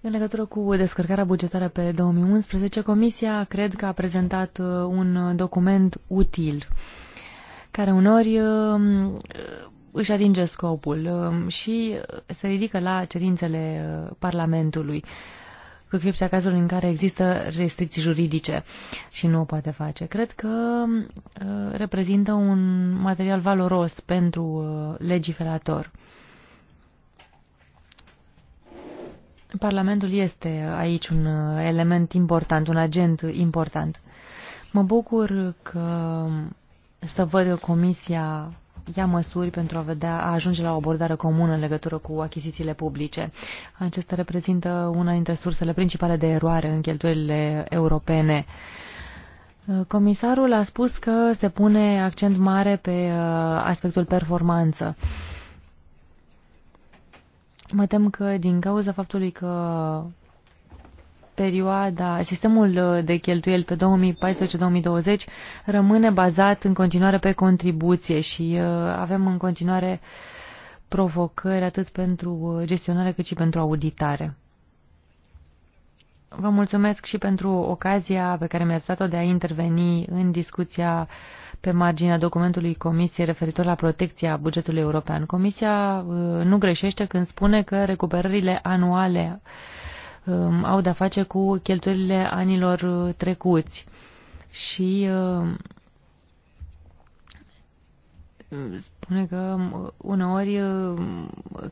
În legătură cu descărcarea bugetară pe 2011, Comisia cred că a prezentat uh, un document util, care uneori uh, își atinge scopul um, și se ridică la cerințele uh, Parlamentului cu excepția cazului în care există restricții juridice și nu o poate face. Cred că um, uh, reprezintă un material valoros pentru uh, legiferator. Parlamentul este aici un element important, un agent important. Mă bucur că um, să văd comisia ia măsuri pentru a, vedea, a ajunge la o abordare comună în legătură cu achizițiile publice. Acesta reprezintă una dintre sursele principale de eroare în cheltuielile europene. Comisarul a spus că se pune accent mare pe uh, aspectul performanță. Mă tem că din cauza faptului că perioada, sistemul uh, de cheltuieli pe 2014-2020 rămâne bazat în continuare pe contribuție și uh, avem în continuare provocări atât pentru uh, gestionare cât și pentru auditare. Vă mulțumesc și pentru ocazia pe care mi-ați dat-o de a interveni în discuția pe marginea documentului Comisiei referitor la protecția bugetului european. Comisia nu greșește când spune că recuperările anuale uh, Um, au de-a face cu cheltuielile anilor uh, trecuți și um, spune că um, uneori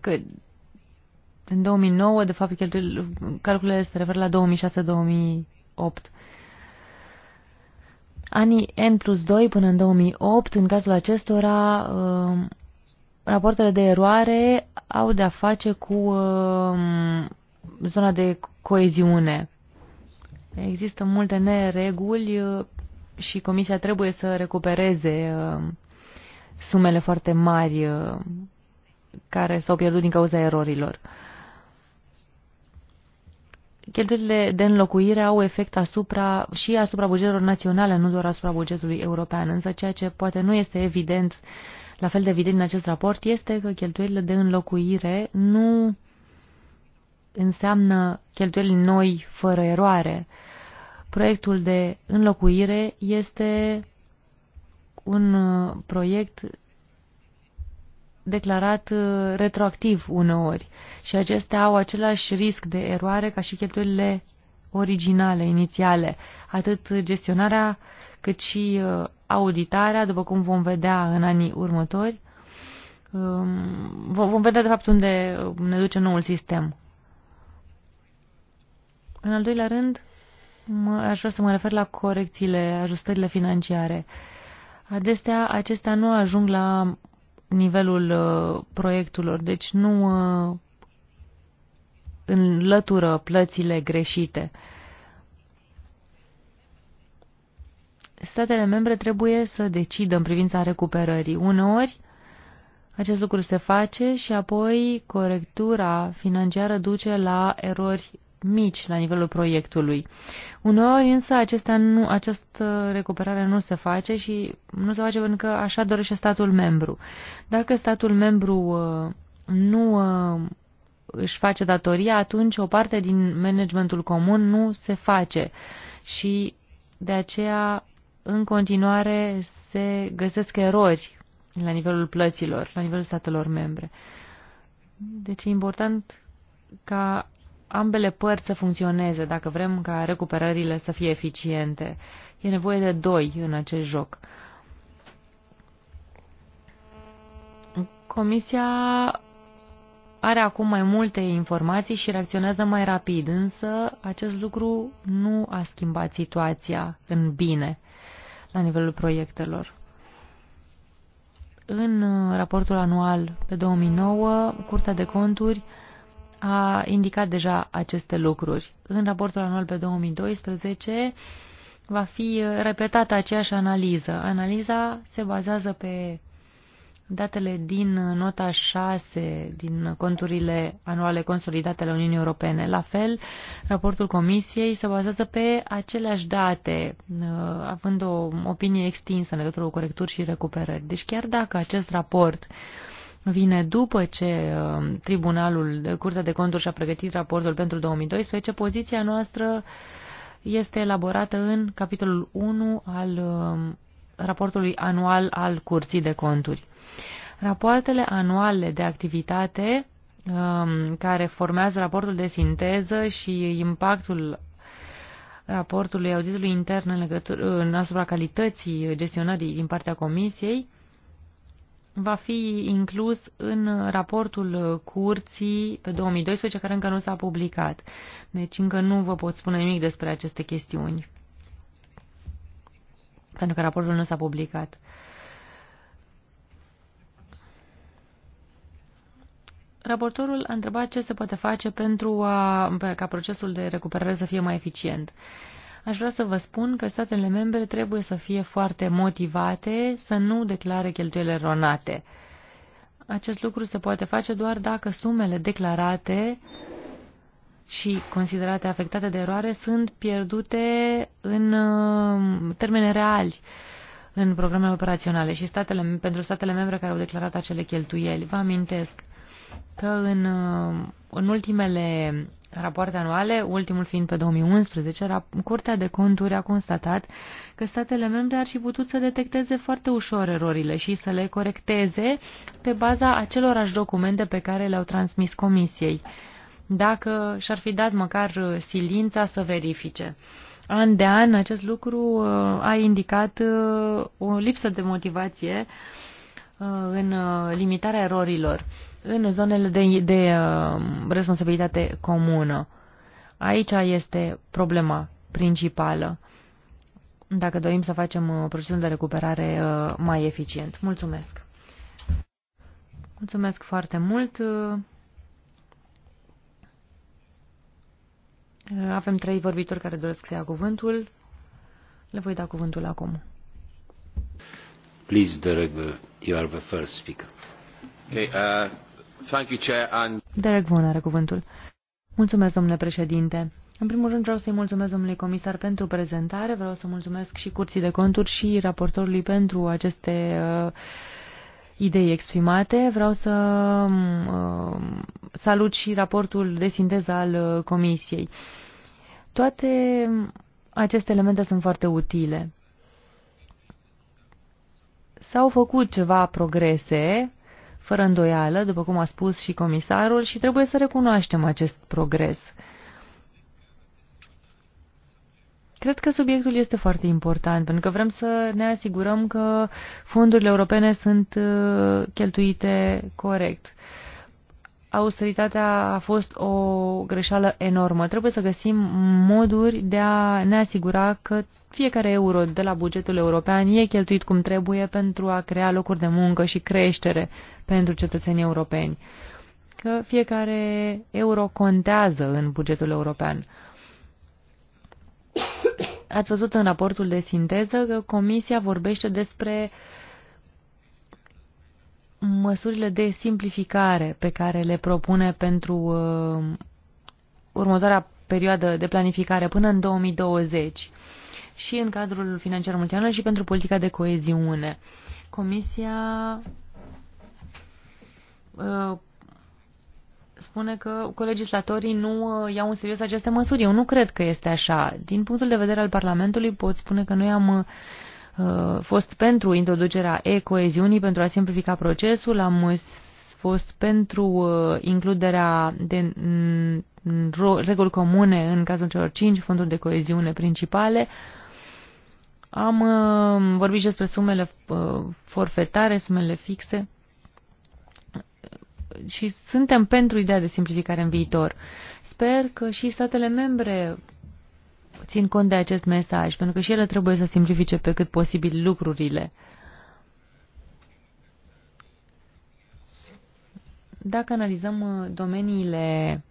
că în 2009, de fapt, calculele se referă la 2006-2008. Anii N plus 2 până în 2008, în cazul acestora, rapoartele de eroare au de-a face cu zona de coeziune. Există multe nereguli uh, și Comisia trebuie să recupereze uh, sumele foarte mari uh, care s-au pierdut din cauza erorilor. Cheltuielile de înlocuire au efect asupra, și asupra bugetelor naționale, nu doar asupra bugetului european, însă ceea ce poate nu este evident, la fel de evident în acest raport, este că cheltuielile de înlocuire nu înseamnă cheltuieli noi fără eroare. Proiectul de înlocuire este un uh, proiect declarat uh, retroactiv uneori și acestea au același risc de eroare ca și cheltuielile originale, inițiale. Atât gestionarea cât și uh, auditarea, după cum vom vedea în anii următori, um, vom vedea de fapt unde ne duce noul sistem. În al doilea rând, mă, aș vrea să mă refer la corecțiile, ajustările financiare. Adesea, acestea nu ajung la nivelul uh, proiectelor, deci nu uh, înlătură plățile greșite. Statele membre trebuie să decidă în privința recuperării. Uneori, acest lucru se face și apoi corectura financiară duce la erori mici la nivelul proiectului. Uneori însă acestea nu, această recuperare nu se face și nu se face pentru că așa dorește statul membru. Dacă statul membru uh, nu uh, își face datoria, atunci o parte din managementul comun nu se face și de aceea în continuare se găsesc erori la nivelul plăților, la nivelul statelor membre. Deci e important ca ambele părți să funcționeze, dacă vrem ca recuperările să fie eficiente. E nevoie de doi în acest joc. Comisia are acum mai multe informații și reacționează mai rapid, însă acest lucru nu a schimbat situația în bine la nivelul proiectelor. În raportul anual pe 2009, Curtea de Conturi a indicat deja aceste lucruri. În raportul anual pe 2012 va fi repetată aceeași analiză. Analiza se bazează pe datele din nota 6 din conturile anuale consolidate ale Uniunii Europene. La fel, raportul Comisiei se bazează pe aceleași date, uh, având o opinie extinsă în legătură cu corecturi și recuperări. Deci chiar dacă acest raport uh, vine după ce um, Tribunalul, Curtea de Conturi și-a pregătit raportul pentru 2012, poziția noastră este elaborată în capitolul 1 al um, raportului anual al Curții de Conturi. Rapoartele anuale de activitate um, care formează raportul de sinteză și impactul raportului auditului intern în, legătură, în asupra calității gestionării din partea Comisiei va fi inclus în raportul curții pe 2012, care încă nu s-a publicat. Deci încă nu vă pot spune nimic despre aceste chestiuni, pentru că raportul nu s-a publicat. Raportorul a întrebat ce se poate face pentru a, ca procesul de recuperare să fie mai eficient. Uh, Aș vrea să vă spun că statele membre trebuie să fie foarte motivate să nu declare cheltuielile eronate. Acest lucru se poate face doar dacă sumele declarate și considerate afectate de eroare sunt pierdute în uh, termene reali în programele operaționale și statele, pentru statele membre care au declarat acele cheltuieli. Vă amintesc că în, uh, în ultimele rapoarte anuale, ultimul fiind pe 2011, Curtea de Conturi a constatat că statele membre ar fi putut să detecteze foarte ușor erorile și să le corecteze pe baza acelorași documente pe care le-au transmis Comisiei, dacă și-ar fi dat măcar uh, silința să verifice. An de an, acest lucru uh, a indicat uh, o lipsă de motivație în limitarea erorilor în zonele de, de uh, responsabilitate comună. Aici este problema principală dacă dorim să facem uh, procesul de recuperare uh, mai eficient. Mulțumesc! Mulțumesc foarte mult! Uh, avem trei vorbitori care doresc să ia cuvântul. Le voi da cuvântul acum. Please, Derek, you are the first speaker. Okay, uh, Derek Vaughan are cuvântul. Mulțumesc, domnule președinte. În primul rând vreau să-i mulțumesc domnului comisar pentru prezentare, vreau să mulțumesc și Curții de Conturi și raportorului pentru aceste uh, idei exprimate. Vreau să um, uh, salut și raportul de sinteză al uh, comisiei. Toate aceste elemente sunt foarte utile. S-au făcut ceva progrese fără îndoială, după cum a spus și comisarul, și trebuie să recunoaștem acest progres. Cred că subiectul este foarte important, pentru că vrem să ne asigurăm că fondurile europene sunt uh, cheltuite corect. Uh, austeritatea a fost o greșeală enormă. Trebuie să găsim moduri de a ne asigura că fiecare euro de la bugetul european e cheltuit cum trebuie pentru a crea locuri de muncă și creștere pentru cetățenii europeni. Că fiecare euro contează în bugetul european. Ați văzut în raportul de sinteză că Comisia vorbește despre uh, măsurile de simplificare pe care le propune pentru uh, următoarea perioadă de planificare până în 2020 și în cadrul financiar multianual și pentru politica de coeziune. Comisia uh, spune că colegislatorii nu uh, iau în serios aceste măsuri. Eu nu cred că este așa. Din punctul de vedere al Parlamentului pot spune că noi am uh, Uh, fost pentru introducerea e-coeziunii, pentru a simplifica procesul, am fost pentru uh, includerea de mm, reguli comune în cazul celor cinci fonduri de coeziune principale. Am uh, vorbit și despre sumele forfetare, sumele fixe și suntem pentru ideea de simplificare în viitor. Sper că și statele membre țin cont de acest mesaj, pentru că și ele trebuie să simplifice pe cât posibil lucrurile. Dacă analizăm uh, domeniile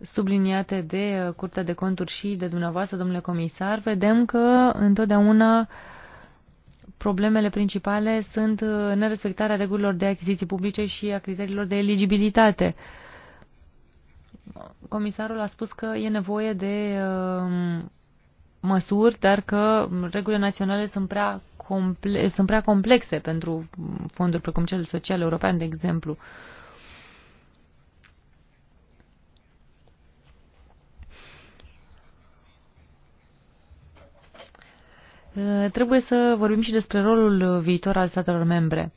subliniate de uh, Curtea de Conturi și de dumneavoastră, domnule comisar, vedem că întotdeauna problemele principale sunt uh, nerespectarea regulilor de achiziții publice și a criteriilor de eligibilitate. Uh, comisarul a spus că e nevoie de um, măsuri, dar că regulile naționale sunt prea, comple- sunt prea complexe pentru fonduri precum cel social european, de exemplu. Uh, trebuie să vorbim și despre rolul viitor al statelor membre.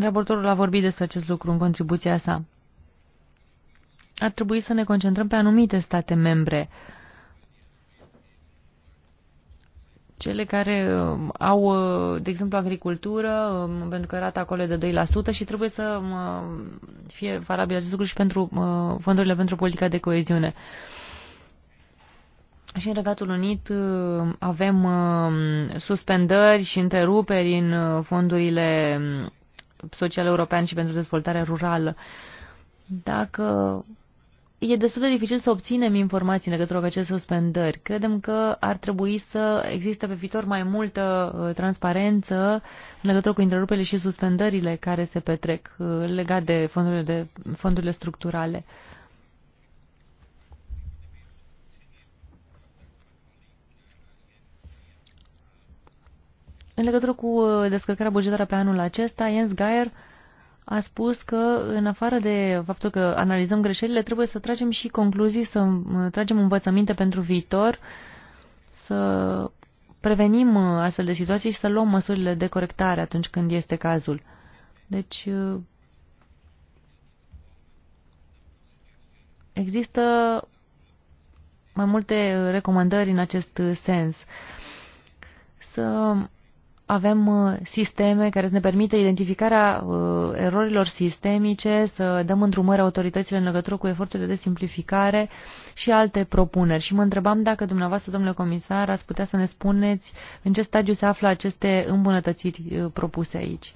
Raportorul a vorbit despre acest lucru în contribuția sa. Ar trebui să ne concentrăm pe anumite state membre, cele care uh, au, uh, de exemplu, agricultură, um, pentru că rata acolo e de 2% și trebuie să um, uh, fie valabil acest lucru și pentru fondurile pentru politica de coeziune. Și în Regatul Unit avem um, suspendări și întreruperi în fondurile Social European și pentru Dezvoltare Rurală. Dacă e destul de dificil să obținem informații în legătură cu aceste suspendări, credem că ar trebui să existe pe viitor mai multă uh, transparență în legătură cu întrerupele și suspendările care se petrec uh, legate de fondurile, de fondurile structurale. În legătură cu uh, descărcarea bugetară pe anul acesta, Jens Geier a spus că, în afară de faptul că analizăm greșelile, trebuie să tragem și concluzii, să uh, tragem învățăminte pentru viitor, să prevenim uh, astfel de situații și să luăm măsurile de corectare atunci când este cazul. Deci, există mai multe recomandări în acest sens. Să avem uh, sisteme care să ne permită identificarea uh, erorilor sistemice, să dăm îndrumări autoritățile în legătură cu eforturile de simplificare și alte propuneri. Și mă întrebam dacă dumneavoastră, domnule comisar, ați putea să ne spuneți în ce stadiu se află aceste îmbunătățiri uh, propuse aici.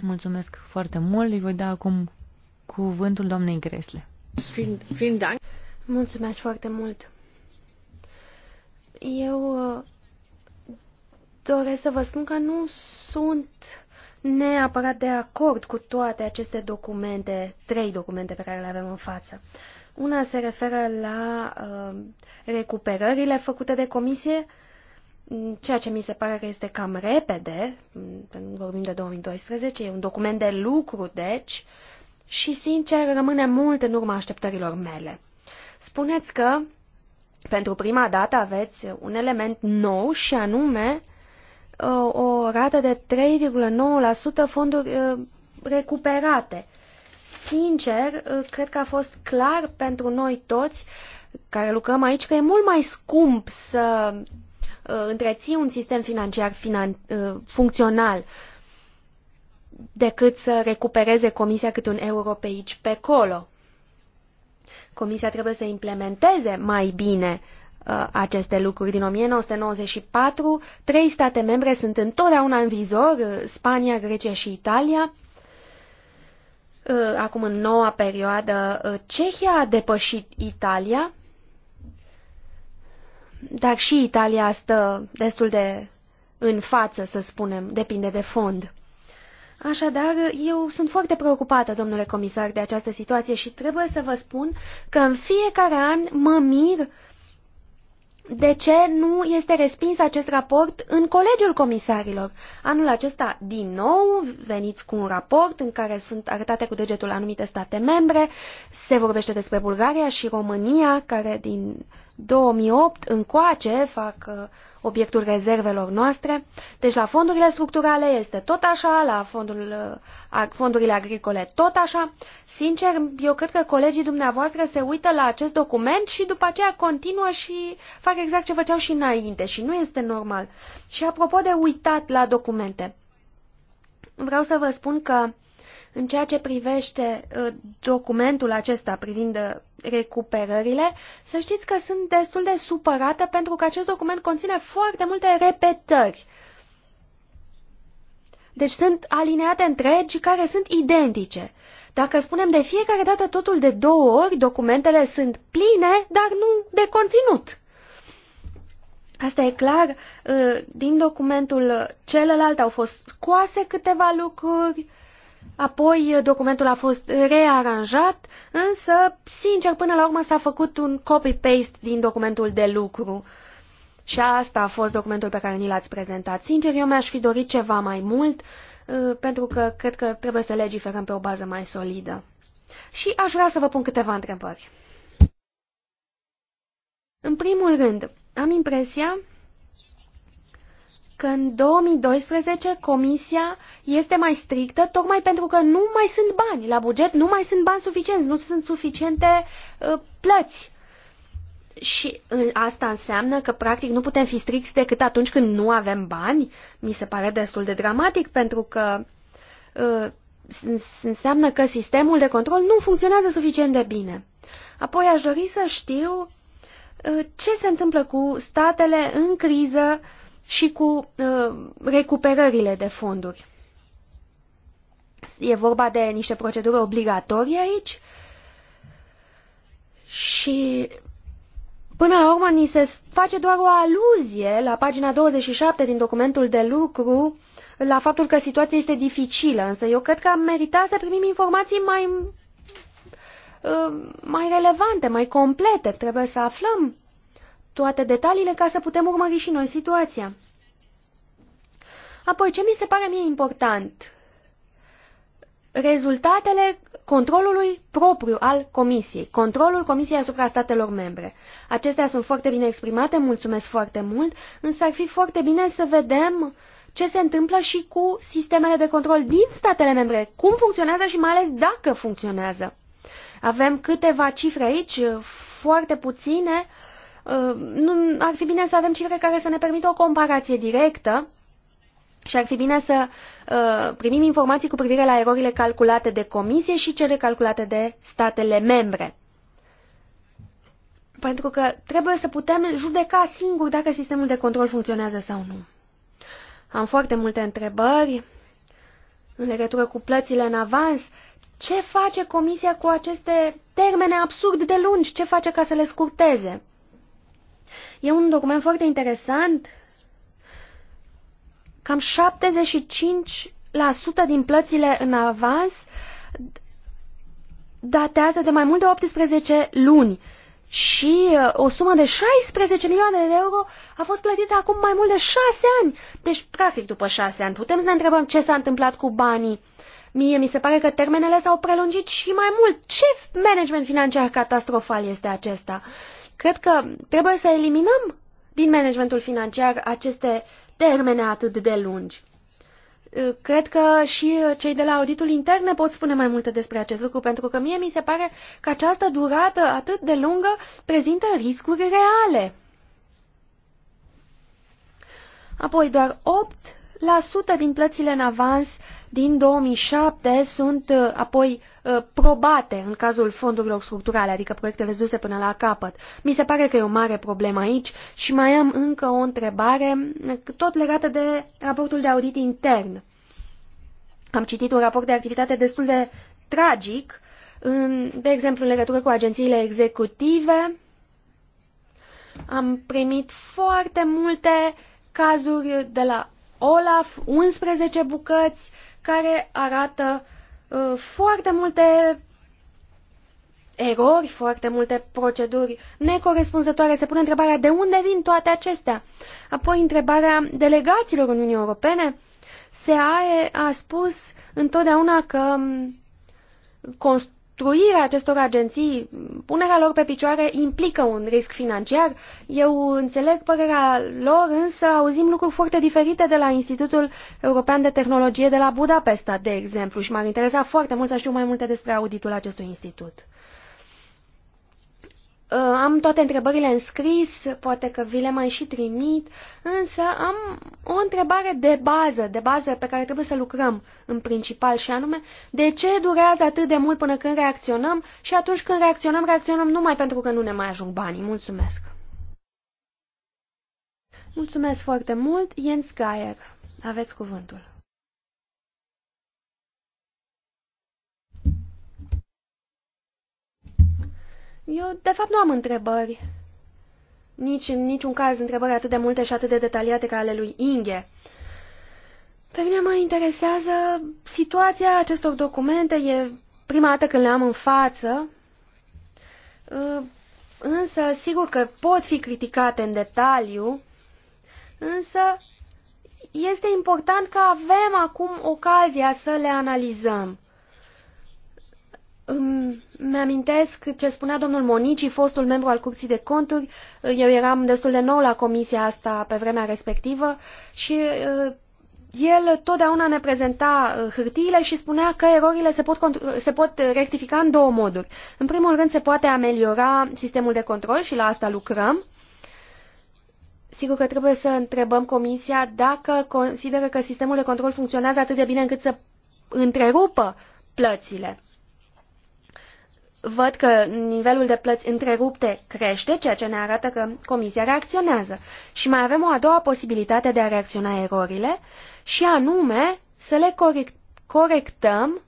Mulțumesc foarte mult. Îi voi da acum cuvântul doamnei Gresle. Mulțumesc foarte mult. Eu doresc să vă spun că nu sunt neapărat de acord cu toate aceste documente, trei documente pe care le avem în față. Una se referă la uh, recuperările făcute de comisie, ceea ce mi se pare că este cam repede, vorbim de 2012, e un document de lucru, deci, și sincer rămâne mult în urma așteptărilor mele. Spuneți că pentru prima dată aveți un element nou și anume uh, Uh, o rată de 3,9% fonduri uh, recuperate. Sincer, uh, cred că a fost clar pentru noi toți care lucrăm aici că e mult mai scump să întreții un sistem financiar finan funcțional decât să recupereze Comisia cât un euro pe aici, pe acolo. Comisia trebuie să implementeze mai bine uh, Uh, aceste lucruri din 1994. Trei state membre sunt întotdeauna în vizor, uh, Spania, Grecia și Italia. Uh, acum în noua perioadă, Cehia a depășit Italia, dar și Italia stă destul de în față, să spunem, depinde de fond. Așadar, eu sunt foarte preocupată, domnule comisar, de această situație și trebuie să vă spun că în fiecare an mă mir de ce nu este respins acest raport în Colegiul Comisarilor? Anul acesta, din nou, veniți cu un raport în care sunt arătate cu degetul anumite state membre, se vorbește despre Bulgaria și România, care din 2008 încoace fac uh, obiectul rezervelor noastre. Deci la fondurile structurale este tot așa, la fondul, fondurile agricole tot așa. Sincer, eu cred că colegii dumneavoastră se uită la acest document și după aceea continuă și fac exact ce făceau și înainte și nu este normal. Și apropo de uitat la documente, vreau să vă spun că în ceea ce privește ă, documentul acesta privind recuperările, să știți că sunt destul de supărată pentru că acest document conține foarte multe repetări. Deci sunt alineate întregi care sunt identice. Dacă spunem de fiecare dată totul de două ori, documentele sunt pline, dar nu de conținut. Asta e clar, ă, din documentul celălalt au fost scoase câteva lucruri, Apoi uh, documentul a fost rearanjat, însă, sincer, până la urmă s-a făcut un copy-paste din documentul de lucru. Și asta a fost documentul pe care ni l-ați prezentat. Sincer, eu mi-aș fi dorit ceva mai mult, uh, pentru că cred că trebuie să legiferăm pe o bază mai solidă. Și aș vrea să vă pun câteva întrebări. În primul rând, am impresia că în 2012 comisia este mai strictă tocmai pentru că nu mai sunt bani la buget, nu mai sunt bani suficienți, nu sunt suficiente uh, plăți. Și uh, asta înseamnă că practic nu putem fi stricți decât atunci când nu avem bani? Mi se pare destul de dramatic pentru că uh, înseamnă că sistemul de control nu funcționează suficient de bine. Apoi aș dori să știu uh, ce se întâmplă cu statele în criză și cu uh, recuperările de fonduri. E vorba de niște proceduri obligatorii aici și până la urmă ni se face doar o aluzie la pagina 27 din documentul de lucru la faptul că situația este dificilă, însă eu cred că am meritat să primim informații mai uh, mai relevante, mai complete. Trebuie să aflăm toate detaliile ca să putem urmări și noi situația. Apoi, ce mi se pare mie important? Rezultatele controlului propriu al Comisiei, controlul Comisiei asupra statelor membre. Acestea sunt foarte bine exprimate, mulțumesc foarte mult, însă ar fi foarte bine să vedem ce se întâmplă și cu sistemele de control din statele membre, cum funcționează și mai ales dacă funcționează. Avem câteva cifre aici, foarte puține, nu, ar fi bine să avem cifre care să ne permită o comparație directă și ar fi bine să uh, primim informații cu privire la erorile calculate de comisie și cele calculate de statele membre. Pentru că trebuie să putem judeca singur dacă sistemul de control funcționează sau nu. Am foarte multe întrebări în legătură cu plățile în avans. Ce face comisia cu aceste termene absurd de lungi? Ce face ca să le scurteze? E un document foarte interesant. Cam 75% din plățile în avans datează de mai mult de 18 luni și uh, o sumă de 16 milioane de euro a fost plătită acum mai mult de 6 ani. Deci, practic, după 6 ani, putem să ne întrebăm ce s-a întâmplat cu banii. Mie mi se pare că termenele s-au prelungit și mai mult. Ce management financiar catastrofal este acesta? Cred că trebuie să eliminăm din managementul financiar aceste termene atât de lungi. Uh, cred că și uh, cei de la auditul intern ne pot spune mai multe despre acest lucru, pentru că mie mi se pare că această durată atât de lungă prezintă riscuri reale. Apoi, doar 8% din plățile în avans din 2007 sunt uh, apoi uh, probate în cazul fondurilor structurale, adică proiectele duse până la capăt. Mi se pare că e o mare problemă aici și mai am încă o întrebare, tot legată de raportul de audit intern. Am citit un raport de activitate destul de tragic, în, de exemplu în legătură cu agențiile executive. Am primit foarte multe cazuri de la Olaf, 11 bucăți, care arată uh, foarte multe erori, foarte multe proceduri necorespunzătoare. Se pune întrebarea de unde vin toate acestea. Apoi întrebarea delegaților Uniunii Europene. SEAE a spus întotdeauna că um, construirea acestor agenții, punerea lor pe picioare, implică un risc financiar. Eu înțeleg părerea lor, însă auzim lucruri foarte diferite de la Institutul European de Tehnologie de la Budapesta, de exemplu, și m-ar interesa foarte mult să știu mai multe despre auditul acestui institut. Uh, am toate întrebările în scris, poate că vi le mai și trimit, însă am o întrebare de bază, de bază pe care trebuie să lucrăm în principal și anume, de ce durează atât de mult până când reacționăm și atunci când reacționăm, reacționăm numai pentru că nu ne mai ajung banii. Mulțumesc! Mulțumesc foarte mult, Jens Geier. Aveți cuvântul. Eu, de fapt, nu am întrebări. Nici în niciun caz întrebări atât de multe și atât de detaliate ca ale lui Inge. Pe mine mă interesează situația acestor documente, e prima dată când le am în față, uh, însă sigur că pot fi criticate în detaliu, însă este important că avem acum ocazia să le analizăm. Îmi amintesc ce spunea domnul Monici, fostul membru al Curții de Conturi. Eu eram destul de nou la comisia asta pe vremea respectivă și uh, el totdeauna ne prezenta uh, hârtiile și spunea că erorile se pot, se pot rectifica în două moduri. În primul rând se poate ameliora sistemul de control și la asta lucrăm. Sigur că trebuie să întrebăm comisia dacă consideră că sistemul de control funcționează atât de bine încât să întrerupă plățile văd că nivelul de plăți întrerupte crește, ceea ce ne arată că Comisia reacționează. Și mai avem o a doua posibilitate de a reacționa erorile și anume să le corect corectăm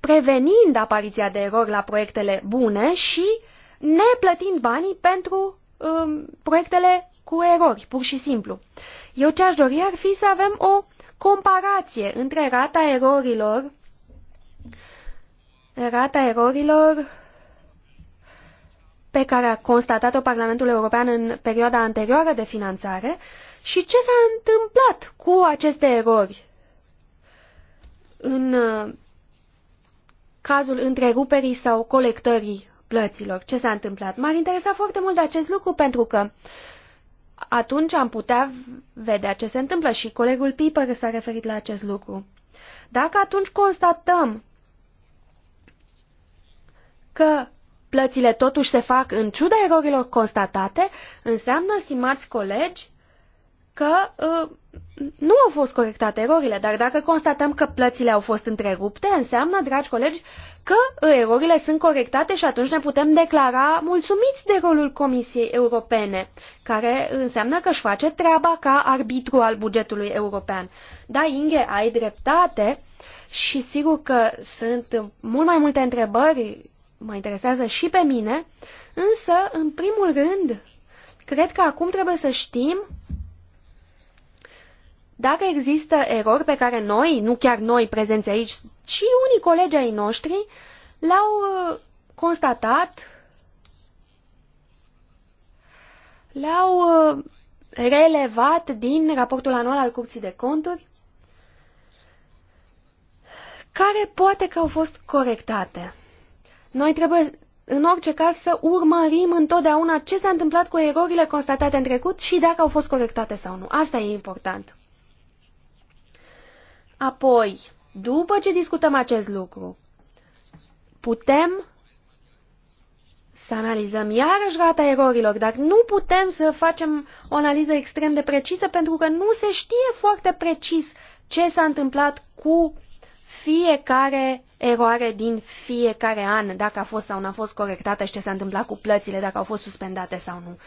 prevenind apariția de erori la proiectele bune și neplătind banii pentru um, proiectele cu erori, pur și simplu. Eu ce aș dori ar fi să avem o comparație între rata erorilor rata erorilor pe care a constatat-o Parlamentul European în perioada anterioară de finanțare și ce s-a întâmplat cu aceste erori în uh, cazul întreruperii sau colectării plăților. Ce s-a întâmplat? M-ar interesa foarte mult de acest lucru pentru că atunci am putea vedea ce se întâmplă și colegul Piper s-a referit la acest lucru. Dacă atunci constatăm că plățile totuși se fac în ciuda erorilor constatate, înseamnă, stimați colegi, că uh, nu au fost corectate erorile, dar dacă constatăm că plățile au fost întrerupte, înseamnă, dragi colegi, că uh, erorile sunt corectate și atunci ne putem declara mulțumiți de rolul Comisiei Europene, care înseamnă că își face treaba ca arbitru al bugetului european. Da, Inge, ai dreptate și sigur că sunt mult mai multe întrebări, mă interesează și pe mine, însă, în primul rând, cred că acum trebuie să știm dacă există erori pe care noi, nu chiar noi prezenți aici, ci unii colegi ai noștri, le-au uh, constatat, le-au uh, relevat din raportul anual al Curții de Conturi, care poate că au fost corectate. Noi trebuie, în orice caz, să urmărim întotdeauna ce s-a întâmplat cu erorile constatate în trecut și dacă au fost corectate sau nu. Asta e important. Apoi, după ce discutăm acest lucru, putem să analizăm iarăși rata erorilor, dar nu putem să facem o analiză extrem de precisă pentru că nu se știe foarte precis ce s-a întâmplat cu fiecare eroare din fiecare an, dacă a fost sau nu a fost corectată și ce s-a întâmplat cu plățile, dacă au fost suspendate sau nu.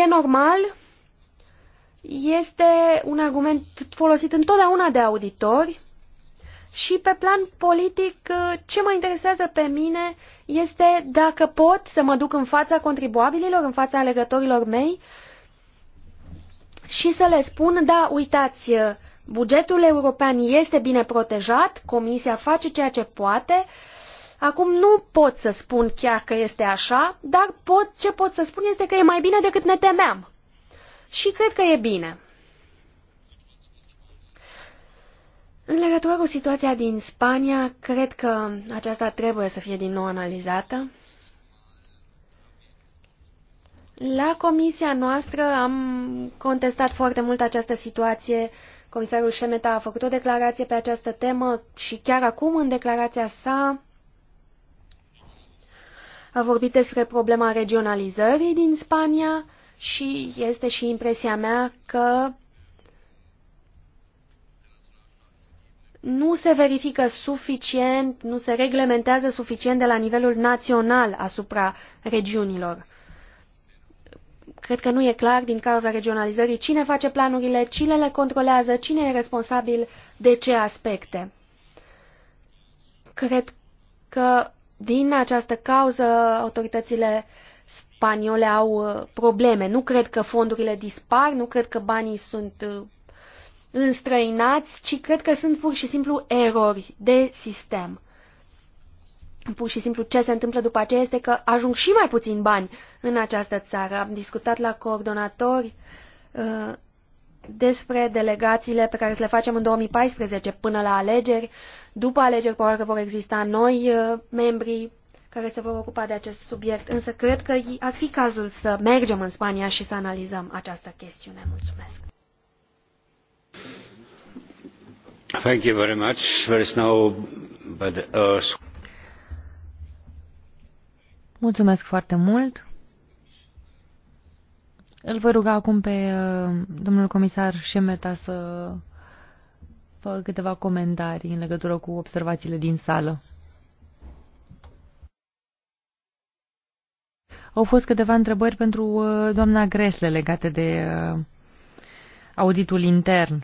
E normal este un argument folosit întotdeauna de auditori și pe plan politic ce mă interesează pe mine este dacă pot să mă duc în fața contribuabililor, în fața alegătorilor mei și să le spun, da, uitați, bugetul european este bine protejat, Comisia face ceea ce poate, Acum nu pot să spun chiar că este așa, dar pot, ce pot să spun este că e mai bine decât ne temeam și cred că e bine. În legătură cu situația din Spania, cred că aceasta trebuie să fie din nou analizată. La comisia noastră am contestat foarte mult această situație. Comisarul Șemeta a făcut o declarație pe această temă și chiar acum în declarația sa a vorbit despre problema regionalizării din Spania și este și impresia mea că nu se verifică suficient, nu se reglementează suficient de la nivelul național asupra regiunilor. Cred că nu e clar din cauza regionalizării cine face planurile, cine le controlează, cine e responsabil de ce aspecte. Cred că din această cauză autoritățile uh, spaniole au uh, probleme. Nu cred că fondurile dispar, nu cred că banii sunt uh, înstrăinați, ci cred că sunt pur și simplu erori de sistem. Pur și simplu ce se întâmplă după aceea este că ajung și mai puțin bani în această țară. Am discutat la coordonatori uh, despre delegațiile pe care să le facem în 2014 până la alegeri. După alegeri probabil că vor exista noi uh, membri care se vor ocupa de acest subiect, însă cred că ar fi cazul să mergem în Spania și să analizăm această chestiune. Mulțumesc! Thank you very much. There is now But, uh... Mulțumesc foarte mult! Îl voi ruga acum pe uh, domnul comisar Șemeta să facă câteva comentarii în legătură cu observațiile din sală. Au fost câteva întrebări pentru uh, doamna Gresle legate de uh, auditul intern.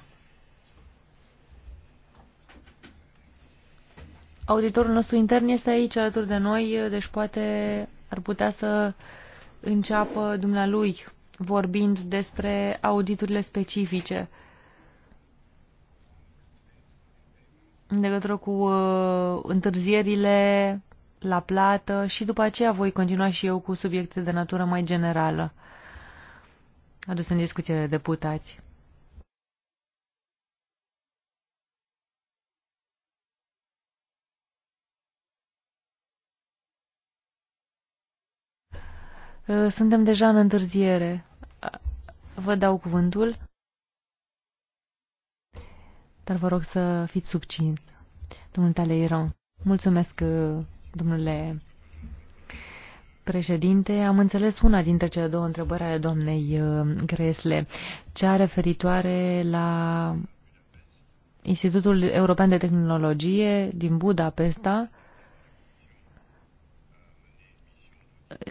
Auditorul nostru intern este aici alături de noi, uh, deci poate ar putea să înceapă dumnealui vorbind despre auditurile specifice în legătură cu uh, întârzierile la plată și după aceea voi continua și eu cu subiecte de natură mai generală Adus în discuție de deputați. Uh, suntem deja în întârziere. Vă dau cuvântul, dar vă rog să fiți subțin. Domnul Taleiron, mulțumesc uh, Domnule președinte, am înțeles una dintre cele două întrebări ale doamnei uh, Gresle, cea referitoare la Institutul European de Tehnologie din Budapesta,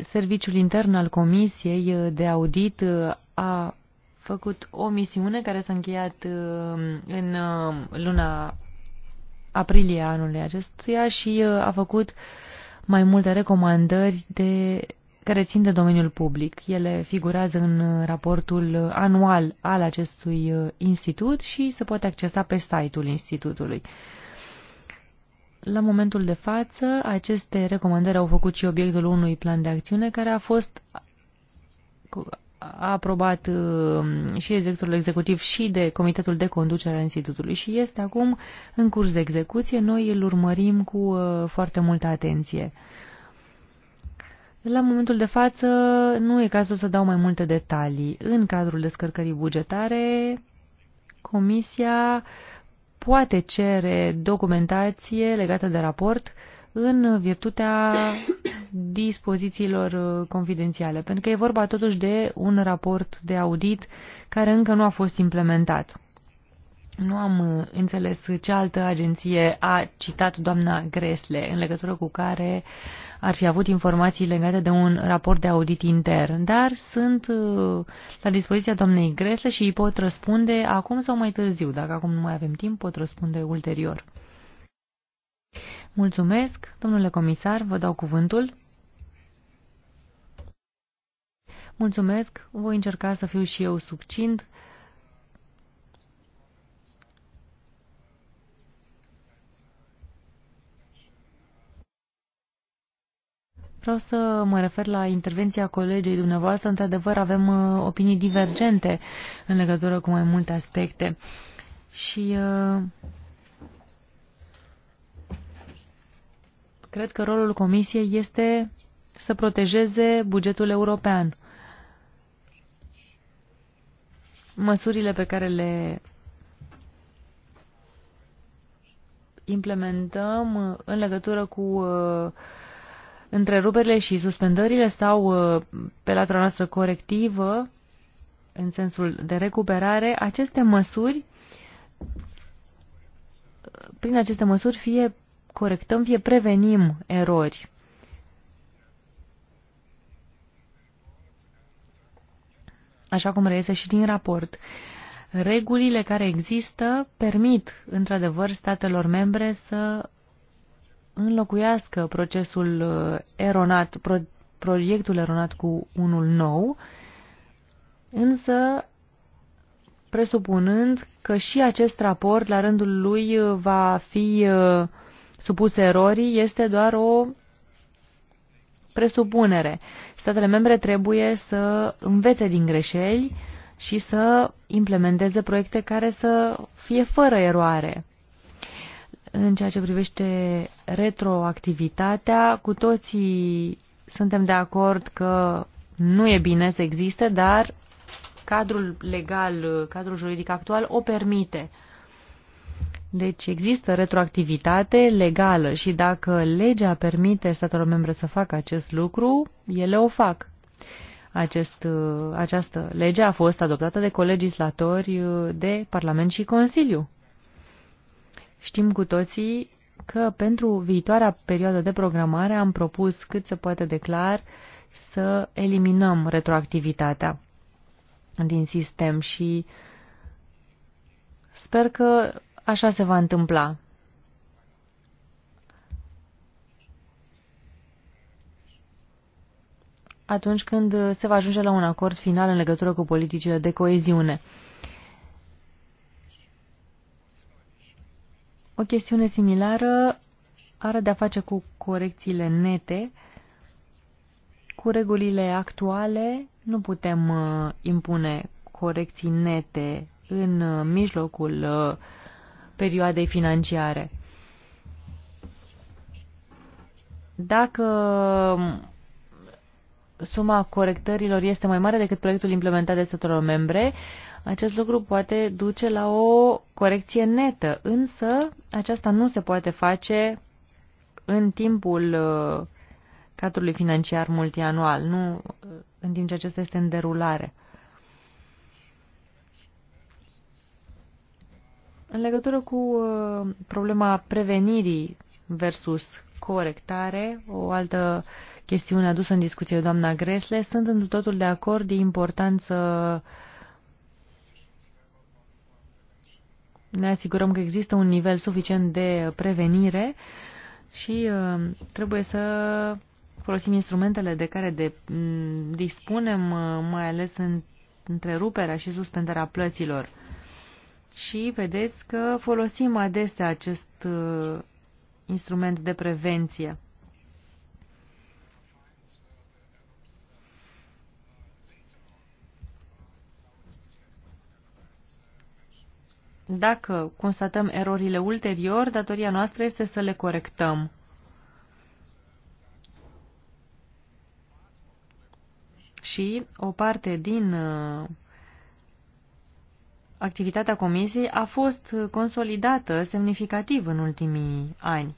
Serviciul intern al Comisiei de Audit uh, a făcut o misiune care s-a încheiat uh, în luna aprilie anului acestuia și uh, a făcut mai multe recomandări de, care țin de domeniul public. Ele figurează în uh, raportul anual al acestui uh, institut și se poate accesa pe site-ul institutului. La momentul de față, aceste recomandări au făcut și obiectul unui plan de acțiune care a fost a aprobat uh, și de directorul executiv și de comitetul de conducere a Institutului și este acum în curs de execuție. Noi îl urmărim cu uh, foarte multă atenție. La momentul de față nu e cazul să dau mai multe detalii. În cadrul descărcării bugetare, Comisia poate cere documentație legată de raport uh, în virtutea dispozițiilor uh, confidențiale, pentru că e vorba totuși de un raport de audit care încă nu a fost implementat. Nu am uh, înțeles ce altă agenție a citat doamna Gresle în legătură cu care ar fi avut informații legate de un raport de audit intern, dar sunt uh, la dispoziția doamnei Gresle și îi pot răspunde acum sau mai târziu. Dacă acum nu mai avem timp, pot răspunde ulterior. Mulțumesc, domnule comisar, vă dau cuvântul. Mulțumesc, voi încerca să fiu și eu succint. Vreau să mă refer la intervenția colegei dumneavoastră. Într-adevăr, avem uh, opinii divergente în legătură cu mai multe aspecte. Și uh, Cred că rolul Comisiei este să protejeze bugetul european. Măsurile pe care le implementăm în legătură cu uh, întreruperile și suspendările sau uh, pe latura noastră corectivă, în sensul de recuperare, aceste măsuri, prin aceste măsuri, fie corectăm, fie prevenim erori. Așa cum reiese și din raport. Regulile care există permit, într-adevăr, statelor membre să înlocuiască procesul uh, eronat, pro, proiectul eronat cu unul nou, însă presupunând că și acest raport, la rândul lui, va fi uh, supuse erorii este doar o presupunere. Statele membre trebuie să învețe din greșeli și să implementeze proiecte care să fie fără eroare. În ceea ce privește retroactivitatea, cu toții suntem de acord că nu e bine să existe, dar cadrul legal, cadrul juridic actual o permite. Deci există retroactivitate legală și dacă legea permite statelor membre să facă acest lucru, ele o fac. Acest, uh, această lege a fost adoptată de colegislatori uh, de Parlament și Consiliu. Știm cu toții că pentru viitoarea perioadă de programare am propus cât se poate de clar să eliminăm retroactivitatea din sistem și sper că așa se va întâmpla. atunci când se va ajunge la un acord final în legătură cu politicile de coeziune. O chestiune similară are de-a face cu corecțiile nete. Cu regulile actuale nu putem uh, impune corecții nete în uh, mijlocul uh, perioadei financiare. Dacă suma corectărilor este mai mare decât proiectul implementat de statelor membre, acest lucru poate duce la o corecție netă, însă aceasta nu se poate face în timpul uh, cadrului financiar multianual, nu uh, în timp ce acesta este în derulare. În legătură cu uh, problema prevenirii versus corectare, o altă chestiune adusă în discuție de doamna Gresle, sunt întru totul de acord de importanță ne asigurăm că există un nivel suficient de prevenire și uh, trebuie să folosim instrumentele de care de, dispunem, uh, mai ales în, întreruperea și suspendarea plăților și vedeți că folosim adesea acest uh, instrument de prevenție. Dacă constatăm erorile ulterior, datoria noastră este să le corectăm. Și o parte din uh, activitatea Comisiei a fost consolidată semnificativ în ultimii ani.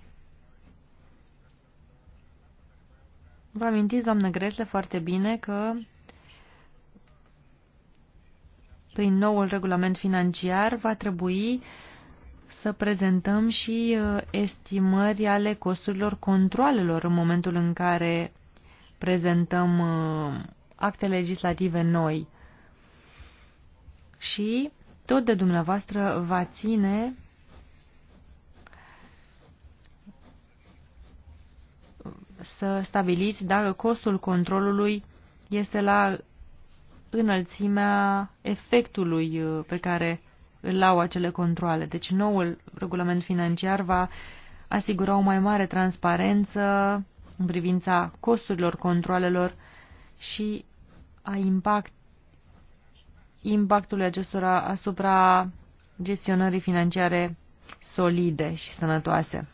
Vă amintiți, doamnă Gresle, foarte bine că prin noul regulament financiar va trebui să prezentăm și uh, estimări ale costurilor controlelor în momentul în care prezentăm uh, acte legislative noi. Și tot de dumneavoastră va ține să stabiliți dacă costul controlului este la înălțimea efectului uh, pe care îl au acele controle. Deci noul regulament financiar va asigura o mai mare transparență în privința costurilor controlelor și a impact impactul acestora asupra gestionării financiare solide și sănătoase.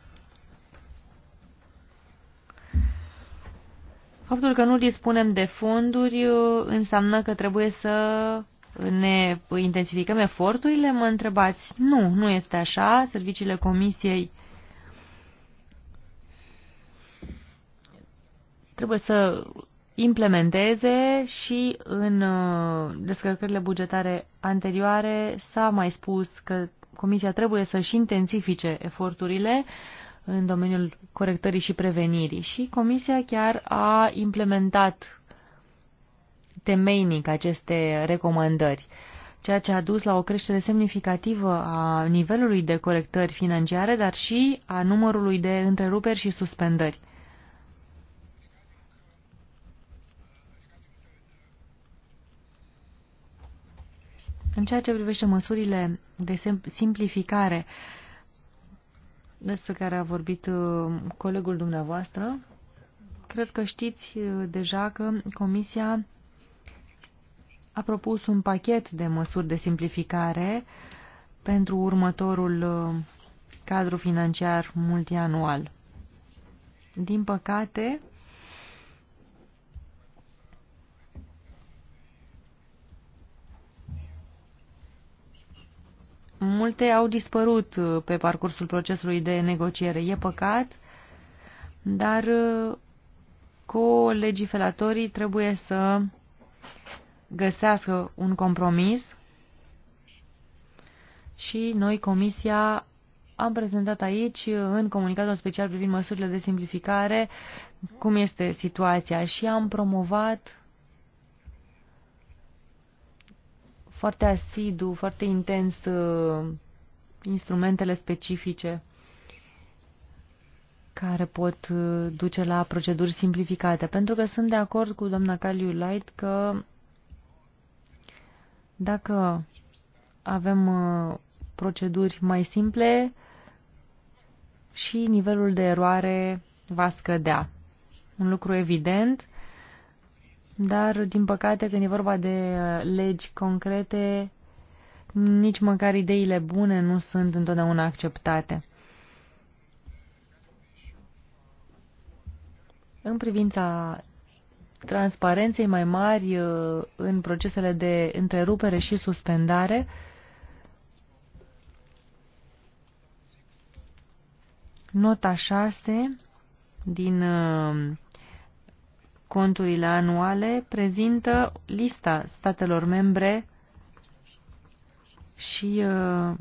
Faptul că nu dispunem de fonduri uh, înseamnă că trebuie să ne intensificăm eforturile, mă întrebați. Nu, nu este așa. Serviciile comisiei trebuie să implementeze și în uh, descărcările bugetare anterioare s-a mai spus că Comisia trebuie să-și intensifice eforturile în domeniul corectării și prevenirii și Comisia chiar a implementat temeinic aceste recomandări, ceea ce a dus la o creștere semnificativă a nivelului de corectări financiare, dar și a numărului de întreruperi și suspendări. În ceea ce privește măsurile de simplificare despre care a vorbit uh, colegul dumneavoastră, cred că știți uh, deja că Comisia a propus un pachet de măsuri de simplificare pentru următorul uh, cadru financiar multianual. Din păcate, Multe au dispărut uh, pe parcursul procesului de negociere. E păcat, dar uh, colegifelatorii trebuie să găsească un compromis și noi, Comisia, am prezentat aici uh, în comunicatul special privind măsurile de simplificare cum este situația și am promovat foarte asidu, foarte intens uh, instrumentele specifice care pot uh, duce la proceduri simplificate. Pentru că sunt de acord cu doamna Caliu Light că dacă avem uh, proceduri mai simple și nivelul de eroare va scădea. Un lucru evident dar, din păcate, când e vorba de uh, legi concrete, nici măcar ideile bune nu sunt întotdeauna acceptate. În privința transparenței mai mari uh, în procesele de întrerupere și suspendare, nota 6 din uh, conturile anuale prezintă lista statelor membre și uh,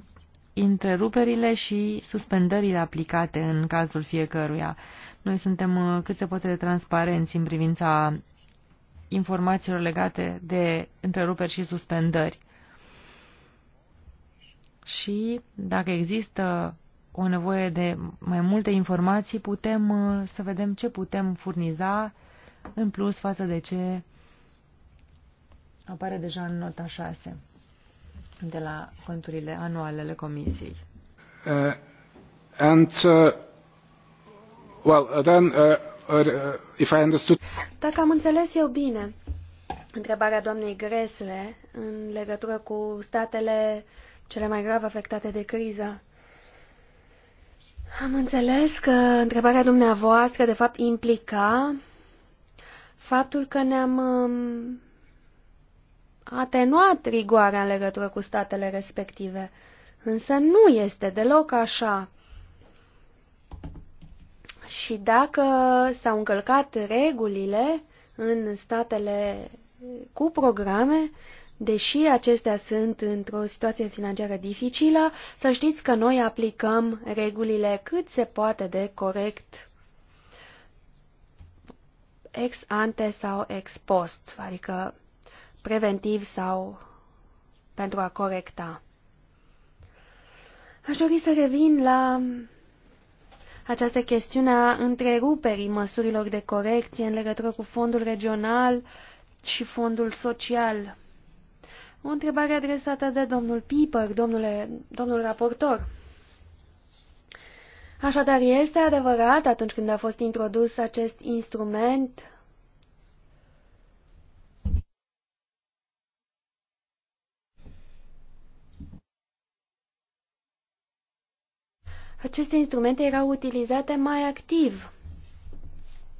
întreruperile și suspendările aplicate în cazul fiecăruia. Noi suntem uh, cât se poate de transparenți în privința informațiilor legate de întreruperi și suspendări. Și dacă există o nevoie de mai multe informații, putem uh, să vedem ce putem furniza în plus față de ce apare deja în nota 6 de la conturile anualele comisiei. Uh, and, uh, well, uh, then, uh, uh, if I understood... Dacă am înțeles eu bine întrebarea doamnei Gresle în legătură cu statele cele mai grav afectate de criză, am înțeles că întrebarea dumneavoastră, de fapt, implica faptul că ne-am um, atenuat rigoarea în legătură cu statele respective. Însă nu este deloc așa. Și dacă s-au încălcat regulile în statele cu programe, deși acestea sunt într-o situație financiară dificilă, să știți că noi aplicăm regulile cât se poate de corect ex ante sau ex post, adică preventiv sau pentru a corecta. Aș dori să revin la această chestiune a întreruperii măsurilor de corecție în legătură cu fondul regional și fondul social. O întrebare adresată de domnul Piper, domnule, domnul raportor. Așadar, este adevărat, atunci când a fost introdus acest instrument, aceste instrumente erau utilizate mai activ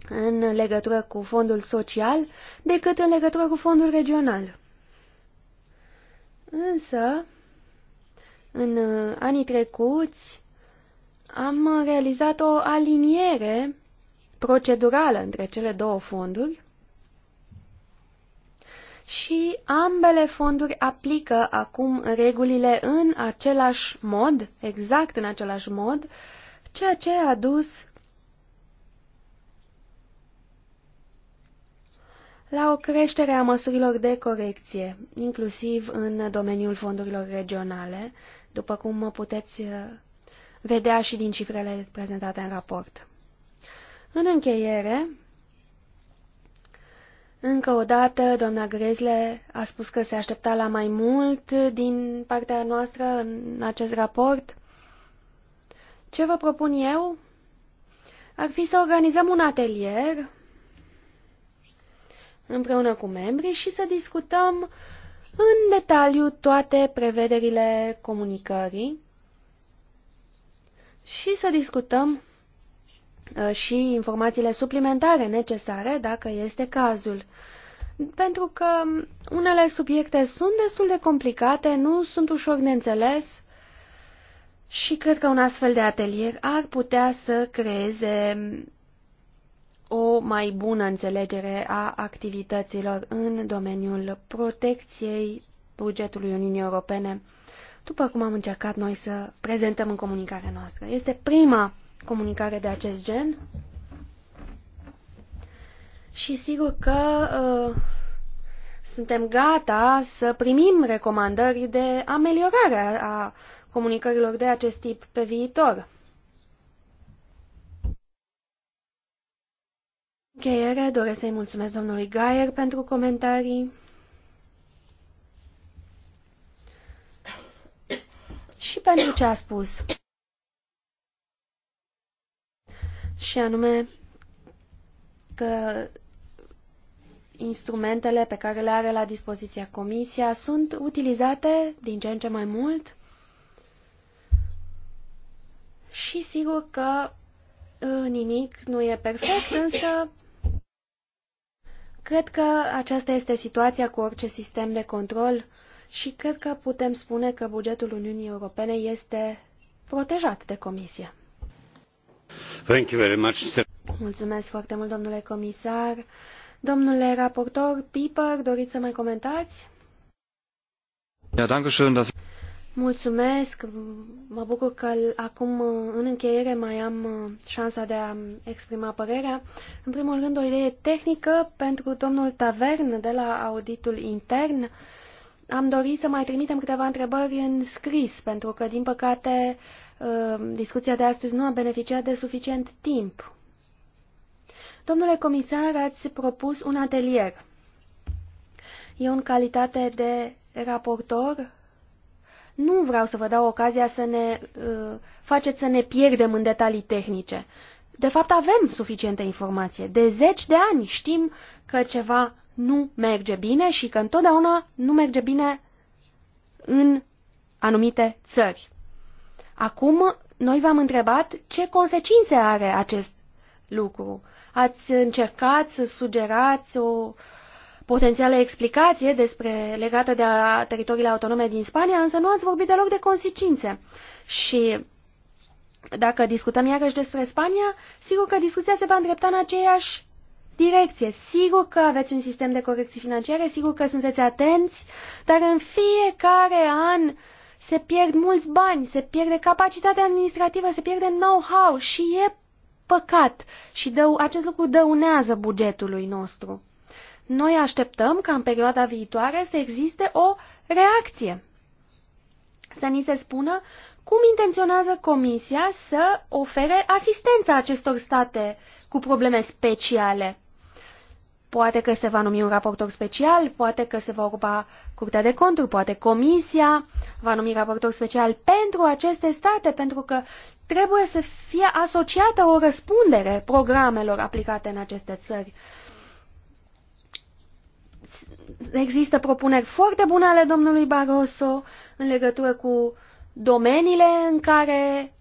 în legătură cu fondul social decât în legătură cu fondul regional. Însă, în anii trecuți, am realizat o aliniere procedurală între cele două fonduri și ambele fonduri aplică acum regulile în același mod, exact în același mod, ceea ce a dus la o creștere a măsurilor de corecție, inclusiv în domeniul fondurilor regionale, după cum puteți vedea și din cifrele prezentate în raport. În încheiere, încă o dată, doamna Grezle a spus că se aștepta la mai mult din partea noastră în acest raport. Ce vă propun eu? Ar fi să organizăm un atelier împreună cu membrii și să discutăm în detaliu toate prevederile comunicării și să discutăm uh, și informațiile suplimentare necesare, dacă este cazul. Pentru că um, unele subiecte sunt destul de complicate, nu sunt ușor de înțeles și cred că un astfel de atelier ar putea să creeze um, o mai bună înțelegere a activităților în domeniul protecției bugetului Uniunii Europene după cum am încercat noi să prezentăm în comunicarea noastră. Este prima comunicare de acest gen și sigur că uh, suntem gata să primim recomandări de ameliorare a comunicărilor de acest tip pe viitor. Încheiere, doresc să-i mulțumesc domnului Gaier pentru comentarii. și pentru ce a spus. Și anume că instrumentele pe care le are la dispoziția Comisia sunt utilizate din ce în ce mai mult și sigur că ă, nimic nu e perfect, însă cred că aceasta este situația cu orice sistem de control și cred că putem spune că bugetul Uniunii Europene este protejat de Comisie. Thank you very much. Mulțumesc foarte mult, domnule comisar. Domnule raportor Piper, doriți să mai comentați? Ja, danke schön, dass... Mulțumesc. Mă bucur că acum, în încheiere, mai am șansa de a exprima părerea. În primul rând, o idee tehnică pentru domnul Tavern de la auditul intern. Am dorit să mai trimitem câteva întrebări în scris, pentru că, din păcate, uh, discuția de astăzi nu a beneficiat de suficient timp. Domnule comisar, ați propus un atelier. Eu, în calitate de raportor, nu vreau să vă dau ocazia să ne uh, faceți să ne pierdem în detalii tehnice. De fapt, avem suficientă informație. De zeci de ani știm că ceva nu merge bine și că întotdeauna nu merge bine în anumite țări. Acum, noi v-am întrebat ce consecințe are acest lucru. Ați încercat să sugerați o potențială explicație despre legată de a teritoriile autonome din Spania, însă nu ați vorbit deloc de consecințe. Și dacă discutăm iarăși despre Spania, sigur că discuția se va îndrepta în aceeași direcție. Sigur că aveți un sistem de corecții financiare, sigur că sunteți atenți, dar în fiecare an se pierd mulți bani, se pierde capacitatea administrativă, se pierde know-how și e păcat și dă, acest lucru dăunează bugetului nostru. Noi așteptăm ca în perioada viitoare să existe o reacție. Să ni se spună cum intenționează Comisia să ofere asistența acestor state cu probleme speciale. Poate că se va numi un raportor special, poate că se va ocupa Curtea de Conturi, poate Comisia va numi raportor special pentru aceste state, pentru că trebuie să fie asociată o răspundere programelor aplicate în aceste țări. Există propuneri foarte bune ale domnului Barroso în legătură cu domeniile în care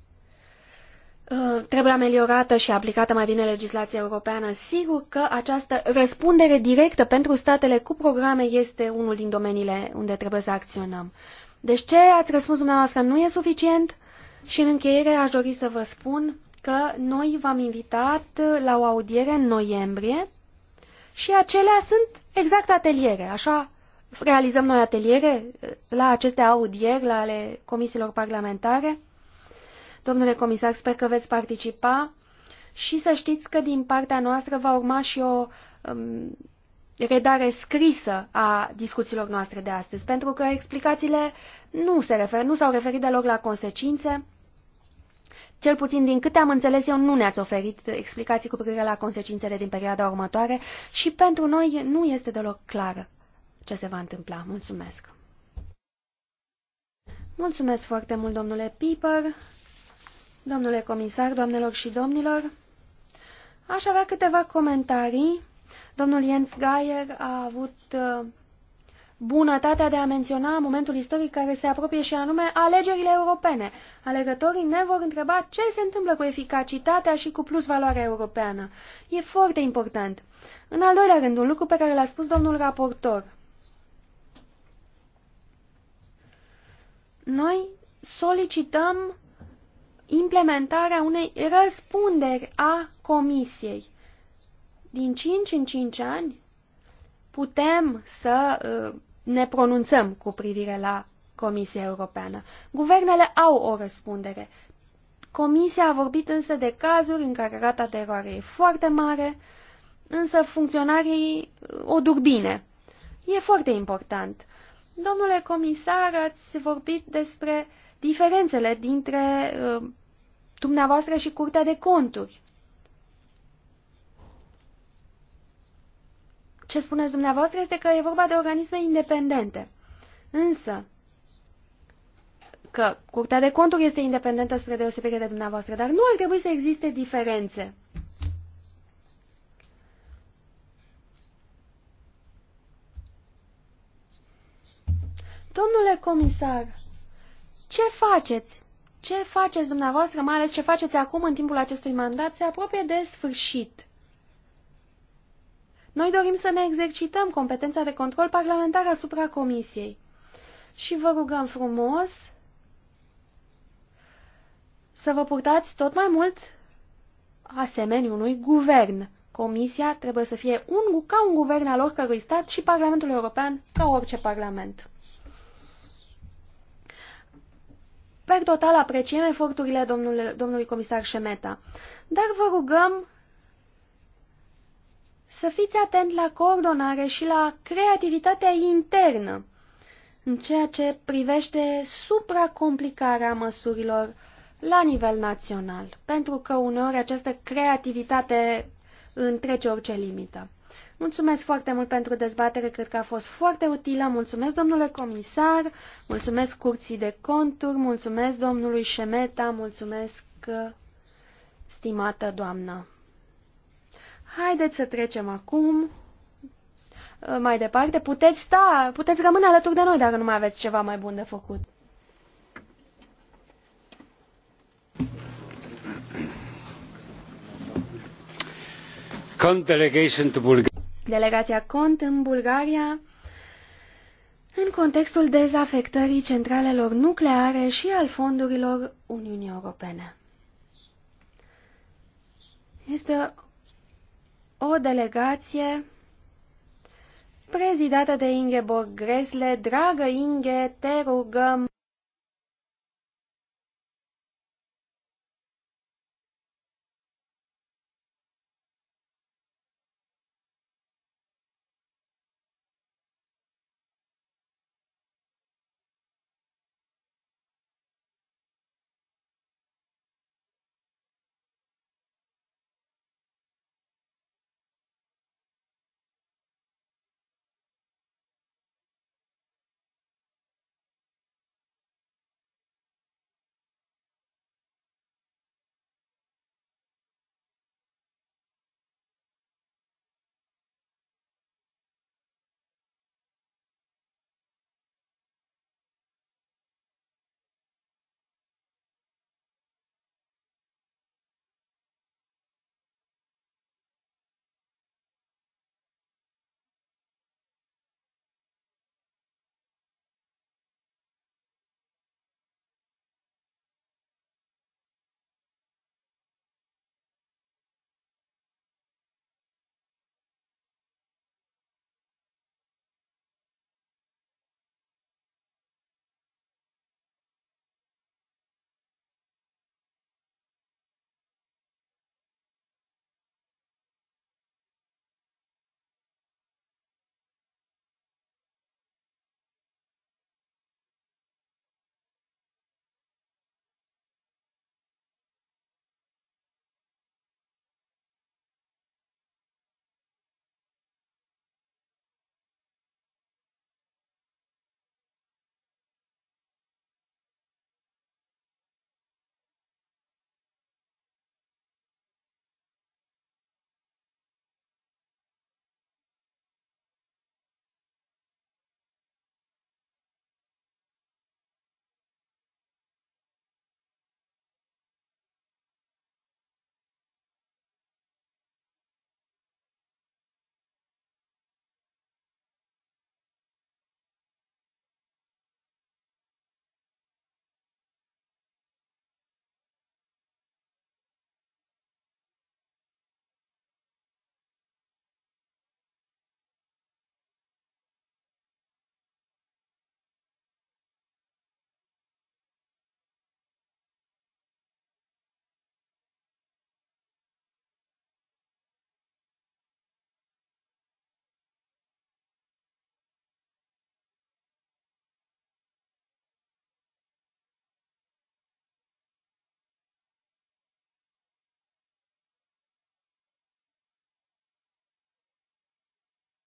Uh, trebuie ameliorată și aplicată mai bine legislația europeană. Sigur că această răspundere directă pentru statele cu programe este unul din domeniile unde trebuie să acționăm. Deci ce ați răspuns dumneavoastră nu e suficient? Și în încheiere aș dori să vă spun că noi v-am invitat la o audiere în noiembrie și acelea sunt exact ateliere, așa realizăm noi ateliere la aceste audieri, la ale comisiilor parlamentare. Domnule comisar, sper că veți participa și să știți că din partea noastră va urma și o um, redare scrisă a discuțiilor noastre de astăzi, pentru că explicațiile nu, se refer, nu s-au referit deloc la consecințe. Cel puțin din câte am înțeles eu, nu ne-ați oferit explicații cu privire la consecințele din perioada următoare și pentru noi nu este deloc clar ce se va întâmpla. Mulțumesc! Mulțumesc foarte mult, domnule Piper. Domnule comisar, doamnelor și domnilor, aș avea câteva comentarii. Domnul Jens Geier a avut uh, bunătatea de a menționa momentul istoric care se apropie și anume alegerile europene. Alegătorii ne vor întreba ce se întâmplă cu eficacitatea și cu plus valoarea europeană. E foarte important. În al doilea rând, un lucru pe care l-a spus domnul raportor. Noi solicităm implementarea unei răspunderi a Comisiei. Din 5 în 5 ani putem să uh, ne pronunțăm cu privire la Comisia Europeană. Guvernele au o răspundere. Comisia a vorbit însă de cazuri în care rata de eroare e foarte mare, însă funcționarii uh, o duc bine. E foarte important. Domnule comisar, ați vorbit despre diferențele dintre uh, dumneavoastră și Curtea de Conturi. Ce spuneți dumneavoastră este că e vorba de organisme independente. Însă, că Curtea de Conturi este independentă spre deosebire de dumneavoastră, dar nu ar trebui să existe diferențe. Domnule comisar, ce faceți ce faceți dumneavoastră, mai ales ce faceți acum în timpul acestui mandat, se apropie de sfârșit. Noi dorim să ne exercităm competența de control parlamentar asupra Comisiei. Și vă rugăm frumos să vă purtați tot mai mult asemenea unui guvern. Comisia trebuie să fie un, ca un guvern al oricărui stat și Parlamentul European ca orice parlament. Per total apreciem eforturile domnule, domnului comisar Șemeta, dar vă rugăm să fiți atent la coordonare și la creativitatea internă în ceea ce privește supracomplicarea măsurilor la nivel național, pentru că uneori această creativitate întrece orice limită. Mulțumesc foarte mult pentru dezbatere, cred că a fost foarte utilă. Mulțumesc, domnule comisar, mulțumesc curții de conturi, mulțumesc domnului Șemeta, mulțumesc, stimată doamnă. Haideți să trecem acum uh, mai departe. Puteți sta, puteți rămâne alături de noi dacă nu mai aveți ceva mai bun de făcut. Con delegation to Bulgaria delegația CONT în Bulgaria în contextul dezafectării centralelor nucleare și al fondurilor Uniunii Europene. Este o delegație prezidată de Ingeborg Gresle. Dragă Inge, te rugăm!